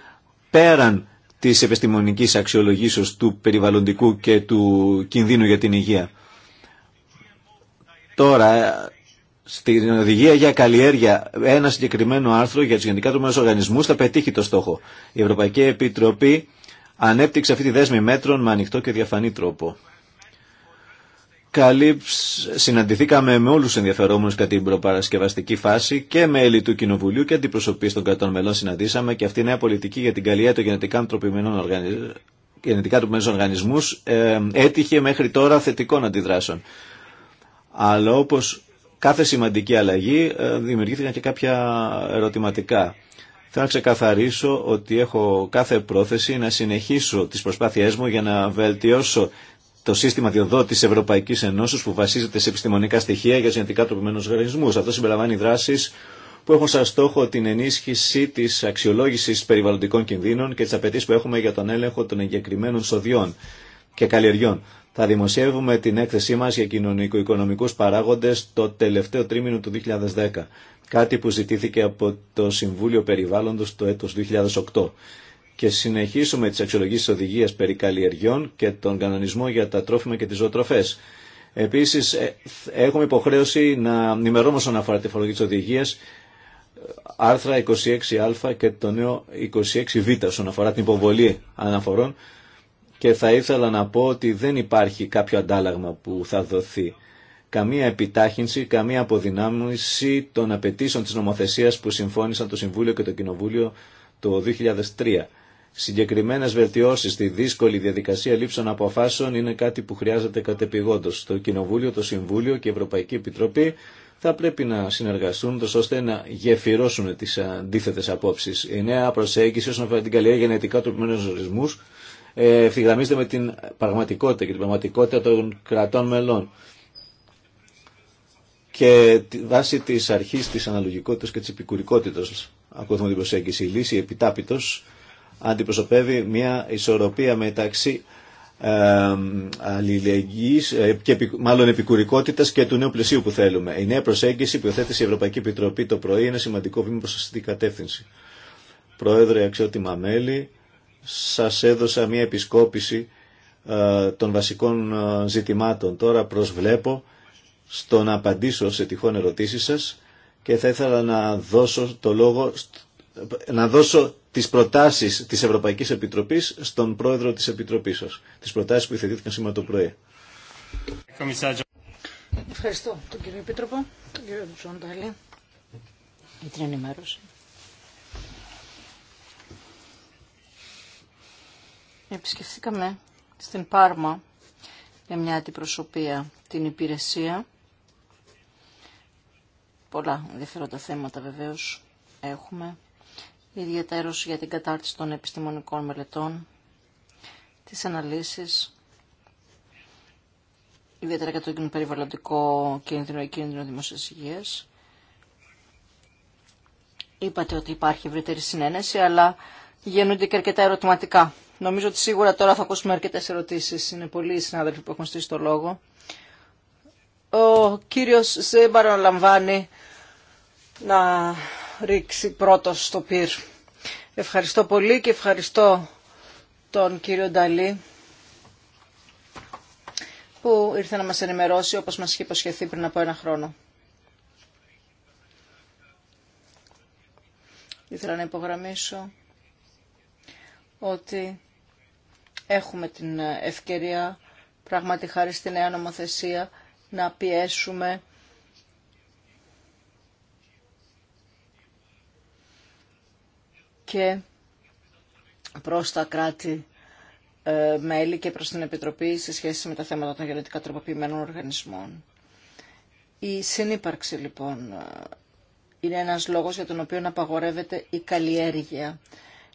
πέραν της επιστημονικής αξιολογήσεως του περιβαλλοντικού και του κινδύνου για την υγεία. Τώρα, στην οδηγία για καλλιέργεια ένα συγκεκριμένο άρθρο για του γενικά του οργανισμού θα πετύχει το στόχο. Η Ευρωπαϊκή Επιτροπή ανέπτυξε αυτή τη δέσμη μέτρων με ανοιχτό και διαφανή τρόπο. Καλύψ, συναντηθήκαμε με όλου του ενδιαφερόμενου κατά την προπαρασκευαστική φάση και μέλη του Κοινοβουλίου και αντιπροσωπεί των κρατών μελών συναντήσαμε και αυτή η νέα πολιτική για την καλλιέργεια των γενετικά τροπημένων οργανισμών γενετικά του ε, έτυχε μέχρι τώρα θετικών αντιδράσεων. Αλλά όπως κάθε σημαντική αλλαγή ε, δημιουργήθηκαν και κάποια ερωτηματικά. Θέλω να ξεκαθαρίσω ότι έχω κάθε πρόθεση να συνεχίσω τις προσπάθειές μου για να βελτιώσω το σύστημα τη Ευρωπαϊκή Ενώση που βασίζεται σε επιστημονικά στοιχεία για γενετικά τροπημένου οργανισμού. Αυτό συμπεριλαμβάνει δράσει που έχουν σαν στόχο την ενίσχυση τη αξιολόγηση περιβαλλοντικών κινδύνων και τι απαιτήσει που έχουμε για τον έλεγχο των εγκεκριμένων σοδιών και καλλιεργιών. Θα δημοσιεύουμε την έκθεσή μας για κοινωνικο-οικονομικούς παράγοντες το τελευταίο τρίμηνο του 2010, κάτι που ζητήθηκε από το Συμβούλιο Περιβάλλοντος το έτος 2008. Και συνεχίσουμε τις αξιολογήσεις οδηγίας περί καλλιεργιών και τον κανονισμό για τα τρόφιμα και τις ζωοτροφές. Επίσης, ε, έχουμε υποχρέωση να ενημερώνουμε όσον αφορά τη φορολογική της οδηγίας άρθρα 26α και το νέο 26β όσον αφορά την υποβολή αναφορών και θα ήθελα να πω ότι δεν υπάρχει κάποιο αντάλλαγμα που θα δοθεί. Καμία επιτάχυνση, καμία αποδυνάμωση των απαιτήσεων της νομοθεσίας που συμφώνησαν το Συμβούλιο και το Κοινοβούλιο το 2003. Συγκεκριμένες βελτιώσεις στη δύσκολη διαδικασία λήψεων αποφάσεων είναι κάτι που χρειάζεται κατεπηγόντως. Το Κοινοβούλιο, το Συμβούλιο και η Ευρωπαϊκή Επιτροπή θα πρέπει να συνεργαστούν τόσο ώστε να γεφυρώσουν τις αντίθετες απόψεις. Η νέα προσέγγιση όσον αφορά την καλλιέργεια γενετικά του ευθυγραμμίζεται με την πραγματικότητα και την πραγματικότητα των κρατών μελών. Και βάση της αρχής της αναλογικότητας και της επικουρικότητας ακολουθούμε την προσέγγιση. Η λύση επιτάπητος αντιπροσωπεύει μια ισορροπία μεταξύ ε, αλληλεγγύης και μάλλον επικουρικότητας και του νέου πλαισίου που θέλουμε. Η νέα προσέγγιση που υιοθέτησε η Ευρωπαϊκή Επιτροπή το πρωί είναι σημαντικό βήμα προς αυτή την κατεύθυνση. Πρόεδρε, αξιότιμα μέλη, σας έδωσα μια επισκόπηση ε, των βασικών ε, ζητημάτων. Τώρα προσβλέπω στο να απαντήσω σε τυχόν ερωτήσεις σας και θα ήθελα να δώσω το λόγο, ε, να δώσω τις προτάσεις της Ευρωπαϊκής Επιτροπής στον πρόεδρο της Επιτροπής σας. Τις προτάσεις που υθετήθηκαν σήμερα το πρωί. Ευχαριστώ τον κύριο Επίτροπο, τον κύριο Τζοντάλη για την ενημέρωση. επισκεφθήκαμε στην Πάρμα για μια αντιπροσωπεία την υπηρεσία. Πολλά ενδιαφέροντα θέματα βεβαίως έχουμε. Ιδιαίτερος για την κατάρτιση των επιστημονικών μελετών, τις αναλύσεις, ιδιαίτερα για τον περιβαλλοντικό κίνδυνο ή κίνδυνο δημόσιας υγείας. Είπατε ότι υπάρχει ευρύτερη συνένεση, αλλά γεννούνται και αρκετά ερωτηματικά Νομίζω ότι σίγουρα τώρα θα ακούσουμε αρκετές ερωτήσεις. Είναι πολλοί οι συνάδελφοι που έχουν στήσει το λόγο. Ο κύριος δεν παραλαμβάνει να ρίξει πρώτος στο πυρ. Ευχαριστώ πολύ και ευχαριστώ τον κύριο Νταλή που ήρθε να μας ενημερώσει όπως μας είχε υποσχεθεί πριν από ένα χρόνο. Ήθελα να υπογραμμίσω ότι έχουμε την ε, ευκαιρία, πράγματι χάρη στη νέα νομοθεσία, να πιέσουμε και προς τα κράτη ε, μέλη και προς την Επιτροπή σε σχέση με τα θέματα των γενετικά τροποποιημένων οργανισμών. Η συνύπαρξη λοιπόν ε, είναι ένας λόγος για τον οποίο απαγορεύεται η καλλιέργεια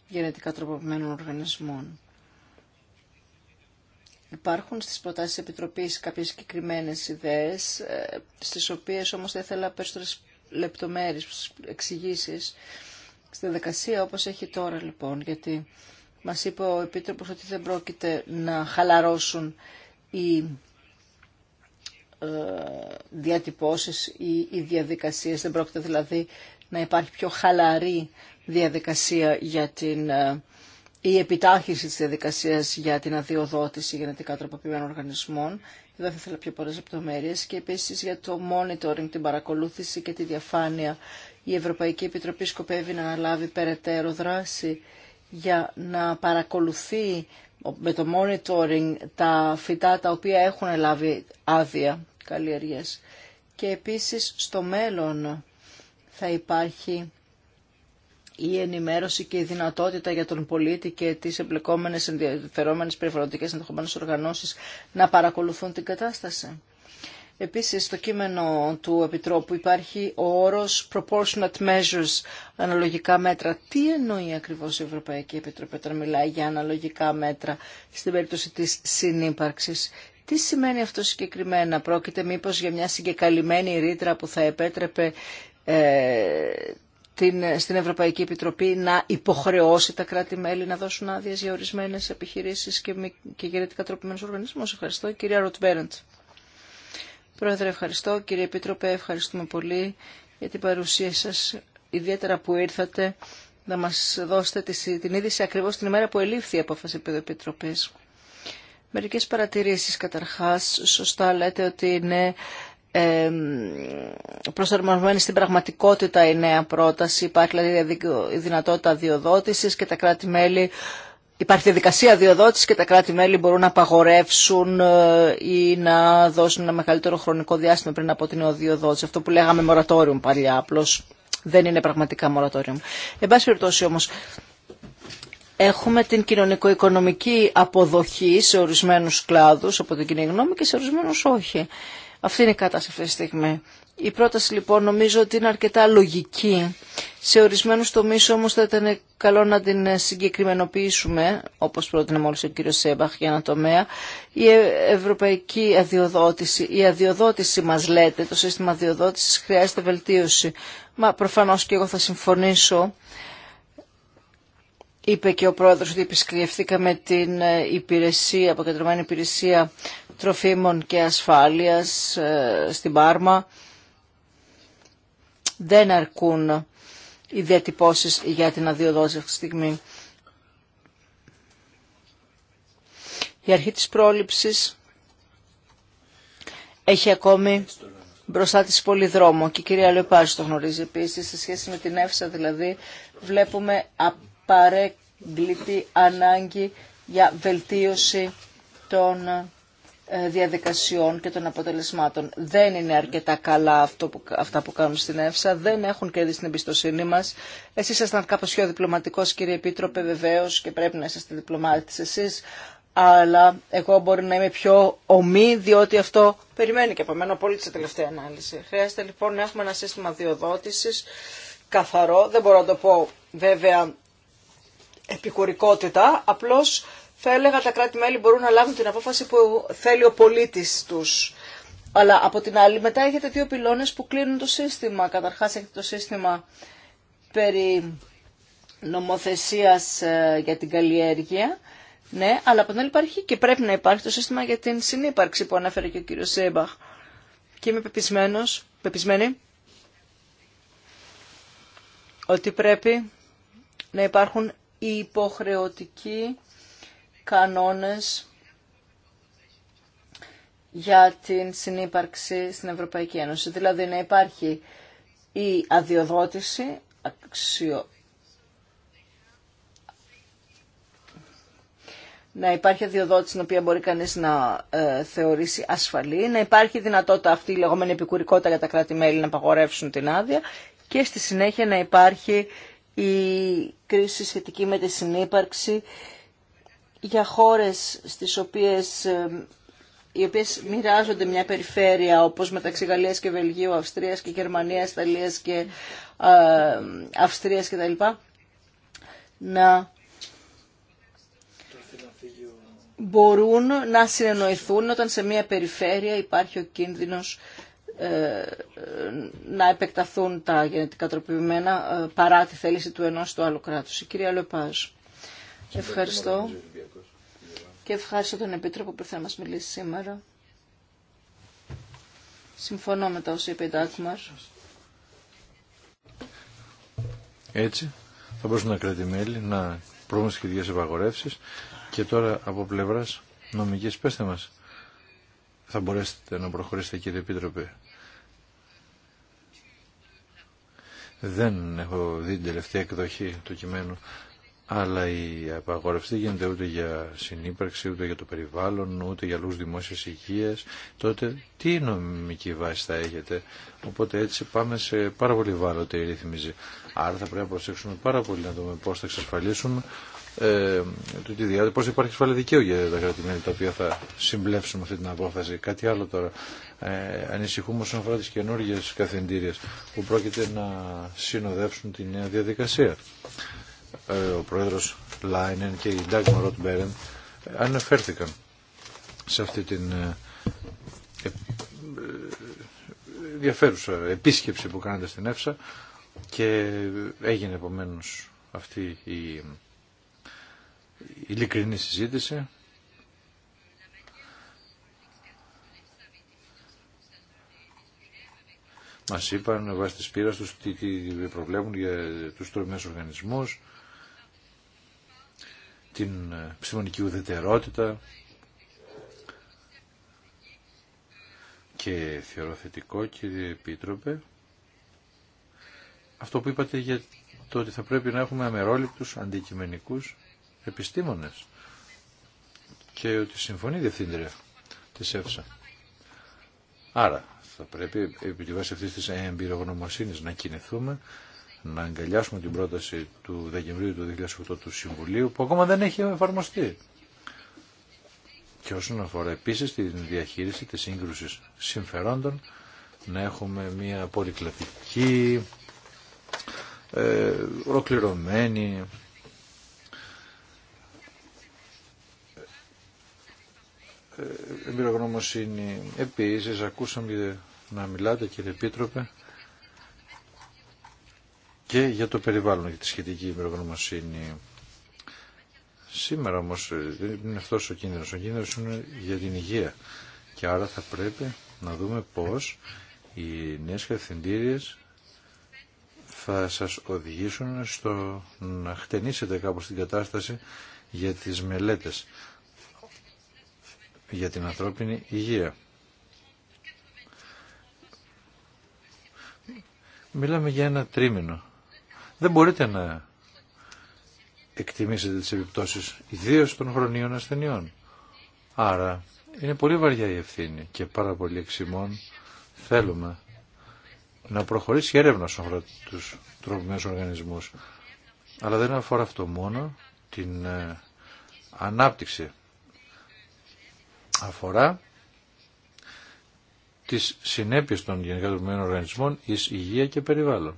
γενετικά τροποποιημένων οργανισμών. Υπάρχουν στις προτάσεις της Επιτροπής κάποιες συγκεκριμένε ιδέες, ε, στις οποίες όμως θα ήθελα περισσότερες λεπτομέρειες, εξηγήσει στη δικασία όπως έχει τώρα λοιπόν, γιατί μας είπε ο Επίτροπος ότι δεν πρόκειται να χαλαρώσουν οι ε, διατυπώσεις ή οι διαδικασίες. Δεν πρόκειται δηλαδή να υπάρχει πιο χαλαρή διαδικασία για την ε, η επιτάχυνση της διαδικασίας για την αδειοδότηση γενετικά τροποποιημένων οργανισμών. Εδώ θα ήθελα πιο πολλές λεπτομέρειες και επίσης για το monitoring, την παρακολούθηση και τη διαφάνεια. Η Ευρωπαϊκή Επιτροπή σκοπεύει να λάβει περαιτέρω δράση για να παρακολουθεί με το monitoring τα φυτά τα οποία έχουν λάβει άδεια καλλιεργίας. Και επίσης στο μέλλον θα υπάρχει η ενημέρωση και η δυνατότητα για τον πολίτη και τι εμπλεκόμενε, ενδιαφερόμενες περιβαλλοντικέ ενδεχομένω οργανώσεις να παρακολουθούν την κατάσταση. Επίσης, στο κείμενο του Επιτρόπου υπάρχει ο όρος proportionate measures, αναλογικά μέτρα. Τι εννοεί ακριβώς η Ευρωπαϊκή Επιτροπή όταν μιλάει για αναλογικά μέτρα στην περίπτωση της συνύπαρξης. Τι σημαίνει αυτό συγκεκριμένα, πρόκειται μήπως για μια συγκεκαλυμμένη ρήτρα που θα επέτρεπε ε, την, στην Ευρωπαϊκή Επιτροπή να υποχρεώσει τα κράτη-μέλη να δώσουν άδειε για ορισμένε επιχειρήσει και, και γενετικά τροπημένου οργανισμού. Ευχαριστώ, κυρία Ροτμπέρεντ. Πρόεδρε, ευχαριστώ. Κύριε Επίτροπε, ευχαριστούμε πολύ για την παρουσία σας, ιδιαίτερα που ήρθατε να μας δώσετε την είδηση ακριβώ την ημέρα που ελήφθη η απόφαση Επιτροπή. Μερικέ παρατηρήσεις καταρχά. Σωστά λέτε ότι είναι προσαρμοσμένη στην πραγματικότητα η νέα πρόταση. Υπάρχει δηλαδή η δυνατότητα διοδότησης και τα κράτη-μέλη Υπάρχει διαδικασία διοδότηση και τα κράτη-μέλη μπορούν να απαγορεύσουν ε, ή να δώσουν ένα μεγαλύτερο χρονικό διάστημα πριν από την διοδότηση. Αυτό που λέγαμε μορατόριο παλιά, απλώ δεν είναι πραγματικά μορατόριου. Εν πάση περιπτώσει όμω, έχουμε την κοινωνικο-οικονομική αποδοχή σε ορισμένου κλάδου από την κοινή γνώμη και σε ορισμένου όχι. Αυτή είναι η κατάσταση αυτή τη στιγμή. Η πρόταση λοιπόν νομίζω ότι είναι αρκετά λογική. Σε ορισμένους τομείς όμως θα ήταν καλό να την συγκεκριμενοποιήσουμε, όπως πρότεινε μόλις ο κύριος Σέμπαχ για ένα τομέα. Η ε, ευρωπαϊκή αδειοδότηση, η αδειοδότηση μας λέτε, το σύστημα αδειοδότησης χρειάζεται βελτίωση. Μα προφανώς και εγώ θα συμφωνήσω. Είπε και ο πρόεδρος ότι επισκεφθήκαμε την ε, υπηρεσία, αποκεντρωμένη υπηρεσία τροφίμων και ασφάλειας ε, στην Πάρμα δεν αρκούν οι διατυπώσεις για την αδειοδόση αυτή τη στιγμή. Η αρχή της πρόληψης έχει ακόμη μπροστά της πολύ δρόμο και η κυρία Λεπάζη το γνωρίζει επίσης σε σχέση με την Εύσα δηλαδή βλέπουμε απαρέγκλητη ανάγκη για βελτίωση των ε, διαδικασιών και των αποτελεσμάτων. Δεν είναι αρκετά καλά αυτό αυτά που κάνουν στην ΕΦΣΑ, δεν έχουν κέρδη στην εμπιστοσύνη μας. Εσείς ήσασταν κάπως πιο διπλωματικός κύριε Επίτροπε βεβαίω και πρέπει να είσαστε διπλωμάτης εσείς, αλλά εγώ μπορεί να είμαι πιο ομή διότι αυτό περιμένει και από μένα πολύ τη τελευταία ανάλυση. Χρειάζεται λοιπόν να έχουμε ένα σύστημα διοδότησης καθαρό, δεν μπορώ να το πω βέβαια επικουρικότητα, απλώς θα έλεγα τα κράτη-μέλη μπορούν να λάβουν την απόφαση που θέλει ο πολίτης τους. Αλλά από την άλλη μετά έχετε δύο πυλώνες που κλείνουν το σύστημα. Καταρχάς έχετε το σύστημα περί νομοθεσίας ε, για την καλλιέργεια. Ναι, αλλά από την άλλη υπάρχει και πρέπει να υπάρχει το σύστημα για την συνύπαρξη που αναφέρει και ο κύριο Σέμπαχ. Και είμαι πεπισμένη ότι πρέπει να υπάρχουν υποχρεωτικοί κανόνες για την συνύπαρξη στην Ευρωπαϊκή Ένωση. Δηλαδή να υπάρχει η αδειοδότηση να υπάρχει αδειοδότηση την οποία μπορεί κανείς να ε, θεωρήσει ασφαλή, να υπάρχει δυνατότητα αυτή η λεγόμενη επικουρικότητα για τα κράτη-μέλη να απαγορεύσουν την άδεια και στη συνέχεια να υπάρχει η κρίση σχετική με τη συνύπαρξη για χώρες στις οποίες, οι οποίες μοιράζονται μια περιφέρεια όπως μεταξύ Γαλλίας και Βελγίου, Αυστρίας και Γερμανίας, Ιταλίας και α, Αυστρίας λοιπά Να μπορούν να συνεννοηθούν όταν σε μια περιφέρεια υπάρχει ο κίνδυνος ε, να επεκταθούν τα γενετικά τροποποιημένα ε, παρά τη θέληση του ενός του άλλου κράτους. Η κυρία Λεπάζ. Ευχαριστώ και ευχαριστώ τον Επίτροπο που να μας μιλήσει σήμερα. Συμφωνώ με τα όσα είπε η Ντάκμαρ. Έτσι θα μπορούσαμε να μέλη να προβούν σχετικές επαγορεύσεις και τώρα από πλευράς νομικής πέστε μας θα μπορέσετε να προχωρήσετε κύριε Επίτροπε. Δεν έχω δει την τελευταία εκδοχή του κειμένου αλλά η απαγορευτή γίνεται ούτε για συνύπαρξη, ούτε για το περιβάλλον, ούτε για λόγους δημόσιας υγείας, τότε τι νομική βάση θα έχετε. Οπότε έτσι πάμε σε πάρα πολύ βάλλωτη ρύθμιση. Άρα θα πρέπει να προσέξουμε πάρα πολύ να δούμε πώς θα εξασφαλίσουμε ε, το, υπάρχει ασφαλή δικαίωμα για τα κρατημένα τα οποία θα συμπλέψουν αυτή την απόφαση. Κάτι άλλο τώρα. Ε, ανησυχούμε όσον αφορά τις καινούργιες καθεντήριες που πρόκειται να συνοδεύσουν τη νέα διαδικασία. Ε, ο πρόεδρος Λάινεν και η Ντάγμα Ροτ Μπέρεν αναφέρθηκαν σε αυτή την ε, ε, ενδιαφέρουσα επίσκεψη που κάνατε στην ΕΦΣΑ και έγινε επομένως αυτή η ειλικρινή συζήτηση Μας είπαν βάσει της πείρας τους τι, τι προβλέπουν για τους τρομές οργανισμούς την ψημονική ε, ουδετερότητα και θεωρώ θετικό κύριε Επίτροπε αυτό που είπατε για το ότι θα πρέπει να έχουμε αμερόληπτους αντικειμενικούς επιστήμονες και ότι συμφωνεί Διευθύντρια της ΕΦΣΑ. Άρα θα πρέπει επί τη βάση αυτής της εμπειρογνωμοσύνης να κινηθούμε να αγκαλιάσουμε την πρόταση του Δεκεμβρίου του 2008 του Συμβουλίου που ακόμα δεν έχει εφαρμοστεί. Και όσον αφορά επίσης τη διαχείριση της σύγκρουσης συμφερόντων να έχουμε μια πολυκλατική ε, ολοκληρωμένη ε, εμπειρογνωμοσύνη. Επίσης ακούσαμε να μιλάτε κύριε Επίτροπε και για το περιβάλλον και τη σχετική υπερογνωμοσύνη. Σήμερα όμως δεν είναι αυτός ο κίνδυνος. Ο κίνδυνος είναι για την υγεία. Και άρα θα πρέπει να δούμε πώς οι νέες καυθυντήριε θα σας οδηγήσουν στο να χτενίσετε κάπως την κατάσταση για τις μελέτες για την ανθρώπινη υγεία. Μιλάμε για ένα τρίμηνο δεν μπορείτε να εκτιμήσετε τις επιπτώσεις, ιδίως των χρονίων ασθενειών. Άρα είναι πολύ βαριά η ευθύνη και πάρα πολύ εξημών θέλουμε να προχωρήσει η έρευνα στον τους τροπημένους οργανισμούς. Αλλά δεν αφορά αυτό μόνο την ε, ανάπτυξη. Αφορά τις συνέπειες των γενικά τροπημένων οργανισμών εις υγεία και περιβάλλον.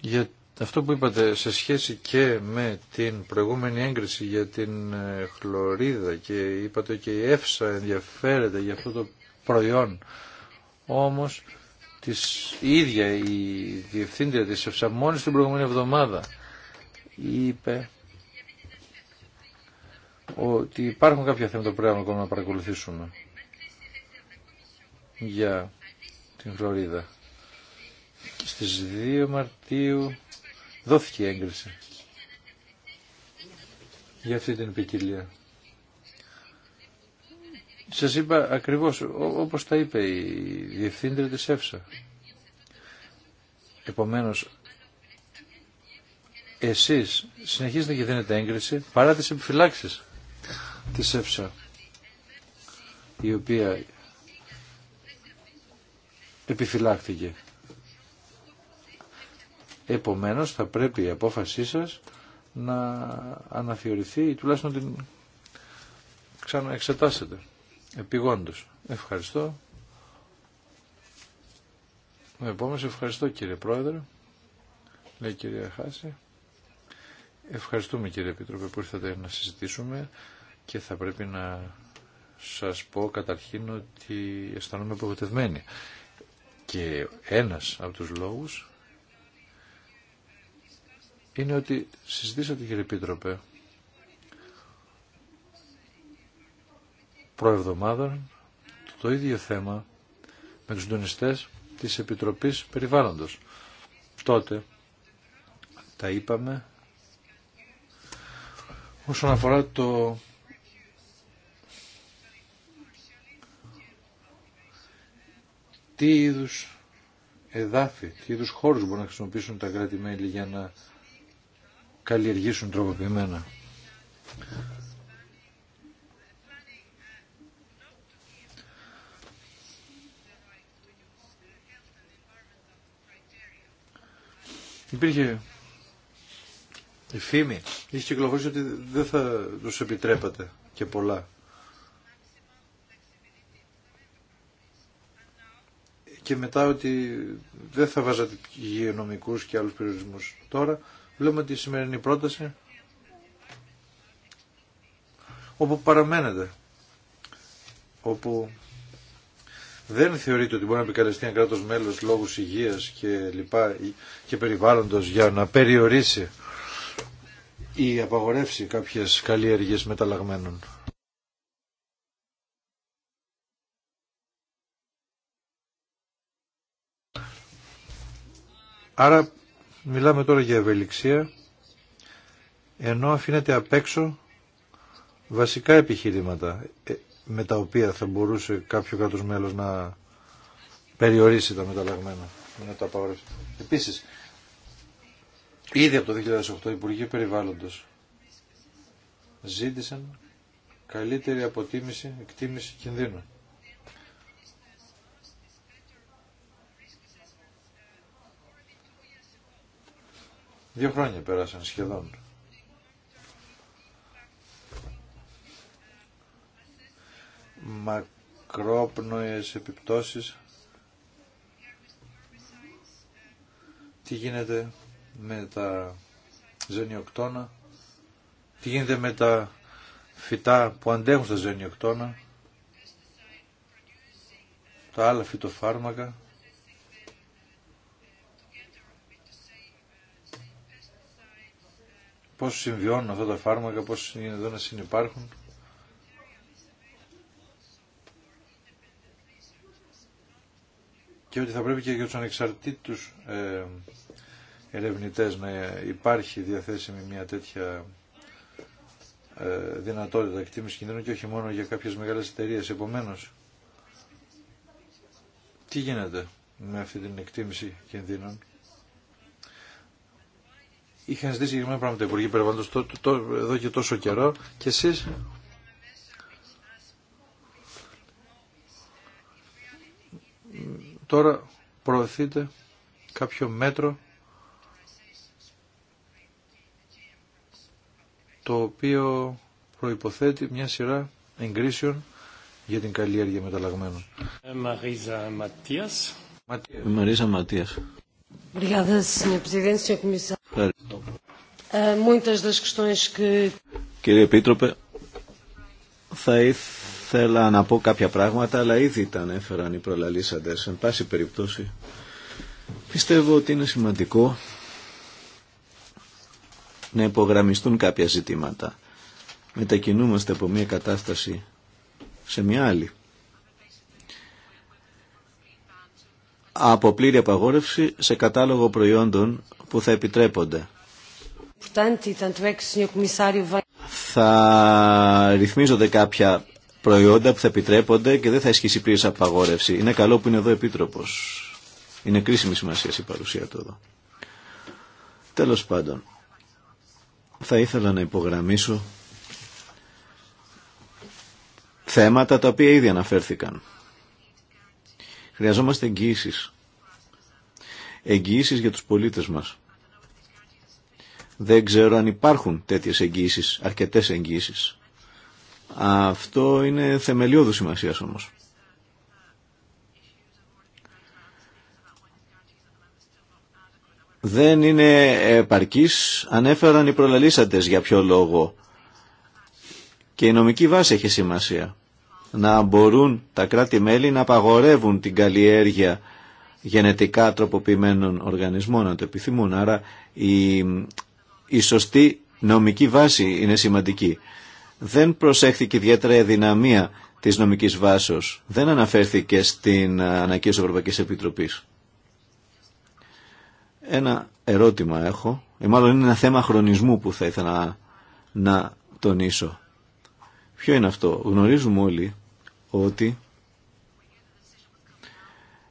Για αυτό που είπατε σε σχέση και με την προηγούμενη έγκριση για την ε, χλωρίδα και είπατε και η ΕΦΣΑ ενδιαφέρεται για αυτό το προϊόν. Όμως της, η ίδια η διευθύντρια της ΕΦΣΑ μόλις την προηγούμενη εβδομάδα είπε ότι υπάρχουν κάποια θέματα που πρέπει ακόμα να παρακολουθήσουμε για την Φλωρίδα. Στις 2 Μαρτίου δόθηκε έγκριση για αυτή την ποικιλία. Σας είπα ακριβώς όπως τα είπε η διευθύντρια της ΕΦΣΑ. Επομένως, εσείς συνεχίζετε και δίνετε έγκριση παρά τις επιφυλάξεις της ΕΦΣΑ η οποία επιφυλάχθηκε. Επομένως θα πρέπει η απόφασή σας να αναθεωρηθεί ή τουλάχιστον την ξαναεξετάσετε επιγόντως. Ευχαριστώ. Επόμενος ευχαριστώ κύριε Πρόεδρε, λέει κυρία Χάση. Ευχαριστούμε κύριε Επίτροπε που ήρθατε να συζητήσουμε και θα πρέπει να σας πω καταρχήν ότι αισθανόμαι απογοητευμένη. Και ένας από τους λόγους είναι ότι συζητήσατε κύριε Επίτροπε προεβδομάδων το ίδιο θέμα με τους συντονιστές της Επιτροπής Περιβάλλοντος. Τότε τα είπαμε όσον αφορά το τι είδους εδάφη, τι είδους χώρους μπορούν να χρησιμοποιήσουν τα κράτη-μέλη για να καλλιεργήσουν τροποποιημένα. Υπήρχε η φήμη, είχε κυκλοφορήσει ότι δεν θα τους επιτρέπατε και πολλά και μετά ότι δεν θα βάζατε υγειονομικούς και άλλους περιορισμούς. Τώρα βλέπουμε τη σημερινή πρόταση όπου παραμένετε, όπου δεν θεωρείται ότι μπορεί να επικαλεστεί ένα κράτος μέλος λόγους υγείας και λοιπά και περιβάλλοντος για να περιορίσει ή απαγορεύσει κάποιες καλλιέργειες μεταλλαγμένων Άρα μιλάμε τώρα για ευελιξία ενώ αφήνεται απ' έξω βασικά επιχειρήματα ε, με τα οποία θα μπορούσε κάποιο κράτο μέλος να περιορίσει τα μεταλλαγμένα, τα Επίσης, ήδη από το 2008 οι Υπουργοί Περιβάλλοντος ζήτησαν καλύτερη αποτίμηση, εκτίμηση κινδύνου. Δύο χρόνια πέρασαν σχεδόν. Μακρόπνοες επιπτώσεις. Τι γίνεται με τα ζενιοκτώνα. Τι γίνεται με τα φυτά που αντέχουν στα ζενιοκτώνα. Τα άλλα φυτοφάρμακα. πώς συμβιώνουν αυτά τα φάρμακα, πώς είναι εδώ να συνεπάρχουν. Και ότι θα πρέπει και για τους ανεξαρτήτους ε, ερευνητές να υπάρχει διαθέσιμη μια τέτοια ε, δυνατότητα εκτίμηση κινδύνου και όχι μόνο για κάποιες μεγάλες εταιρείε. Επομένως, τι γίνεται με αυτή την εκτίμηση κινδύνων είχαν ζητήσει συγκεκριμένα πράγματα το Υπουργείο Περιβάλλοντο εδώ και τόσο καιρό και εσείς τώρα προωθείτε κάποιο μέτρο το οποίο προϋποθέτει μια σειρά εγκρίσεων για την καλλιέργεια μεταλλαγμένων. Μαρίζα Ματίας. Μαρίζα Ματίας. Ε, Κύριε Επίτροπε, θα ήθελα να πω κάποια πράγματα, αλλά ήδη τα ανέφεραν οι προλαλήσαντε. Εν πάση περιπτώσει, πιστεύω ότι είναι σημαντικό να υπογραμμιστούν κάποια ζητήματα. Μετακινούμαστε από μια κατάσταση σε μια άλλη. από πλήρη απαγόρευση σε κατάλογο προϊόντων που θα επιτρέπονται. Θα ρυθμίζονται κάποια προϊόντα που θα επιτρέπονται και δεν θα ισχύσει πλήρης απαγόρευση. Είναι καλό που είναι εδώ επίτροπος. Είναι κρίσιμη σημασία η παρουσία του εδώ. Τέλος πάντων, θα ήθελα να υπογραμμίσω θέματα τα οποία ήδη αναφέρθηκαν. Χρειαζόμαστε εγγυήσει. Εγγυήσει για τους πολίτες μας. Δεν ξέρω αν υπάρχουν τέτοιες εγγυήσει, αρκετές εγγυήσει. Αυτό είναι θεμελιώδου σημασία όμως. Δεν είναι επαρκής, ανέφεραν οι προλαλήσαντες για ποιο λόγο. Και η νομική βάση έχει σημασία να μπορούν τα κράτη-μέλη να απαγορεύουν την καλλιέργεια γενετικά τροποποιημένων οργανισμών, να το επιθυμούν. Άρα η, η σωστή νομική βάση είναι σημαντική. Δεν προσέχθηκε ιδιαίτερα η δυναμία της νομικής βάσεως. Δεν αναφέρθηκε στην ανακοίνωση Ευρωπαϊκής Επιτροπής. Ένα ερώτημα έχω, ή μάλλον είναι ένα θέμα χρονισμού που θα ήθελα να, να τονίσω. Ποιο είναι αυτό. Γνωρίζουμε όλοι ότι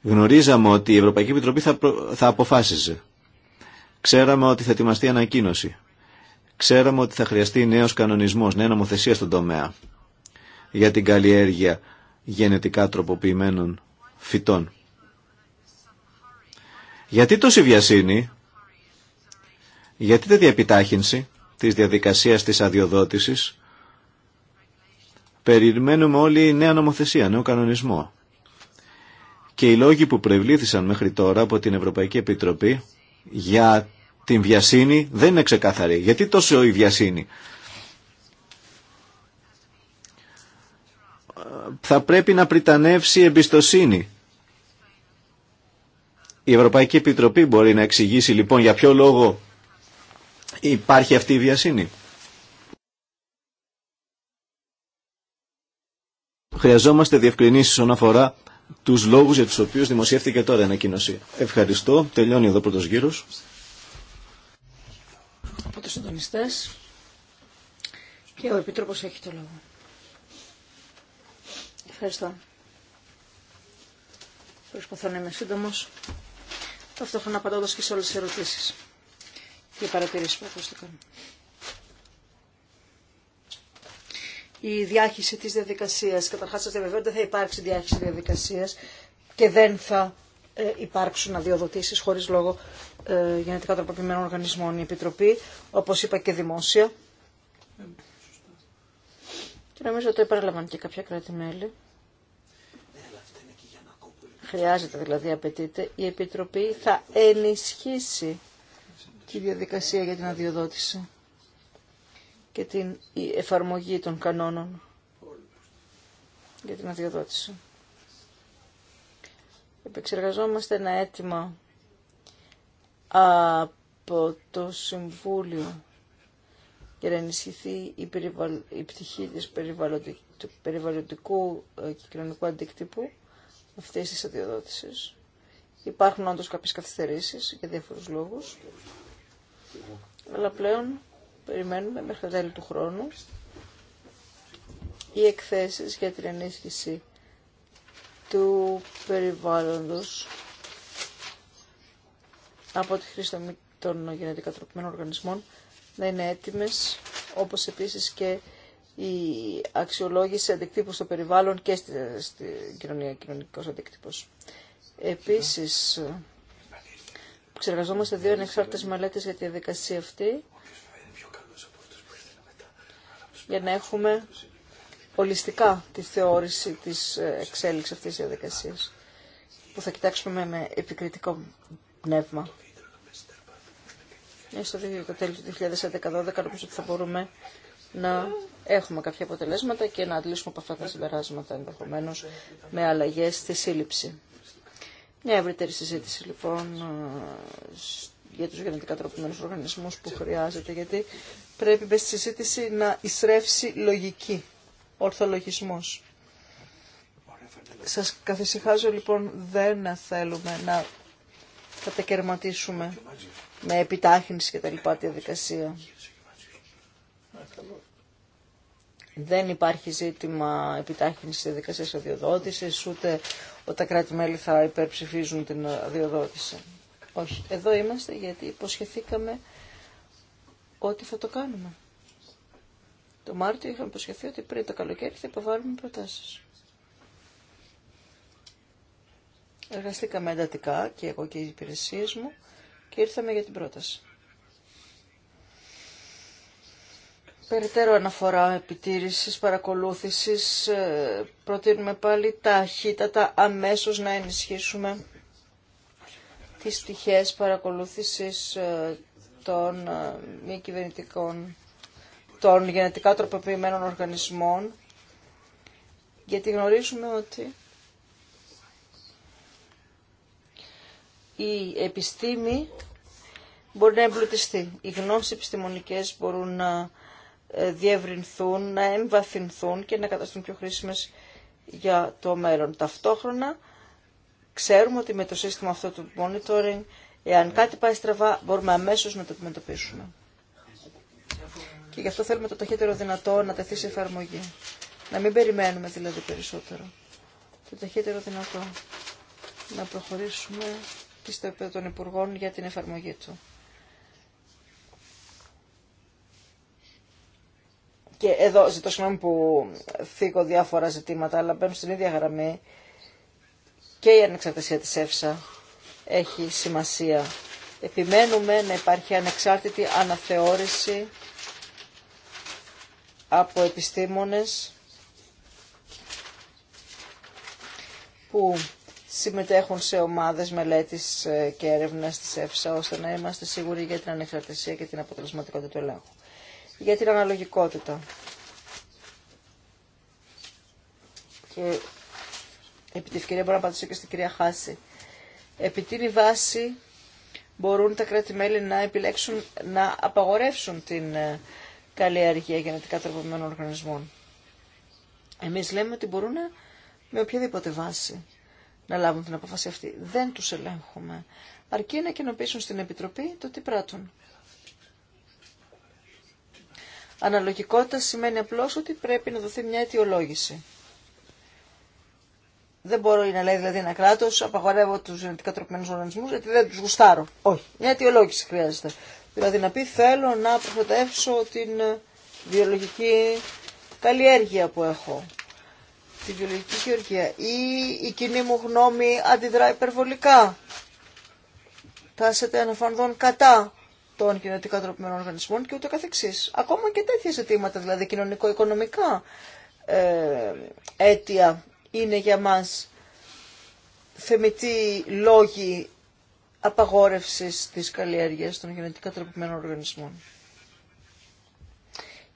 γνωρίζαμε ότι η Ευρωπαϊκή Επιτροπή θα, προ... θα αποφάσιζε. Ξέραμε ότι θα ετοιμαστεί ανακοίνωση. Ξέραμε ότι θα χρειαστεί νέος κανονισμός, νέα νομοθεσία στον τομέα για την καλλιέργεια γενετικά τροποποιημένων φυτών. Γιατί τόση βιασύνη, γιατί τέτοια επιτάχυνση της διαδικασίας της αδειοδότησης περιμένουμε όλοι νέα νομοθεσία, νέο κανονισμό. Και οι λόγοι που προευλήθησαν μέχρι τώρα από την Ευρωπαϊκή Επιτροπή για την βιασύνη δεν είναι ξεκάθαροι. Γιατί τόσο η βιασύνη. Θα πρέπει να πριτανεύσει εμπιστοσύνη. Η Ευρωπαϊκή Επιτροπή μπορεί να εξηγήσει λοιπόν για ποιο λόγο υπάρχει αυτή η βιασύνη. Χρειαζόμαστε διευκρινήσεις όσον αφορά τους λόγους για τους οποίους δημοσιεύτηκε τώρα η ανακοίνωση. Ευχαριστώ. Τελειώνει εδώ πρώτος γύρος. Από τους συντονιστές και ο Επίτροπος έχει το λόγο. Ευχαριστώ. Προσπαθώ να είμαι σύντομος, ταυτόχρονα απαντώντας και σε όλες τις ερωτήσεις και παρατηρήσεις που ακούστηκαν. η διάχυση της διαδικασίας. Καταρχάς σας διαβεβαιώ ότι δεν θα υπάρξει διάχυση διαδικασίας και δεν θα ε, υπάρξουν αδειοδοτήσεις χωρίς λόγο ε, γενετικά τροποποιημένων οργανισμών. Η Επιτροπή, όπως είπα και δημόσια, και νομίζω ότι το επαναλαμβάνει και κάποια κράτη-μέλη. Χρειάζεται δηλαδή, απαιτείται, η Επιτροπή θα ενισχύσει τη διαδικασία για την αδειοδότηση και την εφαρμογή των κανόνων για την αδειοδότηση. Επεξεργαζόμαστε ένα αίτημα από το Συμβούλιο για να ενισχυθεί η, περιβαλ... η πτυχή της του περιβαλλοντικού και ε, κοινωνικού αντίκτυπου αυτής της αδειοδότησης. Υπάρχουν όντως κάποιες καθυστερήσεις για διάφορους λόγους, αλλά πλέον περιμένουμε μέχρι το τέλη του χρόνου οι εκθέσεις για την ενίσχυση του περιβάλλοντος από τη χρήση των γενετικά τροπημένων οργανισμών να είναι έτοιμες, όπως επίσης και η αξιολόγηση αντικτύπου στο περιβάλλον και στην στη κοινωνία κοινωνικός αντικτύπος. Επίσης, ξεργαζόμαστε δύο ανεξάρτητες μελέτες για τη διαδικασία αυτή για να έχουμε ολιστικά τη θεώρηση της ε, εξέλιξης αυτής της διαδικασίας που θα κοιτάξουμε με επικριτικό πνεύμα. Ε, στο το τέλος του 2011-2012 νομίζω ότι θα μπορούμε να έχουμε κάποια αποτελέσματα και να αντλήσουμε από αυτά τα συμπεράσματα ενδεχομένω με αλλαγέ στη σύλληψη. Μια ευρύτερη συζήτηση λοιπόν ε, για τους γενετικά τροπημένους οργανισμούς που χρειάζεται γιατί πρέπει με στη συζήτηση να εισρεύσει λογική, ορθολογισμός. Σας καθησυχάζω λοιπόν δεν θέλουμε να κατακαιρματίσουμε με επιτάχυνση και τα λοιπά τη διαδικασία. Δεν υπάρχει ζήτημα επιτάχυνση τη διαδικασία αδειοδότηση, ούτε ότι τα κράτη-μέλη θα υπερψηφίζουν την αδειοδότηση. Όχι. Εδώ είμαστε γιατί υποσχεθήκαμε ότι θα το κάνουμε. Το Μάρτιο είχαμε προσχεθεί ότι πριν το καλοκαίρι θα υποβάλουμε προτάσεις. Εργαστήκαμε εντατικά και εγώ και οι υπηρεσίες μου και ήρθαμε για την πρόταση. Περιτέρω αναφορά επιτήρησης, παρακολούθησης, ε, προτείνουμε πάλι ταχύτατα αμέσως να ενισχύσουμε τις στοιχές παρακολούθησης ε, των ε, μη κυβερνητικών, των γενετικά τροποποιημένων οργανισμών, γιατί γνωρίζουμε ότι η επιστήμη μπορεί να εμπλουτιστεί. Οι γνώσεις επιστημονικές μπορούν να ε, διευρυνθούν, να εμβαθυνθούν και να καταστούν πιο χρήσιμες για το μέλλον. Ταυτόχρονα ξέρουμε ότι με το σύστημα αυτό του monitoring Εάν κάτι πάει στραβά, μπορούμε αμέσως να το αντιμετωπίσουμε. Και γι' αυτό θέλουμε το ταχύτερο δυνατό να τεθεί σε εφαρμογή. Να μην περιμένουμε δηλαδή περισσότερο. Το ταχύτερο δυνατό να προχωρήσουμε και στο επίπεδο των Υπουργών για την εφαρμογή του. Και εδώ ζητώ συγγνώμη που θίγω διάφορα ζητήματα, αλλά μπαίνουν στην ίδια γραμμή και η ανεξαρτησία της ΕΦΣΑ έχει σημασία. Επιμένουμε να υπάρχει ανεξάρτητη αναθεώρηση από επιστήμονες που συμμετέχουν σε ομάδες μελέτης ε, και έρευνας της ΕΦΣΑ ώστε να είμαστε σίγουροι για την ανεξαρτησία και την αποτελεσματικότητα του ελέγχου. Για την αναλογικότητα. Και επί τη ευκαιρία μπορώ να απαντήσω και στην κυρία Χάση επί βάση μπορούν τα κράτη-μέλη να επιλέξουν να απαγορεύσουν την ε, καλλιέργεια γενετικά τροποποιημένων οργανισμών. Εμείς λέμε ότι μπορούν με οποιαδήποτε βάση να λάβουν την απόφαση αυτή. Δεν τους ελέγχουμε. Αρκεί να κοινοποιήσουν στην Επιτροπή το τι πράττουν. Αναλογικότητα σημαίνει απλώς ότι πρέπει να δοθεί μια αιτιολόγηση. Δεν μπορώ να λέει δηλαδή ένα κράτο, απαγορεύω του γενετικά τροπημένου οργανισμού γιατί δεν του γουστάρω. Όχι. Μια αιτιολόγηση χρειάζεται. Δηλαδή να πει θέλω να προστατεύσω την ε, βιολογική καλλιέργεια που έχω. Τη βιολογική χειρουργία. Ή η κοινή μου γνώμη αντιδρά υπερβολικά. Τάσεται αναφανδόν κατά των γενετικά τροπημένων οργανισμών και ούτω καθεξής. Ακόμα και τέτοια ζητήματα, δηλαδή κοινωνικο-οικονομικά ε, αίτια είναι για μας θεμητοί λόγοι απαγόρευσης της καλλιέργειας των γενετικά τροποποιημένων οργανισμών.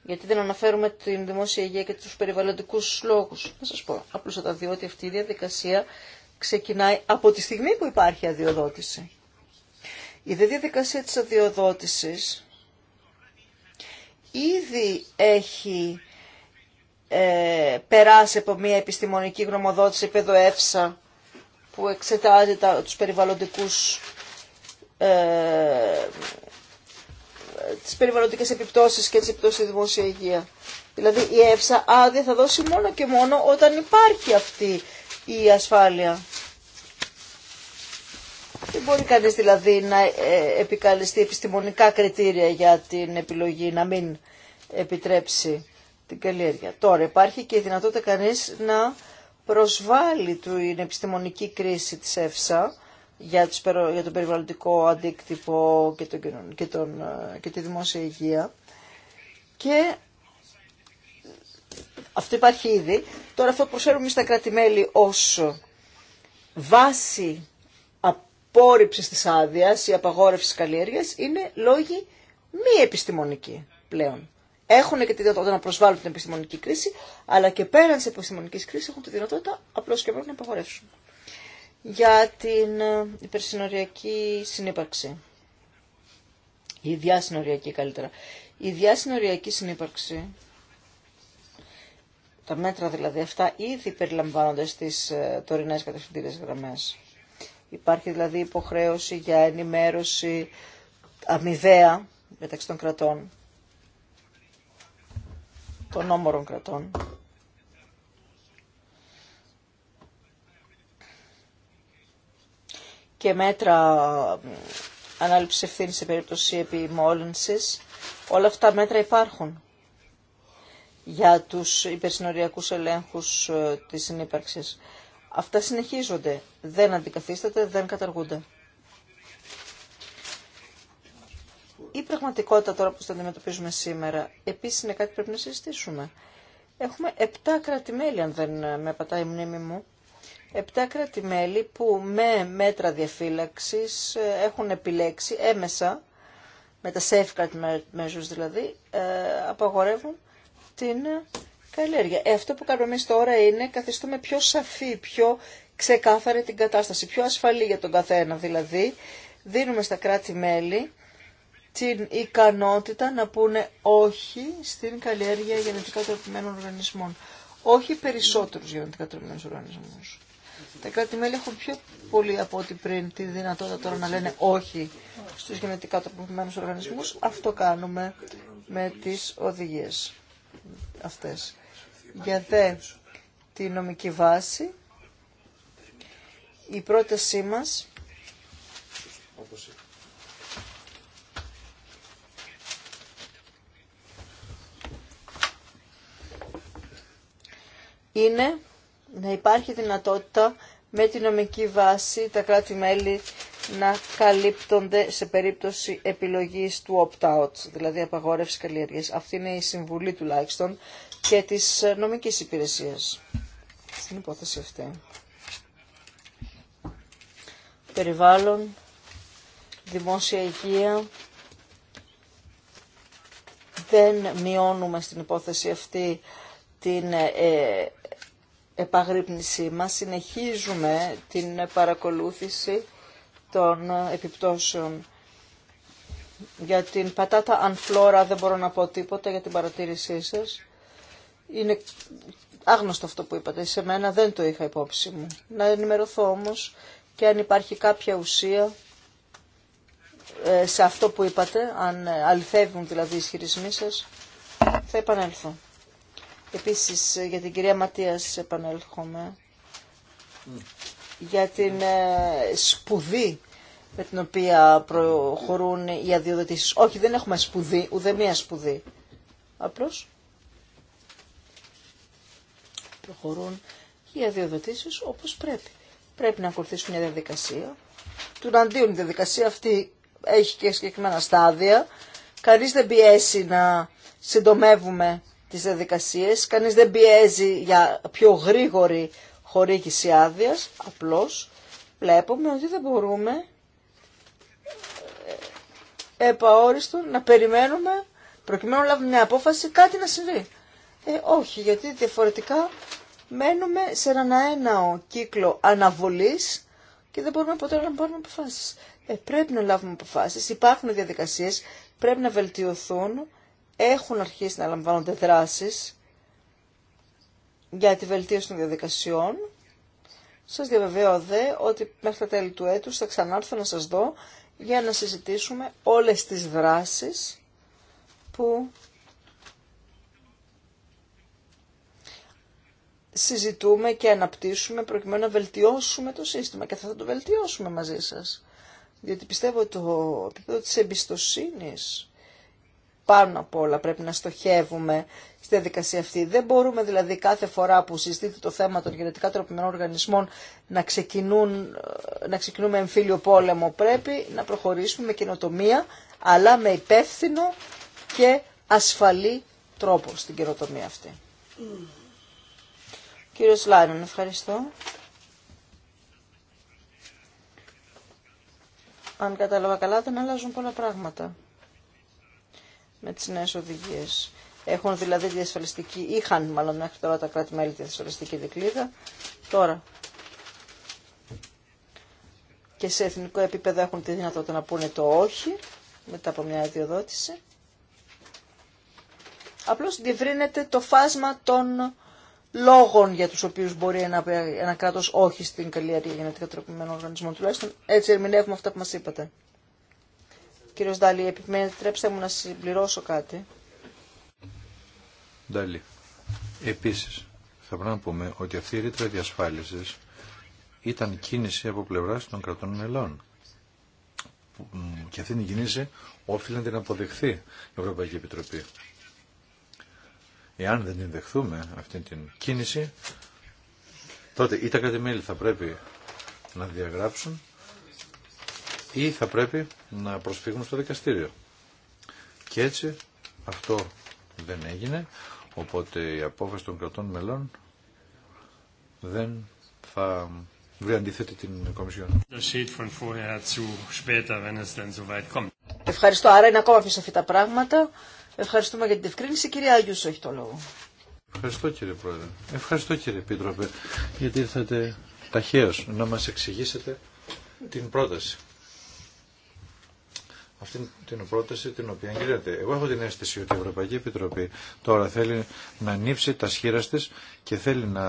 Γιατί δεν αναφέρουμε την δημόσια υγεία και τους περιβαλλοντικούς λόγους. Να σας πω απλούστατα ότι αυτή η διαδικασία ξεκινάει από τη στιγμή που υπάρχει αδειοδότηση. Η διαδικασία της αδειοδότησης ήδη έχει ε, περάσει από μια επιστημονική γνωμοδότηση παιδοεύσα ΕΦΣΑ που εξετάζει τα, τους περιβαλλοντικούς ε, τις περιβαλλοντικές επιπτώσεις και τις επιπτώσεις στη δημόσια υγεία. Δηλαδή η ΕΦΣΑ άδεια θα δώσει μόνο και μόνο όταν υπάρχει αυτή η ασφάλεια. Δεν μπορεί κανείς δηλαδή να ε, επικαλεστεί επιστημονικά κριτήρια για την επιλογή να μην επιτρέψει την καλλιέργεια. Τώρα υπάρχει και η δυνατότητα κανείς να προσβάλλει την επιστημονική κρίση της ΕΦΣΑ για, για τον περιβαλλοντικό αντίκτυπο και, τον, και, τον, ε, και τη δημόσια υγεία. Και αυτό υπάρχει ήδη. Τώρα αυτό προσφέρουμε στα κράτη-μέλη ως βάση απόρριψης της άδειας ή απαγόρευσης καλλιέργειας είναι λόγοι μη επιστημονικοί πλέον έχουν και τη δυνατότητα να προσβάλλουν την επιστημονική κρίση, αλλά και πέραν τη επιστημονική κρίση έχουν τη δυνατότητα απλώ και μόνο να υπαγορεύσουν. Για την ε, υπερσυνοριακή συνύπαρξη. Η διασυνοριακή καλύτερα. Η διασυνοριακή συνύπαρξη, τα μέτρα δηλαδή αυτά, ήδη περιλαμβάνονται στις ε, τωρινές κατευθυντήριες γραμμές. Υπάρχει δηλαδή υποχρέωση για ενημέρωση αμοιβαία μεταξύ των κρατών των όμορων κρατών. και μέτρα ανάληψης ευθύνη σε περίπτωση επιμόλυνσης. Όλα αυτά μέτρα υπάρχουν για τους υπερσυνοριακούς ελέγχους ε, της συνύπαρξης. Αυτά συνεχίζονται, δεν αντικαθίσταται, δεν καταργούνται. Η πραγματικότητα τώρα που το αντιμετωπίζουμε σήμερα επίσης είναι κάτι που πρέπει να συζητήσουμε. Έχουμε 7 κράτη-μέλη, αν δεν ε, με πατάει η μνήμη μου, 7 κράτη-μέλη που με μέτρα διαφύλαξης ε, έχουν επιλέξει έμεσα, με τα safeguard measures δηλαδή, ε, απαγορεύουν την καλλιέργεια. αυτό που κάνουμε εμείς τώρα είναι καθιστούμε πιο σαφή, πιο ξεκάθαρη την κατάσταση, πιο ασφαλή για τον καθένα δηλαδή. Δίνουμε στα κράτη-μέλη την ικανότητα να πούνε όχι στην καλλιέργεια γενετικά τροπημένων οργανισμών. Όχι περισσότερους γενετικά τροπημένους οργανισμούς. Τα κράτη-μέλη έχουν πιο πολύ από ό,τι πριν τη δυνατότητα τώρα να λένε όχι στους γενετικά τροπημένους οργανισμούς. Αυτό κάνουμε με τις οδηγίες αυτές. Για δε τη νομική βάση, η πρότασή μας είναι να υπάρχει δυνατότητα με τη νομική βάση τα κράτη-μέλη να καλύπτονται σε περίπτωση επιλογής του opt-out, δηλαδή απαγόρευση καλλιέργειας. Αυτή είναι η συμβουλή τουλάχιστον και της νομικής υπηρεσίας στην υπόθεση αυτή. Περιβάλλον, δημόσια υγεία, δεν μειώνουμε στην υπόθεση αυτή την ε, επαγρύπνησή μας συνεχίζουμε την παρακολούθηση των επιπτώσεων. Για την πατάτα ανφλόρα δεν μπορώ να πω τίποτα για την παρατήρησή σας. Είναι άγνωστο αυτό που είπατε. Σε μένα δεν το είχα υπόψη μου. Να ενημερωθώ όμως και αν υπάρχει κάποια ουσία ε, σε αυτό που είπατε, αν αληθεύουν δηλαδή οι ισχυρισμοί σας, θα επανέλθω. Επίσης ε, για την κυρία Ματίας επανέλχομαι. Mm. Για την ε, σπουδή με την οποία προχωρούν οι αδειοδοτήσεις. Όχι, δεν έχουμε σπουδή, ούτε μία σπουδή. Απλώς προχωρούν οι αδειοδοτήσεις όπως πρέπει. Πρέπει να ακολουθήσουν μια διαδικασία. Του να η διαδικασία αυτή έχει και συγκεκριμένα στάδια. Κανείς δεν πιέσει να συντομεύουμε τις διαδικασίες, κανείς δεν πιέζει για πιο γρήγορη χορήγηση άδεια, απλώς βλέπουμε ότι δεν μπορούμε ε, επαόριστο να περιμένουμε προκειμένου να λάβουμε μια απόφαση κάτι να συμβεί. Ε, όχι, γιατί διαφορετικά μένουμε σε έναν αέναο κύκλο αναβολής και δεν μπορούμε ποτέ να πάρουμε αποφάσεις. Ε, πρέπει να λάβουμε αποφάσεις, υπάρχουν διαδικασίες, πρέπει να βελτιωθούν έχουν αρχίσει να λαμβάνονται δράσεις για τη βελτίωση των διαδικασιών. Σας διαβεβαίω δε ότι μέχρι τα τέλη του έτους θα ξανάρθω να σας δω για να συζητήσουμε όλες τις δράσεις που συζητούμε και αναπτύσσουμε προκειμένου να βελτιώσουμε το σύστημα και θα το βελτιώσουμε μαζί σας. Διότι πιστεύω ότι το επίπεδο της εμπιστοσύνης πάνω απ' όλα πρέπει να στοχεύουμε στη διαδικασία αυτή. Δεν μπορούμε δηλαδή κάθε φορά που συζητείται το θέμα των γενετικά τροπημένων οργανισμών να, ξεκινούν, να ξεκινούμε εμφύλιο πόλεμο. Πρέπει να προχωρήσουμε με καινοτομία αλλά με υπεύθυνο και ασφαλή τρόπο στην καινοτομία αυτή. Mm. Κύριος Λάινον, ευχαριστώ. Αν κατάλαβα καλά δεν αλλάζουν πολλά πράγματα με τις νέες οδηγίες. Έχουν δηλαδή διασφαλιστική, είχαν μάλλον μέχρι τώρα τα κράτη-μέλη τη διασφαλιστική δικλίδα. Τώρα και σε εθνικό επίπεδο έχουν τη δυνατότητα να πούνε το όχι μετά από μια αδειοδότηση. Απλώς διευρύνεται το φάσμα των λόγων για τους οποίους μπορεί ένα, ένα κράτος όχι στην καλλιέργεια γενετικά τροπημένων οργανισμών. Τουλάχιστον έτσι ερμηνεύουμε αυτά που μας είπατε. Κύριος Ντάλι, επιτρέψτε μου να συμπληρώσω κάτι. Ντάλι, επίσης θα πρέπει να πούμε ότι αυτή η ρήτρα διασφάλισης ήταν κίνηση από πλευρά των κρατών μελών. Και αυτή την κίνηση όφιλε να την αποδεχθεί η Ευρωπαϊκή Επιτροπή. Εάν δεν την δεχθούμε αυτή την κίνηση, τότε ή τα κρατη θα πρέπει να διαγράψουν ή θα πρέπει να προσφύγουν στο δικαστήριο. Και έτσι αυτό δεν έγινε, οπότε η απόφαση των κρατών μελών δεν θα βρει αντίθετη την Κομισιόν. Ευχαριστώ. Άρα είναι ακόμα πιο σαφή τα πράγματα. Ευχαριστούμε για την ευκρίνηση. Κυρία Αγιούσο έχει το λόγο. Ευχαριστώ κύριε Πρόεδρε. Ευχαριστώ κύριε Επίτροπε γιατί ήρθατε ταχαίως να μας εξηγήσετε την πρόταση αυτή την πρόταση την οποία γίνεται. Εγώ έχω την αίσθηση ότι η Ευρωπαϊκή Επιτροπή τώρα θέλει να ανοίξει τα σχήρα τη και θέλει να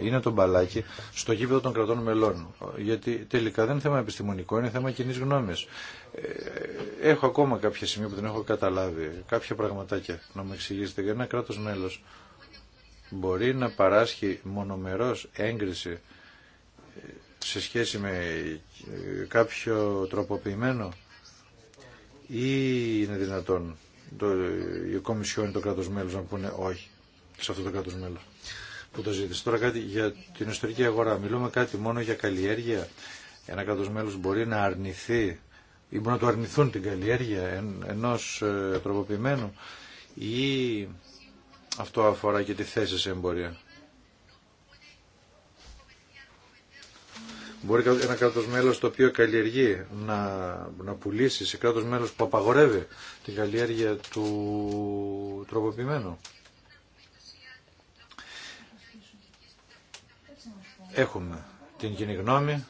είναι το μπαλάκι στο γήπεδο των κρατών μελών. Γιατί τελικά δεν είναι θέμα επιστημονικό, είναι θέμα κοινή γνώμη. Ε, έχω ακόμα κάποια σημεία που δεν έχω καταλάβει, κάποια πραγματάκια να μου εξηγήσετε. Για ένα κράτο μέλο μπορεί να παράσχει μονομερός έγκριση ε, σε σχέση με ε, κάποιο τροποποιημένο ή είναι δυνατόν το, η Κομισιόν το κράτος μέλος να πούνε όχι σε αυτό το κράτος μέλος που το ζήτησε. Τώρα κάτι για την ιστορική αγορά. Μιλούμε κάτι μόνο για καλλιέργεια. Ένα κράτος μέλος μπορεί να αρνηθεί ή μπορεί να του αρνηθούν την καλλιέργεια εν, ενός ε, τροποποιημένου ή αυτό αφορά και τη θέση σε εμπορία. Μπορεί ένα κράτο μέλο το οποίο καλλιεργεί να, να πουλήσει σε κράτο μέλο που απαγορεύει την καλλιέργεια του τροποποιημένου. Έχουμε την κοινή γνώμη,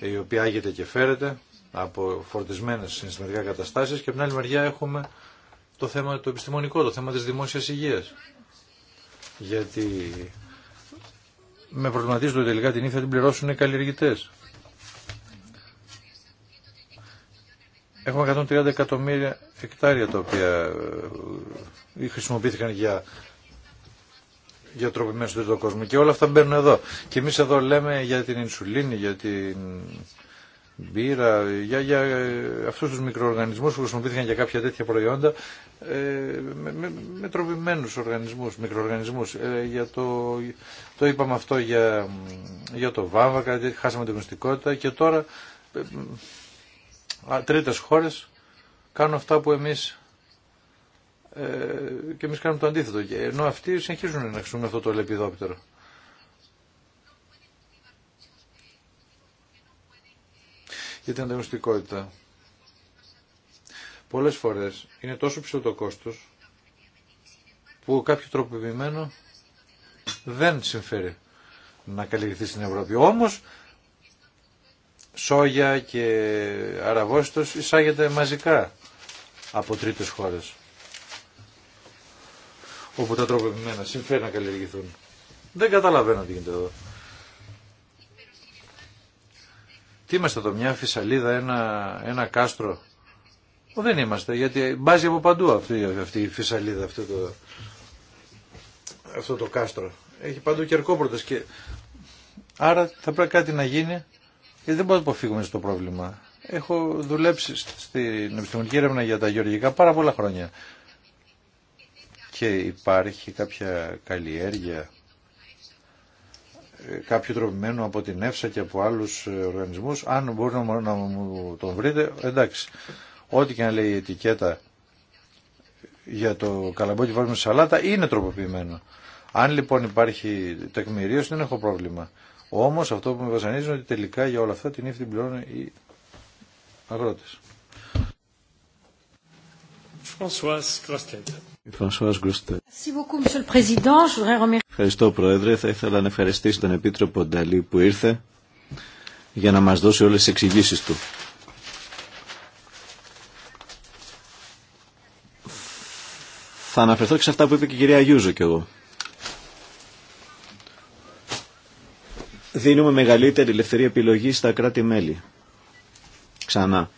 η οποία άγεται και φέρεται από φορτισμένες συναισθηματικά καταστάσεις και από την άλλη μεριά έχουμε το θέμα το επιστημονικό, το θέμα της δημόσιας υγείας. Γιατί με το τελικά την ύφη την πληρώσουν οι καλλιεργητέ. Έχουμε 130 εκατομμύρια εκτάρια τα οποία ε, ε, χρησιμοποιήθηκαν για, για τροπημένους του κόσμο και όλα αυτά μπαίνουν εδώ. Και εμείς εδώ λέμε για την ινσουλίνη, για την μπύρα, για, για ε, αυτούς τους μικροοργανισμούς που χρησιμοποιήθηκαν για κάποια τέτοια προϊόντα, ε, με, με, με οργανισμούς, μικροοργανισμούς. Ε, για το, το είπαμε αυτό για, για το βάβακα, χάσαμε την γνωστικότητα και τώρα ε, χώρε τρίτες χώρες κάνουν αυτά που εμείς ε, και εμείς κάνουμε το αντίθετο. Ενώ αυτοί συνεχίζουν να χρησιμοποιούν αυτό το λεπιδόπτερο. για την ανταγωνιστικότητα. Πολλές φορές είναι τόσο ψηλό το κόστος που κάποιο τρόπο δεν συμφέρει να καλλιεργηθεί στην Ευρώπη. Όμως σόγια και αραβόστος εισάγεται μαζικά από τρίτες χώρες όπου τα τρόπο επιμένα συμφέρει να καλλιεργηθούν. Δεν καταλαβαίνω τι γίνεται εδώ. Τι είμαστε εδώ, μια φυσαλίδα, ένα, ένα κάστρο. δεν είμαστε, γιατί μπάζει από παντού αυτή, η φυσαλίδα, αυτό το, το κάστρο. Έχει παντού κερκόπρωτες και άρα θα πρέπει κάτι να γίνει γιατί δεν μπορούμε να αποφύγουμε στο πρόβλημα. Έχω δουλέψει στην επιστημονική έρευνα για τα γεωργικά πάρα πολλά χρόνια και υπάρχει κάποια καλλιέργεια κάποιο τροπημένο από την ΕΦΣΑ και από άλλους ε, οργανισμούς. Αν μπορούν να μου τον βρείτε, εντάξει. Ό,τι και να λέει η ετικέτα για το καλαμπόκι βάζουμε σαλάτα είναι τροποποιημένο. Αν λοιπόν υπάρχει τεκμηρίωση δεν έχω πρόβλημα. Όμως αυτό που με βασανίζει είναι ότι τελικά για όλα αυτά την ύφη την πληρώνουν οι αγρότες. Ευχαριστώ Πρόεδρε. Θα ήθελα να ευχαριστήσω τον Επίτροπο Νταλή που ήρθε για να μας δώσει όλες τις εξηγήσεις του. Θα αναφερθώ και σε αυτά που είπε και η κυρία Γιούζο και εγώ. Δίνουμε μεγαλύτερη ελευθερία επιλογή στα κράτη-μέλη. Ξανά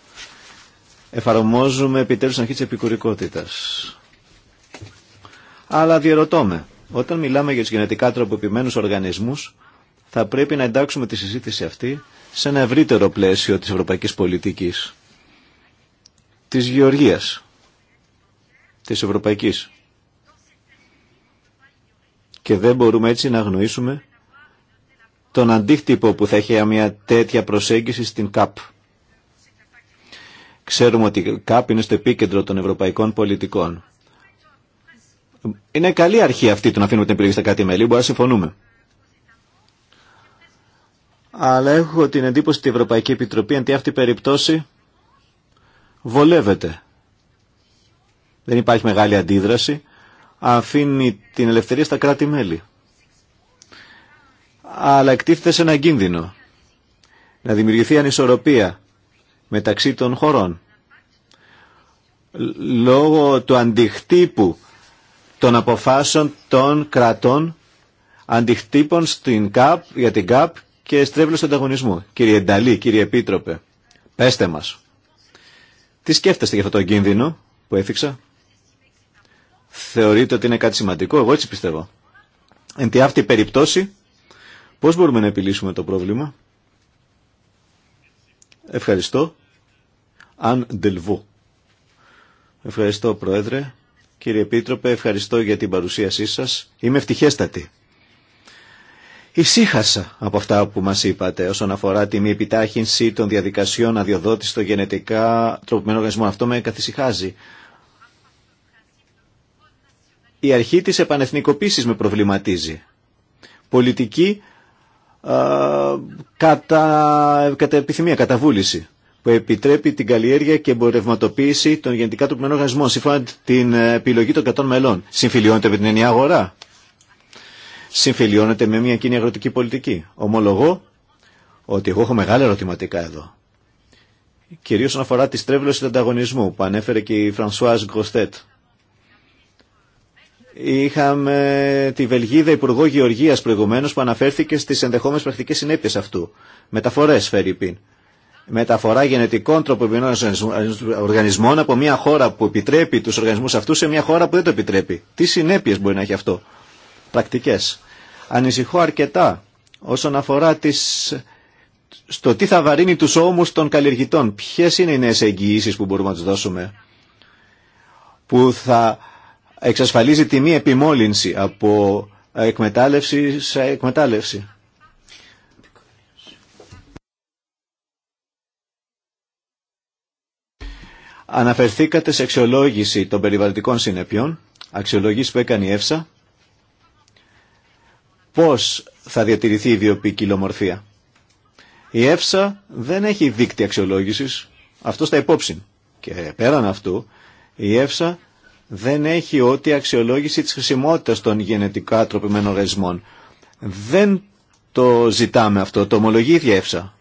εφαρμόζουμε επιτέλους την αρχή της επικουρικότητας. Αλλά διερωτώμε. όταν μιλάμε για τους γενετικά τροποποιημένους οργανισμούς, θα πρέπει να εντάξουμε τη συζήτηση αυτή σε ένα ευρύτερο πλαίσιο της ευρωπαϊκής πολιτικής, της γεωργίας, της ευρωπαϊκής. Και δεν μπορούμε έτσι να αγνοήσουμε τον αντίκτυπο που θα έχει μια τέτοια προσέγγιση στην ΚΑΠ. Ξέρουμε ότι κάποιοι είναι στο επίκεντρο των ευρωπαϊκών πολιτικών. Είναι καλή αρχή αυτή το να αφήνουμε την επιλογή στα κάτι μέλη, μπορεί να συμφωνούμε. Αλλά έχω την εντύπωση ότι η Ευρωπαϊκή Επιτροπή αντί αυτή περιπτώσει βολεύεται. Δεν υπάρχει μεγάλη αντίδραση. Αφήνει την ελευθερία στα κράτη-μέλη. Αλλά εκτίθεται σε ένα κίνδυνο. Να δημιουργηθεί ανισορροπία μεταξύ των χωρών. Λόγω του αντιχτύπου των αποφάσεων των κρατών αντιχτύπων στην ΚΑΠ, για την ΚΑΠ και στρέβλωση στον ανταγωνισμού. Κύριε Νταλή, κύριε Επίτροπε, πέστε μας. Τι σκέφτεστε για αυτό το κίνδυνο που έφυξα. Θεωρείτε ότι είναι κάτι σημαντικό, εγώ έτσι πιστεύω. Εν τη αυτή περιπτώσει, πώς μπορούμε να επιλύσουμε το πρόβλημα. Ευχαριστώ. Αν Ντελβού. Ευχαριστώ Πρόεδρε. Κύριε Επίτροπε, ευχαριστώ για την παρουσίασή σας. Είμαι ευτυχέστατη. Ισύχασα από αυτά που μας είπατε όσον αφορά τη μη επιτάχυνση των διαδικασιών αδειοδότηση των γενετικά τροποποιημένων οργανισμών. Αυτό με καθησυχάζει. Η αρχή της επανεθνικοποίησης με προβληματίζει. Πολιτική κατά, κατά επιθυμία, κατά βούληση που επιτρέπει την καλλιέργεια και εμπορευματοποίηση των γενετικά του οργανισμών σύμφωνα την επιλογή των 100 μελών. Συμφιλιώνεται με την ενιαία αγορά. Συμφιλιώνεται με μια κοινή αγροτική πολιτική. Ομολογώ ότι εγώ έχω μεγάλα ερωτηματικά εδώ. Κυρίως όσον αφορά τη στρέβλωση του ανταγωνισμού που ανέφερε και η Φρανσουάζ Γκοστέτ. Είχαμε τη Βελγίδα Υπουργό Γεωργία προηγουμένω που αναφέρθηκε στι ενδεχόμενε πρακτικέ συνέπειε αυτού. Μεταφορέ, Φερρυπίν. Μεταφορά γενετικών τροποποιημένων οργανισμών από μια χώρα που επιτρέπει του οργανισμού αυτού σε μια χώρα που δεν το επιτρέπει. Τι συνέπειε μπορεί να έχει αυτό. Πρακτικέ. Ανησυχώ αρκετά όσον αφορά τις... στο τι θα βαρύνει του ώμου των καλλιεργητών. Ποιε είναι οι νέε εγγυήσει που μπορούμε να του δώσουμε. Που θα εξασφαλίζει τη μη επιμόλυνση από εκμετάλλευση σε εκμετάλλευση. Αναφερθήκατε σε αξιολόγηση των περιβαλλοντικών συνεπειών, αξιολόγηση που έκανε η ΕΦΣΑ. Πώς θα διατηρηθεί η βιοποικιλομορφία. Η ΕΦΣΑ δεν έχει δίκτυα αξιολόγησης, αυτό στα υπόψη. Και πέραν αυτού, η ΕΦΣΑ δεν έχει ό,τι αξιολόγηση της χρησιμότητας των γενετικά τροπημένων οργανισμών. Δεν το ζητάμε αυτό, το ομολογεί η διεύσα.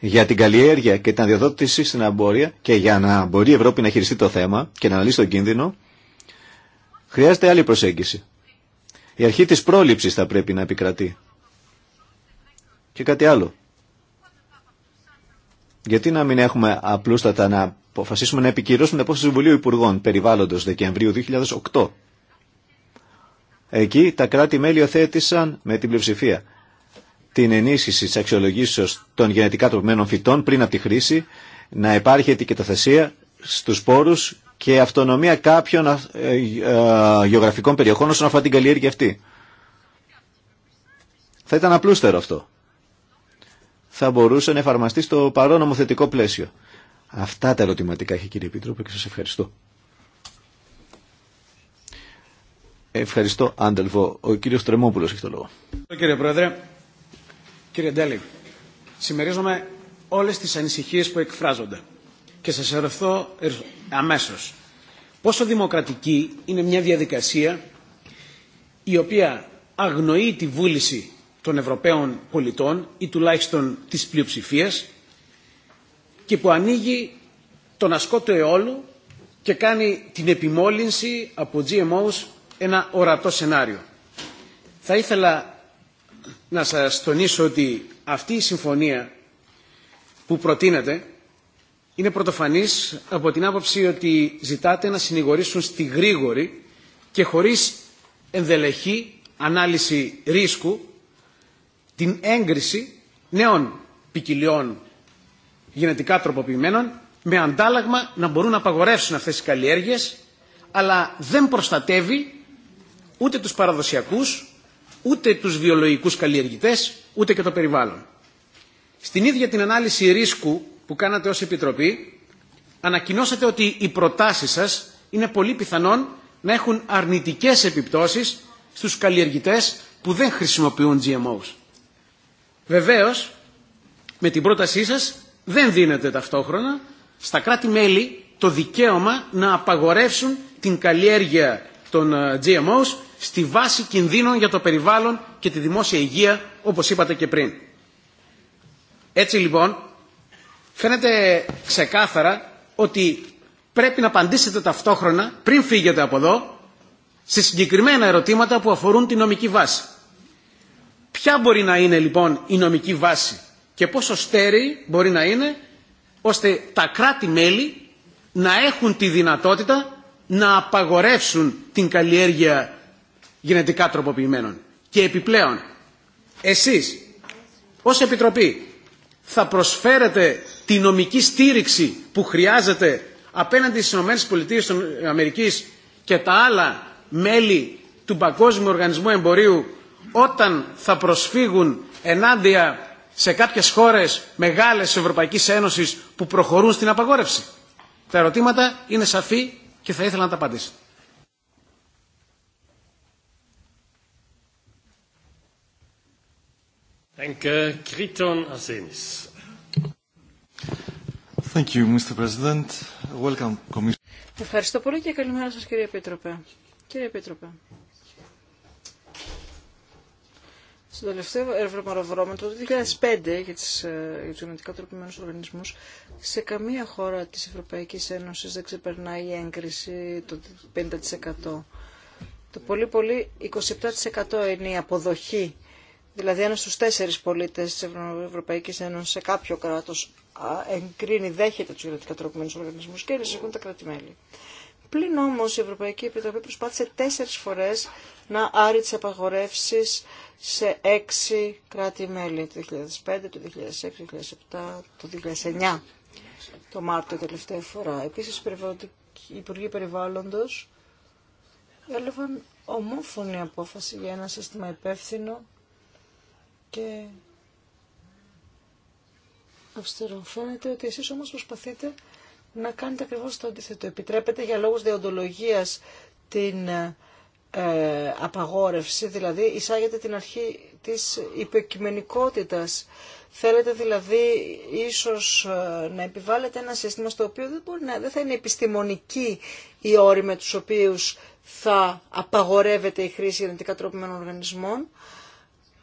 για την καλλιέργεια και την αδειοδότηση στην αμπόρια και για να μπορεί η Ευρώπη να χειριστεί το θέμα και να αναλύσει τον κίνδυνο, χρειάζεται άλλη προσέγγιση. Η αρχή της πρόληψης θα πρέπει να επικρατεί. Και κάτι άλλο. Γιατί να μην έχουμε απλούστατα να αποφασίσουμε να επικυρώσουμε την απόφαση του Συμβουλίου Υπουργών Περιβάλλοντος Δεκεμβρίου 2008. Εκεί τα κράτη-μέλη οθέτησαν με την πλειοψηφία την ενίσχυση της αξιολογήσεως των γενετικά τροπημένων φυτών πριν από τη χρήση, να υπάρχει ετικεταθεσία στους πόρους και αυτονομία κάποιων ε, ε, γεωγραφικών περιοχών όσον αφορά την καλλιέργεια αυτή. Θα ήταν απλούστερο αυτό θα μπορούσε να εφαρμαστεί στο παρόν νομοθετικό πλαίσιο. Αυτά τα ερωτηματικά έχει κύριε Επίτροπο, και σας ευχαριστώ. Ευχαριστώ Άντελβο. Ο κύριος Τρεμόπουλος έχει το λόγο. Κύριε Πρόεδρε, κύριε Ντέλη, συμμερίζομαι όλες τις ανησυχίες που εκφράζονται και σας ερωτώ αμέσως. Πόσο δημοκρατική είναι μια διαδικασία η οποία αγνοεί τη βούληση των Ευρωπαίων πολιτών ή τουλάχιστον της πλειοψηφίας και που ανοίγει τον ασκό του αιώλου και κάνει την επιμόλυνση από GMOs ένα ορατό σενάριο. Θα ήθελα να σας τονίσω ότι αυτή η συμφωνία που προτείνεται είναι πρωτοφανής από την άποψη ότι ζητάτε να συνηγορήσουν στη γρήγορη και χωρίς ενδελεχή ανάλυση ρίσκου την έγκριση νέων ποικιλιών γενετικά τροποποιημένων με αντάλλαγμα να μπορούν να απαγορεύσουν αυτές τις καλλιέργειες αλλά δεν προστατεύει ούτε τους παραδοσιακούς, ούτε τους βιολογικούς καλλιεργητές, ούτε και το περιβάλλον. Στην ίδια την ανάλυση ρίσκου που κάνατε ως Επιτροπή, ανακοινώσατε ότι οι προτάσεις σας είναι πολύ πιθανόν να έχουν αρνητικές επιπτώσεις στους καλλιεργητές που δεν χρησιμοποιούν GMOs. Βεβαίω, με την πρότασή σας δεν δίνεται ταυτόχρονα στα κράτη-μέλη το δικαίωμα να απαγορεύσουν την καλλιέργεια των ε, GMOs στη βάση κινδύνων για το περιβάλλον και τη δημόσια υγεία, όπως είπατε και πριν. Έτσι λοιπόν, φαίνεται ξεκάθαρα ότι πρέπει να απαντήσετε ταυτόχρονα, πριν φύγετε από εδώ, σε συγκεκριμένα ερωτήματα που αφορούν τη νομική βάση. Ποια μπορεί να είναι λοιπόν η νομική βάση και πόσο στέρεη μπορεί να είναι ώστε τα κράτη-μέλη να έχουν τη δυνατότητα να απαγορεύσουν την καλλιέργεια γενετικά τροποποιημένων. Και επιπλέον, εσείς ως Επιτροπή θα προσφέρετε τη νομική στήριξη που χρειάζεται απέναντι στις ΗΠΑ και τα άλλα μέλη του Παγκόσμιου Οργανισμού Εμπορίου όταν θα προσφύγουν ενάντια σε κάποιες χώρες μεγάλες της Ευρωπαϊκής Ένωσης που προχωρούν στην απαγόρευση. Τα ερωτήματα είναι σαφή και θα ήθελα να τα απαντήσω. Ευχαριστώ πολύ και καλημέρα σας κύριε πίτροπε. Κύριε Επίτροπε. Στο τελευταίο ευρωμαροβρόμετρο το 2005 για, τις, ε, για τους γενετικά τροπημένους οργανισμούς σε καμία χώρα της Ευρωπαϊκής Ένωσης δεν ξεπερνάει η έγκριση το 50%. Το πολύ πολύ 27% είναι η αποδοχή. Δηλαδή ένας στους τέσσερις πολίτες της Ευρωπαϊκής Ένωσης σε κάποιο κράτος εγκρίνει, δέχεται τους γενετικά τροπημένους οργανισμούς και ενισχύουν τα κρατη Πλην όμως η Ευρωπαϊκή Επιτροπή προσπάθησε τέσσερις φορές να άρει τι απαγορεύσει σε έξι κράτη-μέλη το 2005, το 2006, το 2007, το 2009, το Μάρτιο τελευταία φορά. Επίσης, οι Υπουργοί Περιβάλλοντος έλαβαν ομόφωνη απόφαση για ένα σύστημα υπεύθυνο και αυστερό Φαίνεται ότι εσείς όμως προσπαθείτε να κάνετε ακριβώς το αντίθετο. Επιτρέπετε για λόγους διοντολογίας την ε, ε, απαγόρευση, δηλαδή εισάγεται την αρχή της υπεκειμενικότητας. Θέλετε δηλαδή ίσως ε, να επιβάλλετε ένα σύστημα στο οποίο δεν, δεν θα είναι επιστημονική η όρη με τους οποίους θα απαγορεύεται η χρήση γενετικά τροπημένων οργανισμών,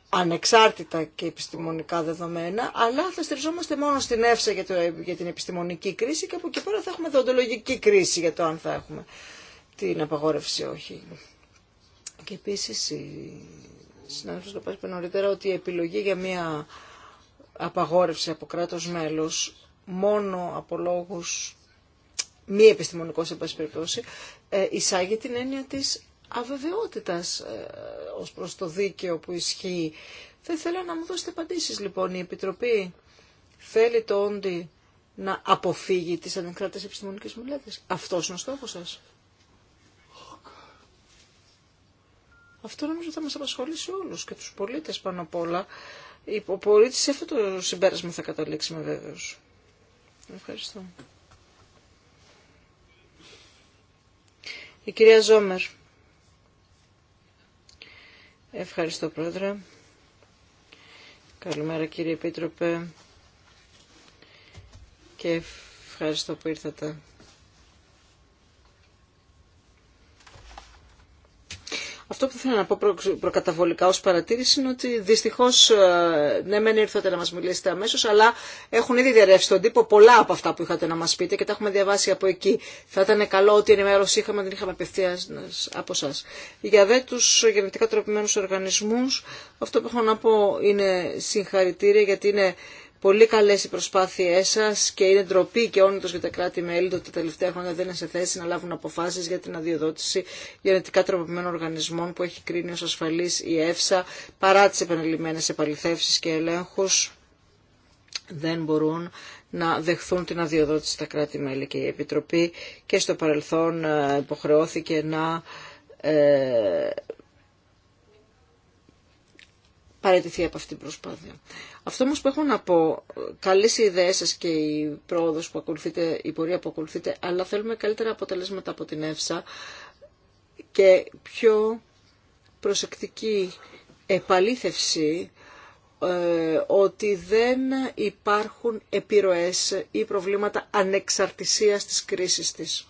ανεξάρτητα και επιστημονικά δεδομένα, αλλά θα στηριζόμαστε μόνο στην ΕΦΣΑ για, την επιστημονική κρίση και από εκεί πέρα θα έχουμε δοντολογική κρίση για το αν θα έχουμε την απαγόρευση όχι. Και επίση, η συνάδελφος το πας νωρίτερα ότι η επιλογή για μια απαγόρευση από κράτο μέλο, μόνο από λόγου, μη επιστημονικός εν πάση περιπτώσει ε, εισάγει την έννοια τη αβεβαιότητας ε, ως προς το δίκαιο που ισχύει. Θα ήθελα να μου δώσετε απαντήσει, λοιπόν. Η Επιτροπή θέλει το όντι να αποφύγει τις ανεκράτες επιστημονικές μελέτες. Αυτός είναι ο στόχος σας. Αυτό νομίζω θα μας απασχολήσει όλους και τους πολίτες πάνω απ' όλα. Ο πολίτη σε αυτό το συμπέρασμα θα καταλήξει με βέβαιος. Ευχαριστώ. Η κυρία Ζόμερ. Ευχαριστώ πρόεδρε. Καλημέρα κύριε Επίτροπε και ευχαριστώ που ήρθατε. Αυτό που θέλω να πω προκαταβολικά ως παρατήρηση είναι ότι δυστυχώς ε, ναι μεν ήρθατε να μας μιλήσετε αμέσως αλλά έχουν ήδη διαρρεύσει τον τύπο πολλά από αυτά που είχατε να μας πείτε και τα έχουμε διαβάσει από εκεί. Θα ήταν καλό ότι ενημέρωση είχαμε, δεν είχαμε απευθεία από εσά. Για δε τους γενετικά τροπημένους οργανισμούς αυτό που έχω να πω είναι συγχαρητήρια γιατί είναι Πολύ καλέ οι προσπάθειε σας και είναι ντροπή και όνειρο για τα κράτη-μέλη ότι τα τελευταία χρόνια δεν είναι σε θέση να λάβουν αποφάσεις για την αδειοδότηση γενετικά τροποποιημένων οργανισμών που έχει κρίνει ω ασφαλής η ΕΦΣΑ παρά τι επανελειμμένες επαληθεύσει και ελέγχου. δεν μπορούν να δεχθούν την αδειοδότηση τα κράτη-μέλη και η Επιτροπή και στο παρελθόν ε, υποχρεώθηκε να ε, παραιτηθεί από αυτή την προσπάθεια. Αυτό όμως που έχω να πω, καλές οι ιδέες σας και η πρόοδος που ακολουθείτε, η πορεία που ακολουθείτε, αλλά θέλουμε καλύτερα αποτελέσματα από την ΕΦΣΑ και πιο προσεκτική επαλήθευση ε, ότι δεν υπάρχουν επιρροές ή προβλήματα ανεξαρτησίας της κρίσης της,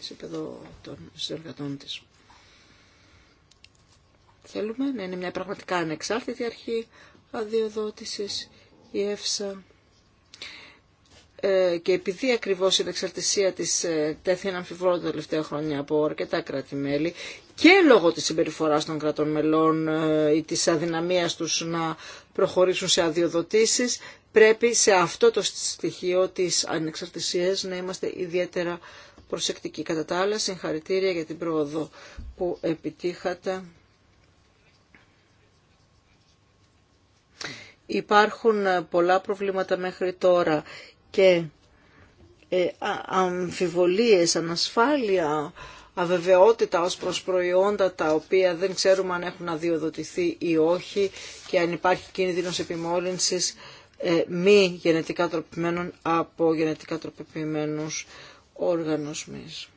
σε επίπεδο των συνεργατών της. Θέλουμε να είναι μια πραγματικά ανεξάρτητη αρχή αδειοδότησης η ΕΦΣΑ. Ε, και επειδή ακριβώς η ανεξαρτησία της ε, τέθη έναν αμφιβόλο τα τελευταία χρόνια από αρκετά κράτη-μέλη και λόγω της συμπεριφορά των κρατών μελών ε, ή της αδυναμίας τους να προχωρήσουν σε αδειοδοτήσει, πρέπει σε αυτό το στοιχείο της ανεξαρτησίας να είμαστε ιδιαίτερα προσεκτικοί. Κατά τα άλλα, συγχαρητήρια για την πρόοδο που επιτύχατε. Υπάρχουν ε, πολλά προβλήματα μέχρι τώρα και ε, αμφιβολίες, ανασφάλεια, αβεβαιότητα ως προς προϊόντα τα οποία δεν ξέρουμε αν έχουν αδειοδοτηθεί ή όχι και αν υπάρχει κίνδυνος επιμόλυνσης ε, μη γενετικά τροπημένων από γενετικά τροποποιημένους οργανισμούς.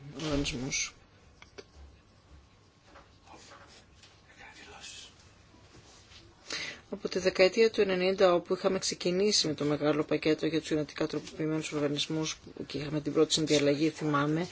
από τη δεκαετία του 90 όπου είχαμε ξεκινήσει με το μεγάλο πακέτο για τους γενετικά τροποποιημένους οργανισμούς και είχαμε την πρώτη συνδιαλλαγή θυμάμαι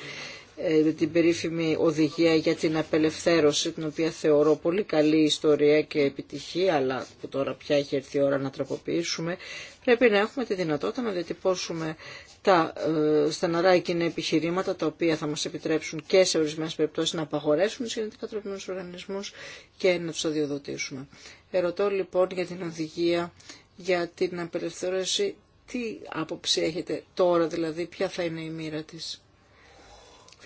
ε, την περίφημη οδηγία για την απελευθέρωση, την οποία θεωρώ πολύ καλή ιστορία και επιτυχία, αλλά που τώρα πια έχει έρθει η ώρα να τροποποιήσουμε, πρέπει να έχουμε τη δυνατότητα να διατυπώσουμε τα ε, στεναρά εκείνα επιχειρήματα, τα οποία θα μας επιτρέψουν και σε ορισμένε περιπτώσεις να απαγορέσουν τους γενετικά τροπημένους οργανισμούς και να τους αδειοδοτήσουμε. Ερωτώ λοιπόν για την οδηγία για την απελευθέρωση. Τι άποψη έχετε τώρα, δηλαδή ποια θα είναι η μοίρα της.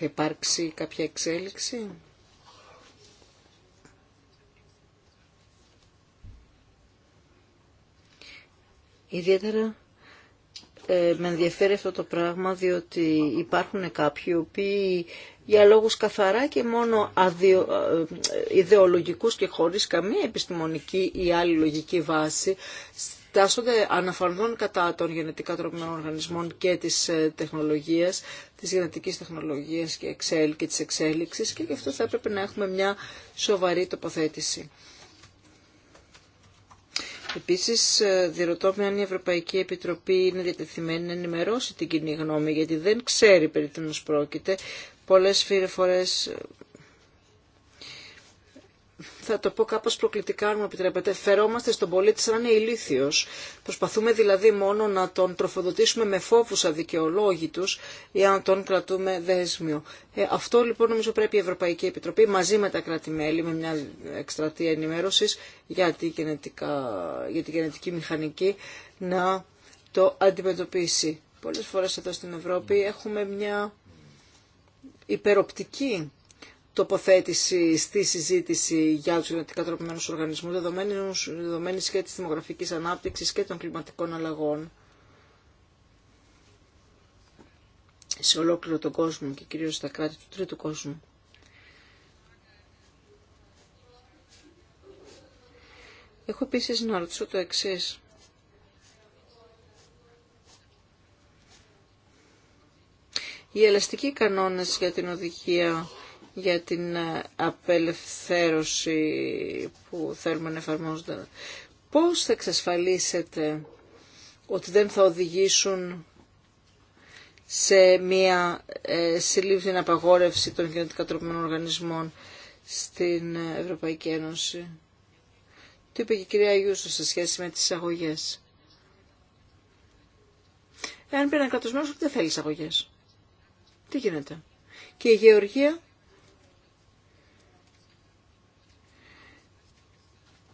Θα υπάρξει κάποια εξέλιξη. Ιδιαίτερα ε, με ενδιαφέρει αυτό το πράγμα διότι υπάρχουν κάποιοι οποίοι για λόγους καθαρά και μόνο αδειο, ε, ε, ιδεολογικούς και χωρίς καμία επιστημονική ή άλλη λογική βάση τάσσονται αναφανδόν κατά των γενετικά τροπημένων οργανισμών και της ε, τεχνολογίας, της γενετικής τεχνολογίας και, εξέλ, και της εξέλιξης και γι' αυτό θα έπρεπε να έχουμε μια σοβαρή τοποθέτηση. Επίσης, ε, διερωτώ με αν η Ευρωπαϊκή Επιτροπή είναι διατεθειμένη να ενημερώσει την κοινή γνώμη, γιατί δεν ξέρει περί τίνος πρόκειται. Πολλές φορές θα το πω κάπως προκλητικά αν μου επιτρέπετε, φερόμαστε στον πολίτη σαν να είναι ηλίθιος. Προσπαθούμε δηλαδή μόνο να τον τροφοδοτήσουμε με φόβους αδικαιολόγητους ή αν τον κρατούμε δέσμιο. Ε, αυτό λοιπόν νομίζω πρέπει η Ευρωπαϊκή Επιτροπή μαζί με τα κράτη-μέλη, με μια εκστρατεία ενημέρωσης για τη, γενετικά, γενετική μηχανική να το αντιμετωπίσει. Πολλές φορές εδώ στην Ευρώπη έχουμε μια υπεροπτική τοποθέτηση στη συζήτηση για τους γενετικά τροπημένους οργανισμούς δεδομένης και της δημογραφικής ανάπτυξης και των κλιματικών αλλαγών σε ολόκληρο τον κόσμο και κυρίως στα κράτη του τρίτου κόσμου. Έχω επίσης να ρωτήσω το εξής. Οι ελαστικοί κανόνες για την οδηγία για την ε, απελευθέρωση που θέλουμε να εφαρμόζονται. Πώς θα εξασφαλίσετε ότι δεν θα οδηγήσουν σε μια ε, απαγόρευση των γενετικά τροπημένων οργανισμών στην ε, Ευρωπαϊκή Ένωση. Τι είπε και η κυρία Ιούσο σε σχέση με τις αγωγές. Εάν πει ένα κρατοσμένος δεν θέλει αγωγές. Τι γίνεται. Και η γεωργία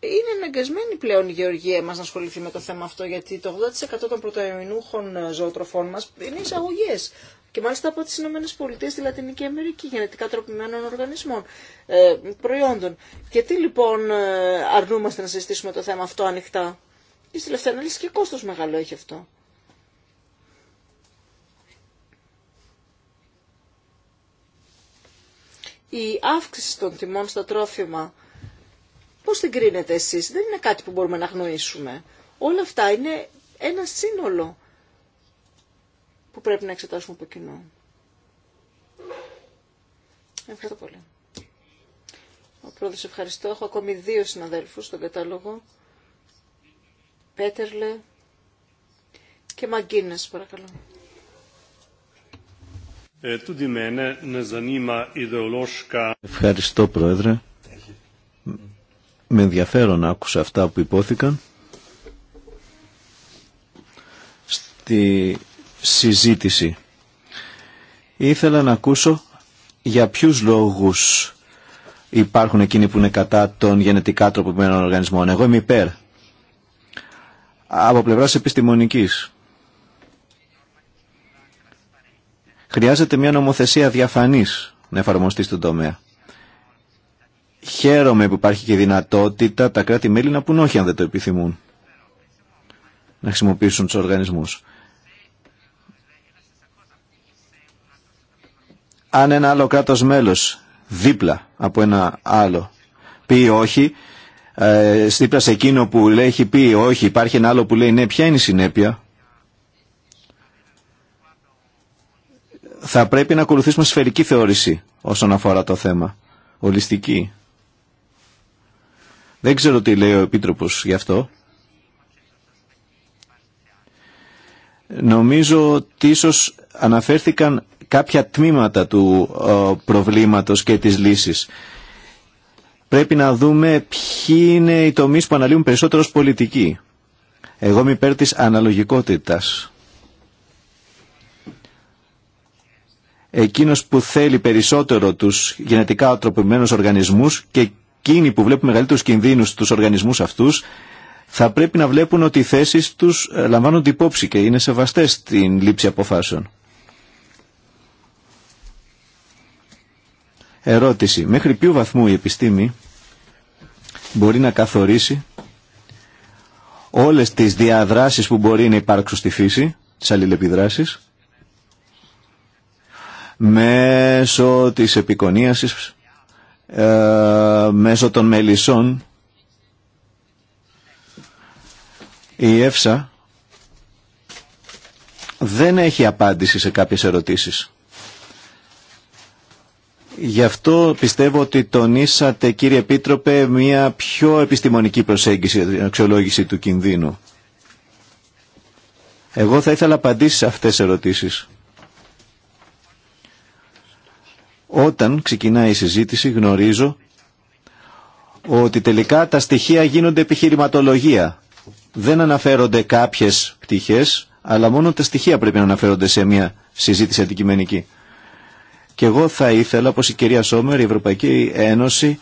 είναι αναγκασμένη πλέον η γεωργία μας να ασχοληθεί με το θέμα αυτό, γιατί το 80% των πρωτοεμινούχων ζωοτροφών μας είναι εισαγωγέ. και μάλιστα από τι ΗΠΑ Πολιτείες στη Λατινική Αμερική, γενετικά τροπημένων οργανισμών, ε, προϊόντων. Γιατί λοιπόν ε, αρνούμαστε να συζητήσουμε το θέμα αυτό ανοιχτά. Η στη τελευταία ανάλυση και κόστο μεγάλο έχει αυτό. Η αύξηση των τιμών στα τρόφιμα πώς την κρίνετε εσείς. Δεν είναι κάτι που μπορούμε να γνωρίσουμε. Όλα αυτά είναι ένα σύνολο που πρέπει να εξετάσουμε από κοινό. Ευχαριστώ πολύ. Ο πρόεδρος ευχαριστώ. Έχω ακόμη δύο συναδέλφους στον κατάλογο. Πέτερλε και Μαγκίνες, παρακαλώ. Ε, ευχαριστώ, Πρόεδρε. Με ενδιαφέρον άκουσα αυτά που υπόθηκαν. Στη συζήτηση ήθελα να ακούσω για ποιους λόγους υπάρχουν εκείνοι που είναι κατά των γενετικά τροποποιημένων οργανισμών. Εγώ είμαι υπέρ. Από πλευράς επιστημονικής. Χρειάζεται μια νομοθεσία διαφανής να εφαρμοστεί στον τομέα. Χαίρομαι που υπάρχει και δυνατότητα τα κράτη-μέλη να πούν όχι αν δεν το επιθυμούν να χρησιμοποιήσουν τους οργανισμούς. Αν ένα άλλο κράτος μέλος δίπλα από ένα άλλο πει όχι, ε, δίπλα σε εκείνο που λέει έχει πει όχι υπάρχει ένα άλλο που λέει ναι, ποια είναι η συνέπεια. Θα πρέπει να ακολουθήσουμε σφαιρική θεώρηση όσον αφορά το θέμα. Ολιστική. Δεν ξέρω τι λέει ο Επίτροπος γι' αυτό. Νομίζω ότι ίσως αναφέρθηκαν κάποια τμήματα του ε, προβλήματος και της λύσης. Πρέπει να δούμε ποιοι είναι οι τομείς που αναλύουν περισσότερο ως πολιτική. Εγώ είμαι υπέρ της αναλογικότητας. Εκείνος που θέλει περισσότερο τους γενετικά οτροπημένους οργανισμούς και εκείνοι που βλέπουν μεγαλύτερους κινδύνους στους οργανισμούς αυτούς θα πρέπει να βλέπουν ότι οι θέσεις τους ε, λαμβάνονται υπόψη και είναι σεβαστές στην λήψη αποφάσεων. Ερώτηση. Μέχρι ποιου βαθμού η επιστήμη μπορεί να καθορίσει όλες τις διαδράσεις που μπορεί να υπάρξουν στη φύση, τις αλληλεπιδράσεις, μέσω της επικονίασης ε, μέσω των μελισσών η Εύσα δεν έχει απάντηση σε κάποιες ερωτήσεις. Γι' αυτό πιστεύω ότι τονίσατε κύριε Επίτροπε μια πιο επιστημονική προσέγγιση, αξιολόγηση του κινδύνου. Εγώ θα ήθελα απαντήσει σε αυτές τις ερωτήσεις. Όταν ξεκινάει η συζήτηση γνωρίζω ότι τελικά τα στοιχεία γίνονται επιχειρηματολογία. Δεν αναφέρονται κάποιες πτυχές, αλλά μόνο τα στοιχεία πρέπει να αναφέρονται σε μια συζήτηση αντικειμενική. Και εγώ θα ήθελα, όπως η κυρία Σόμερ, η Ευρωπαϊκή Ένωση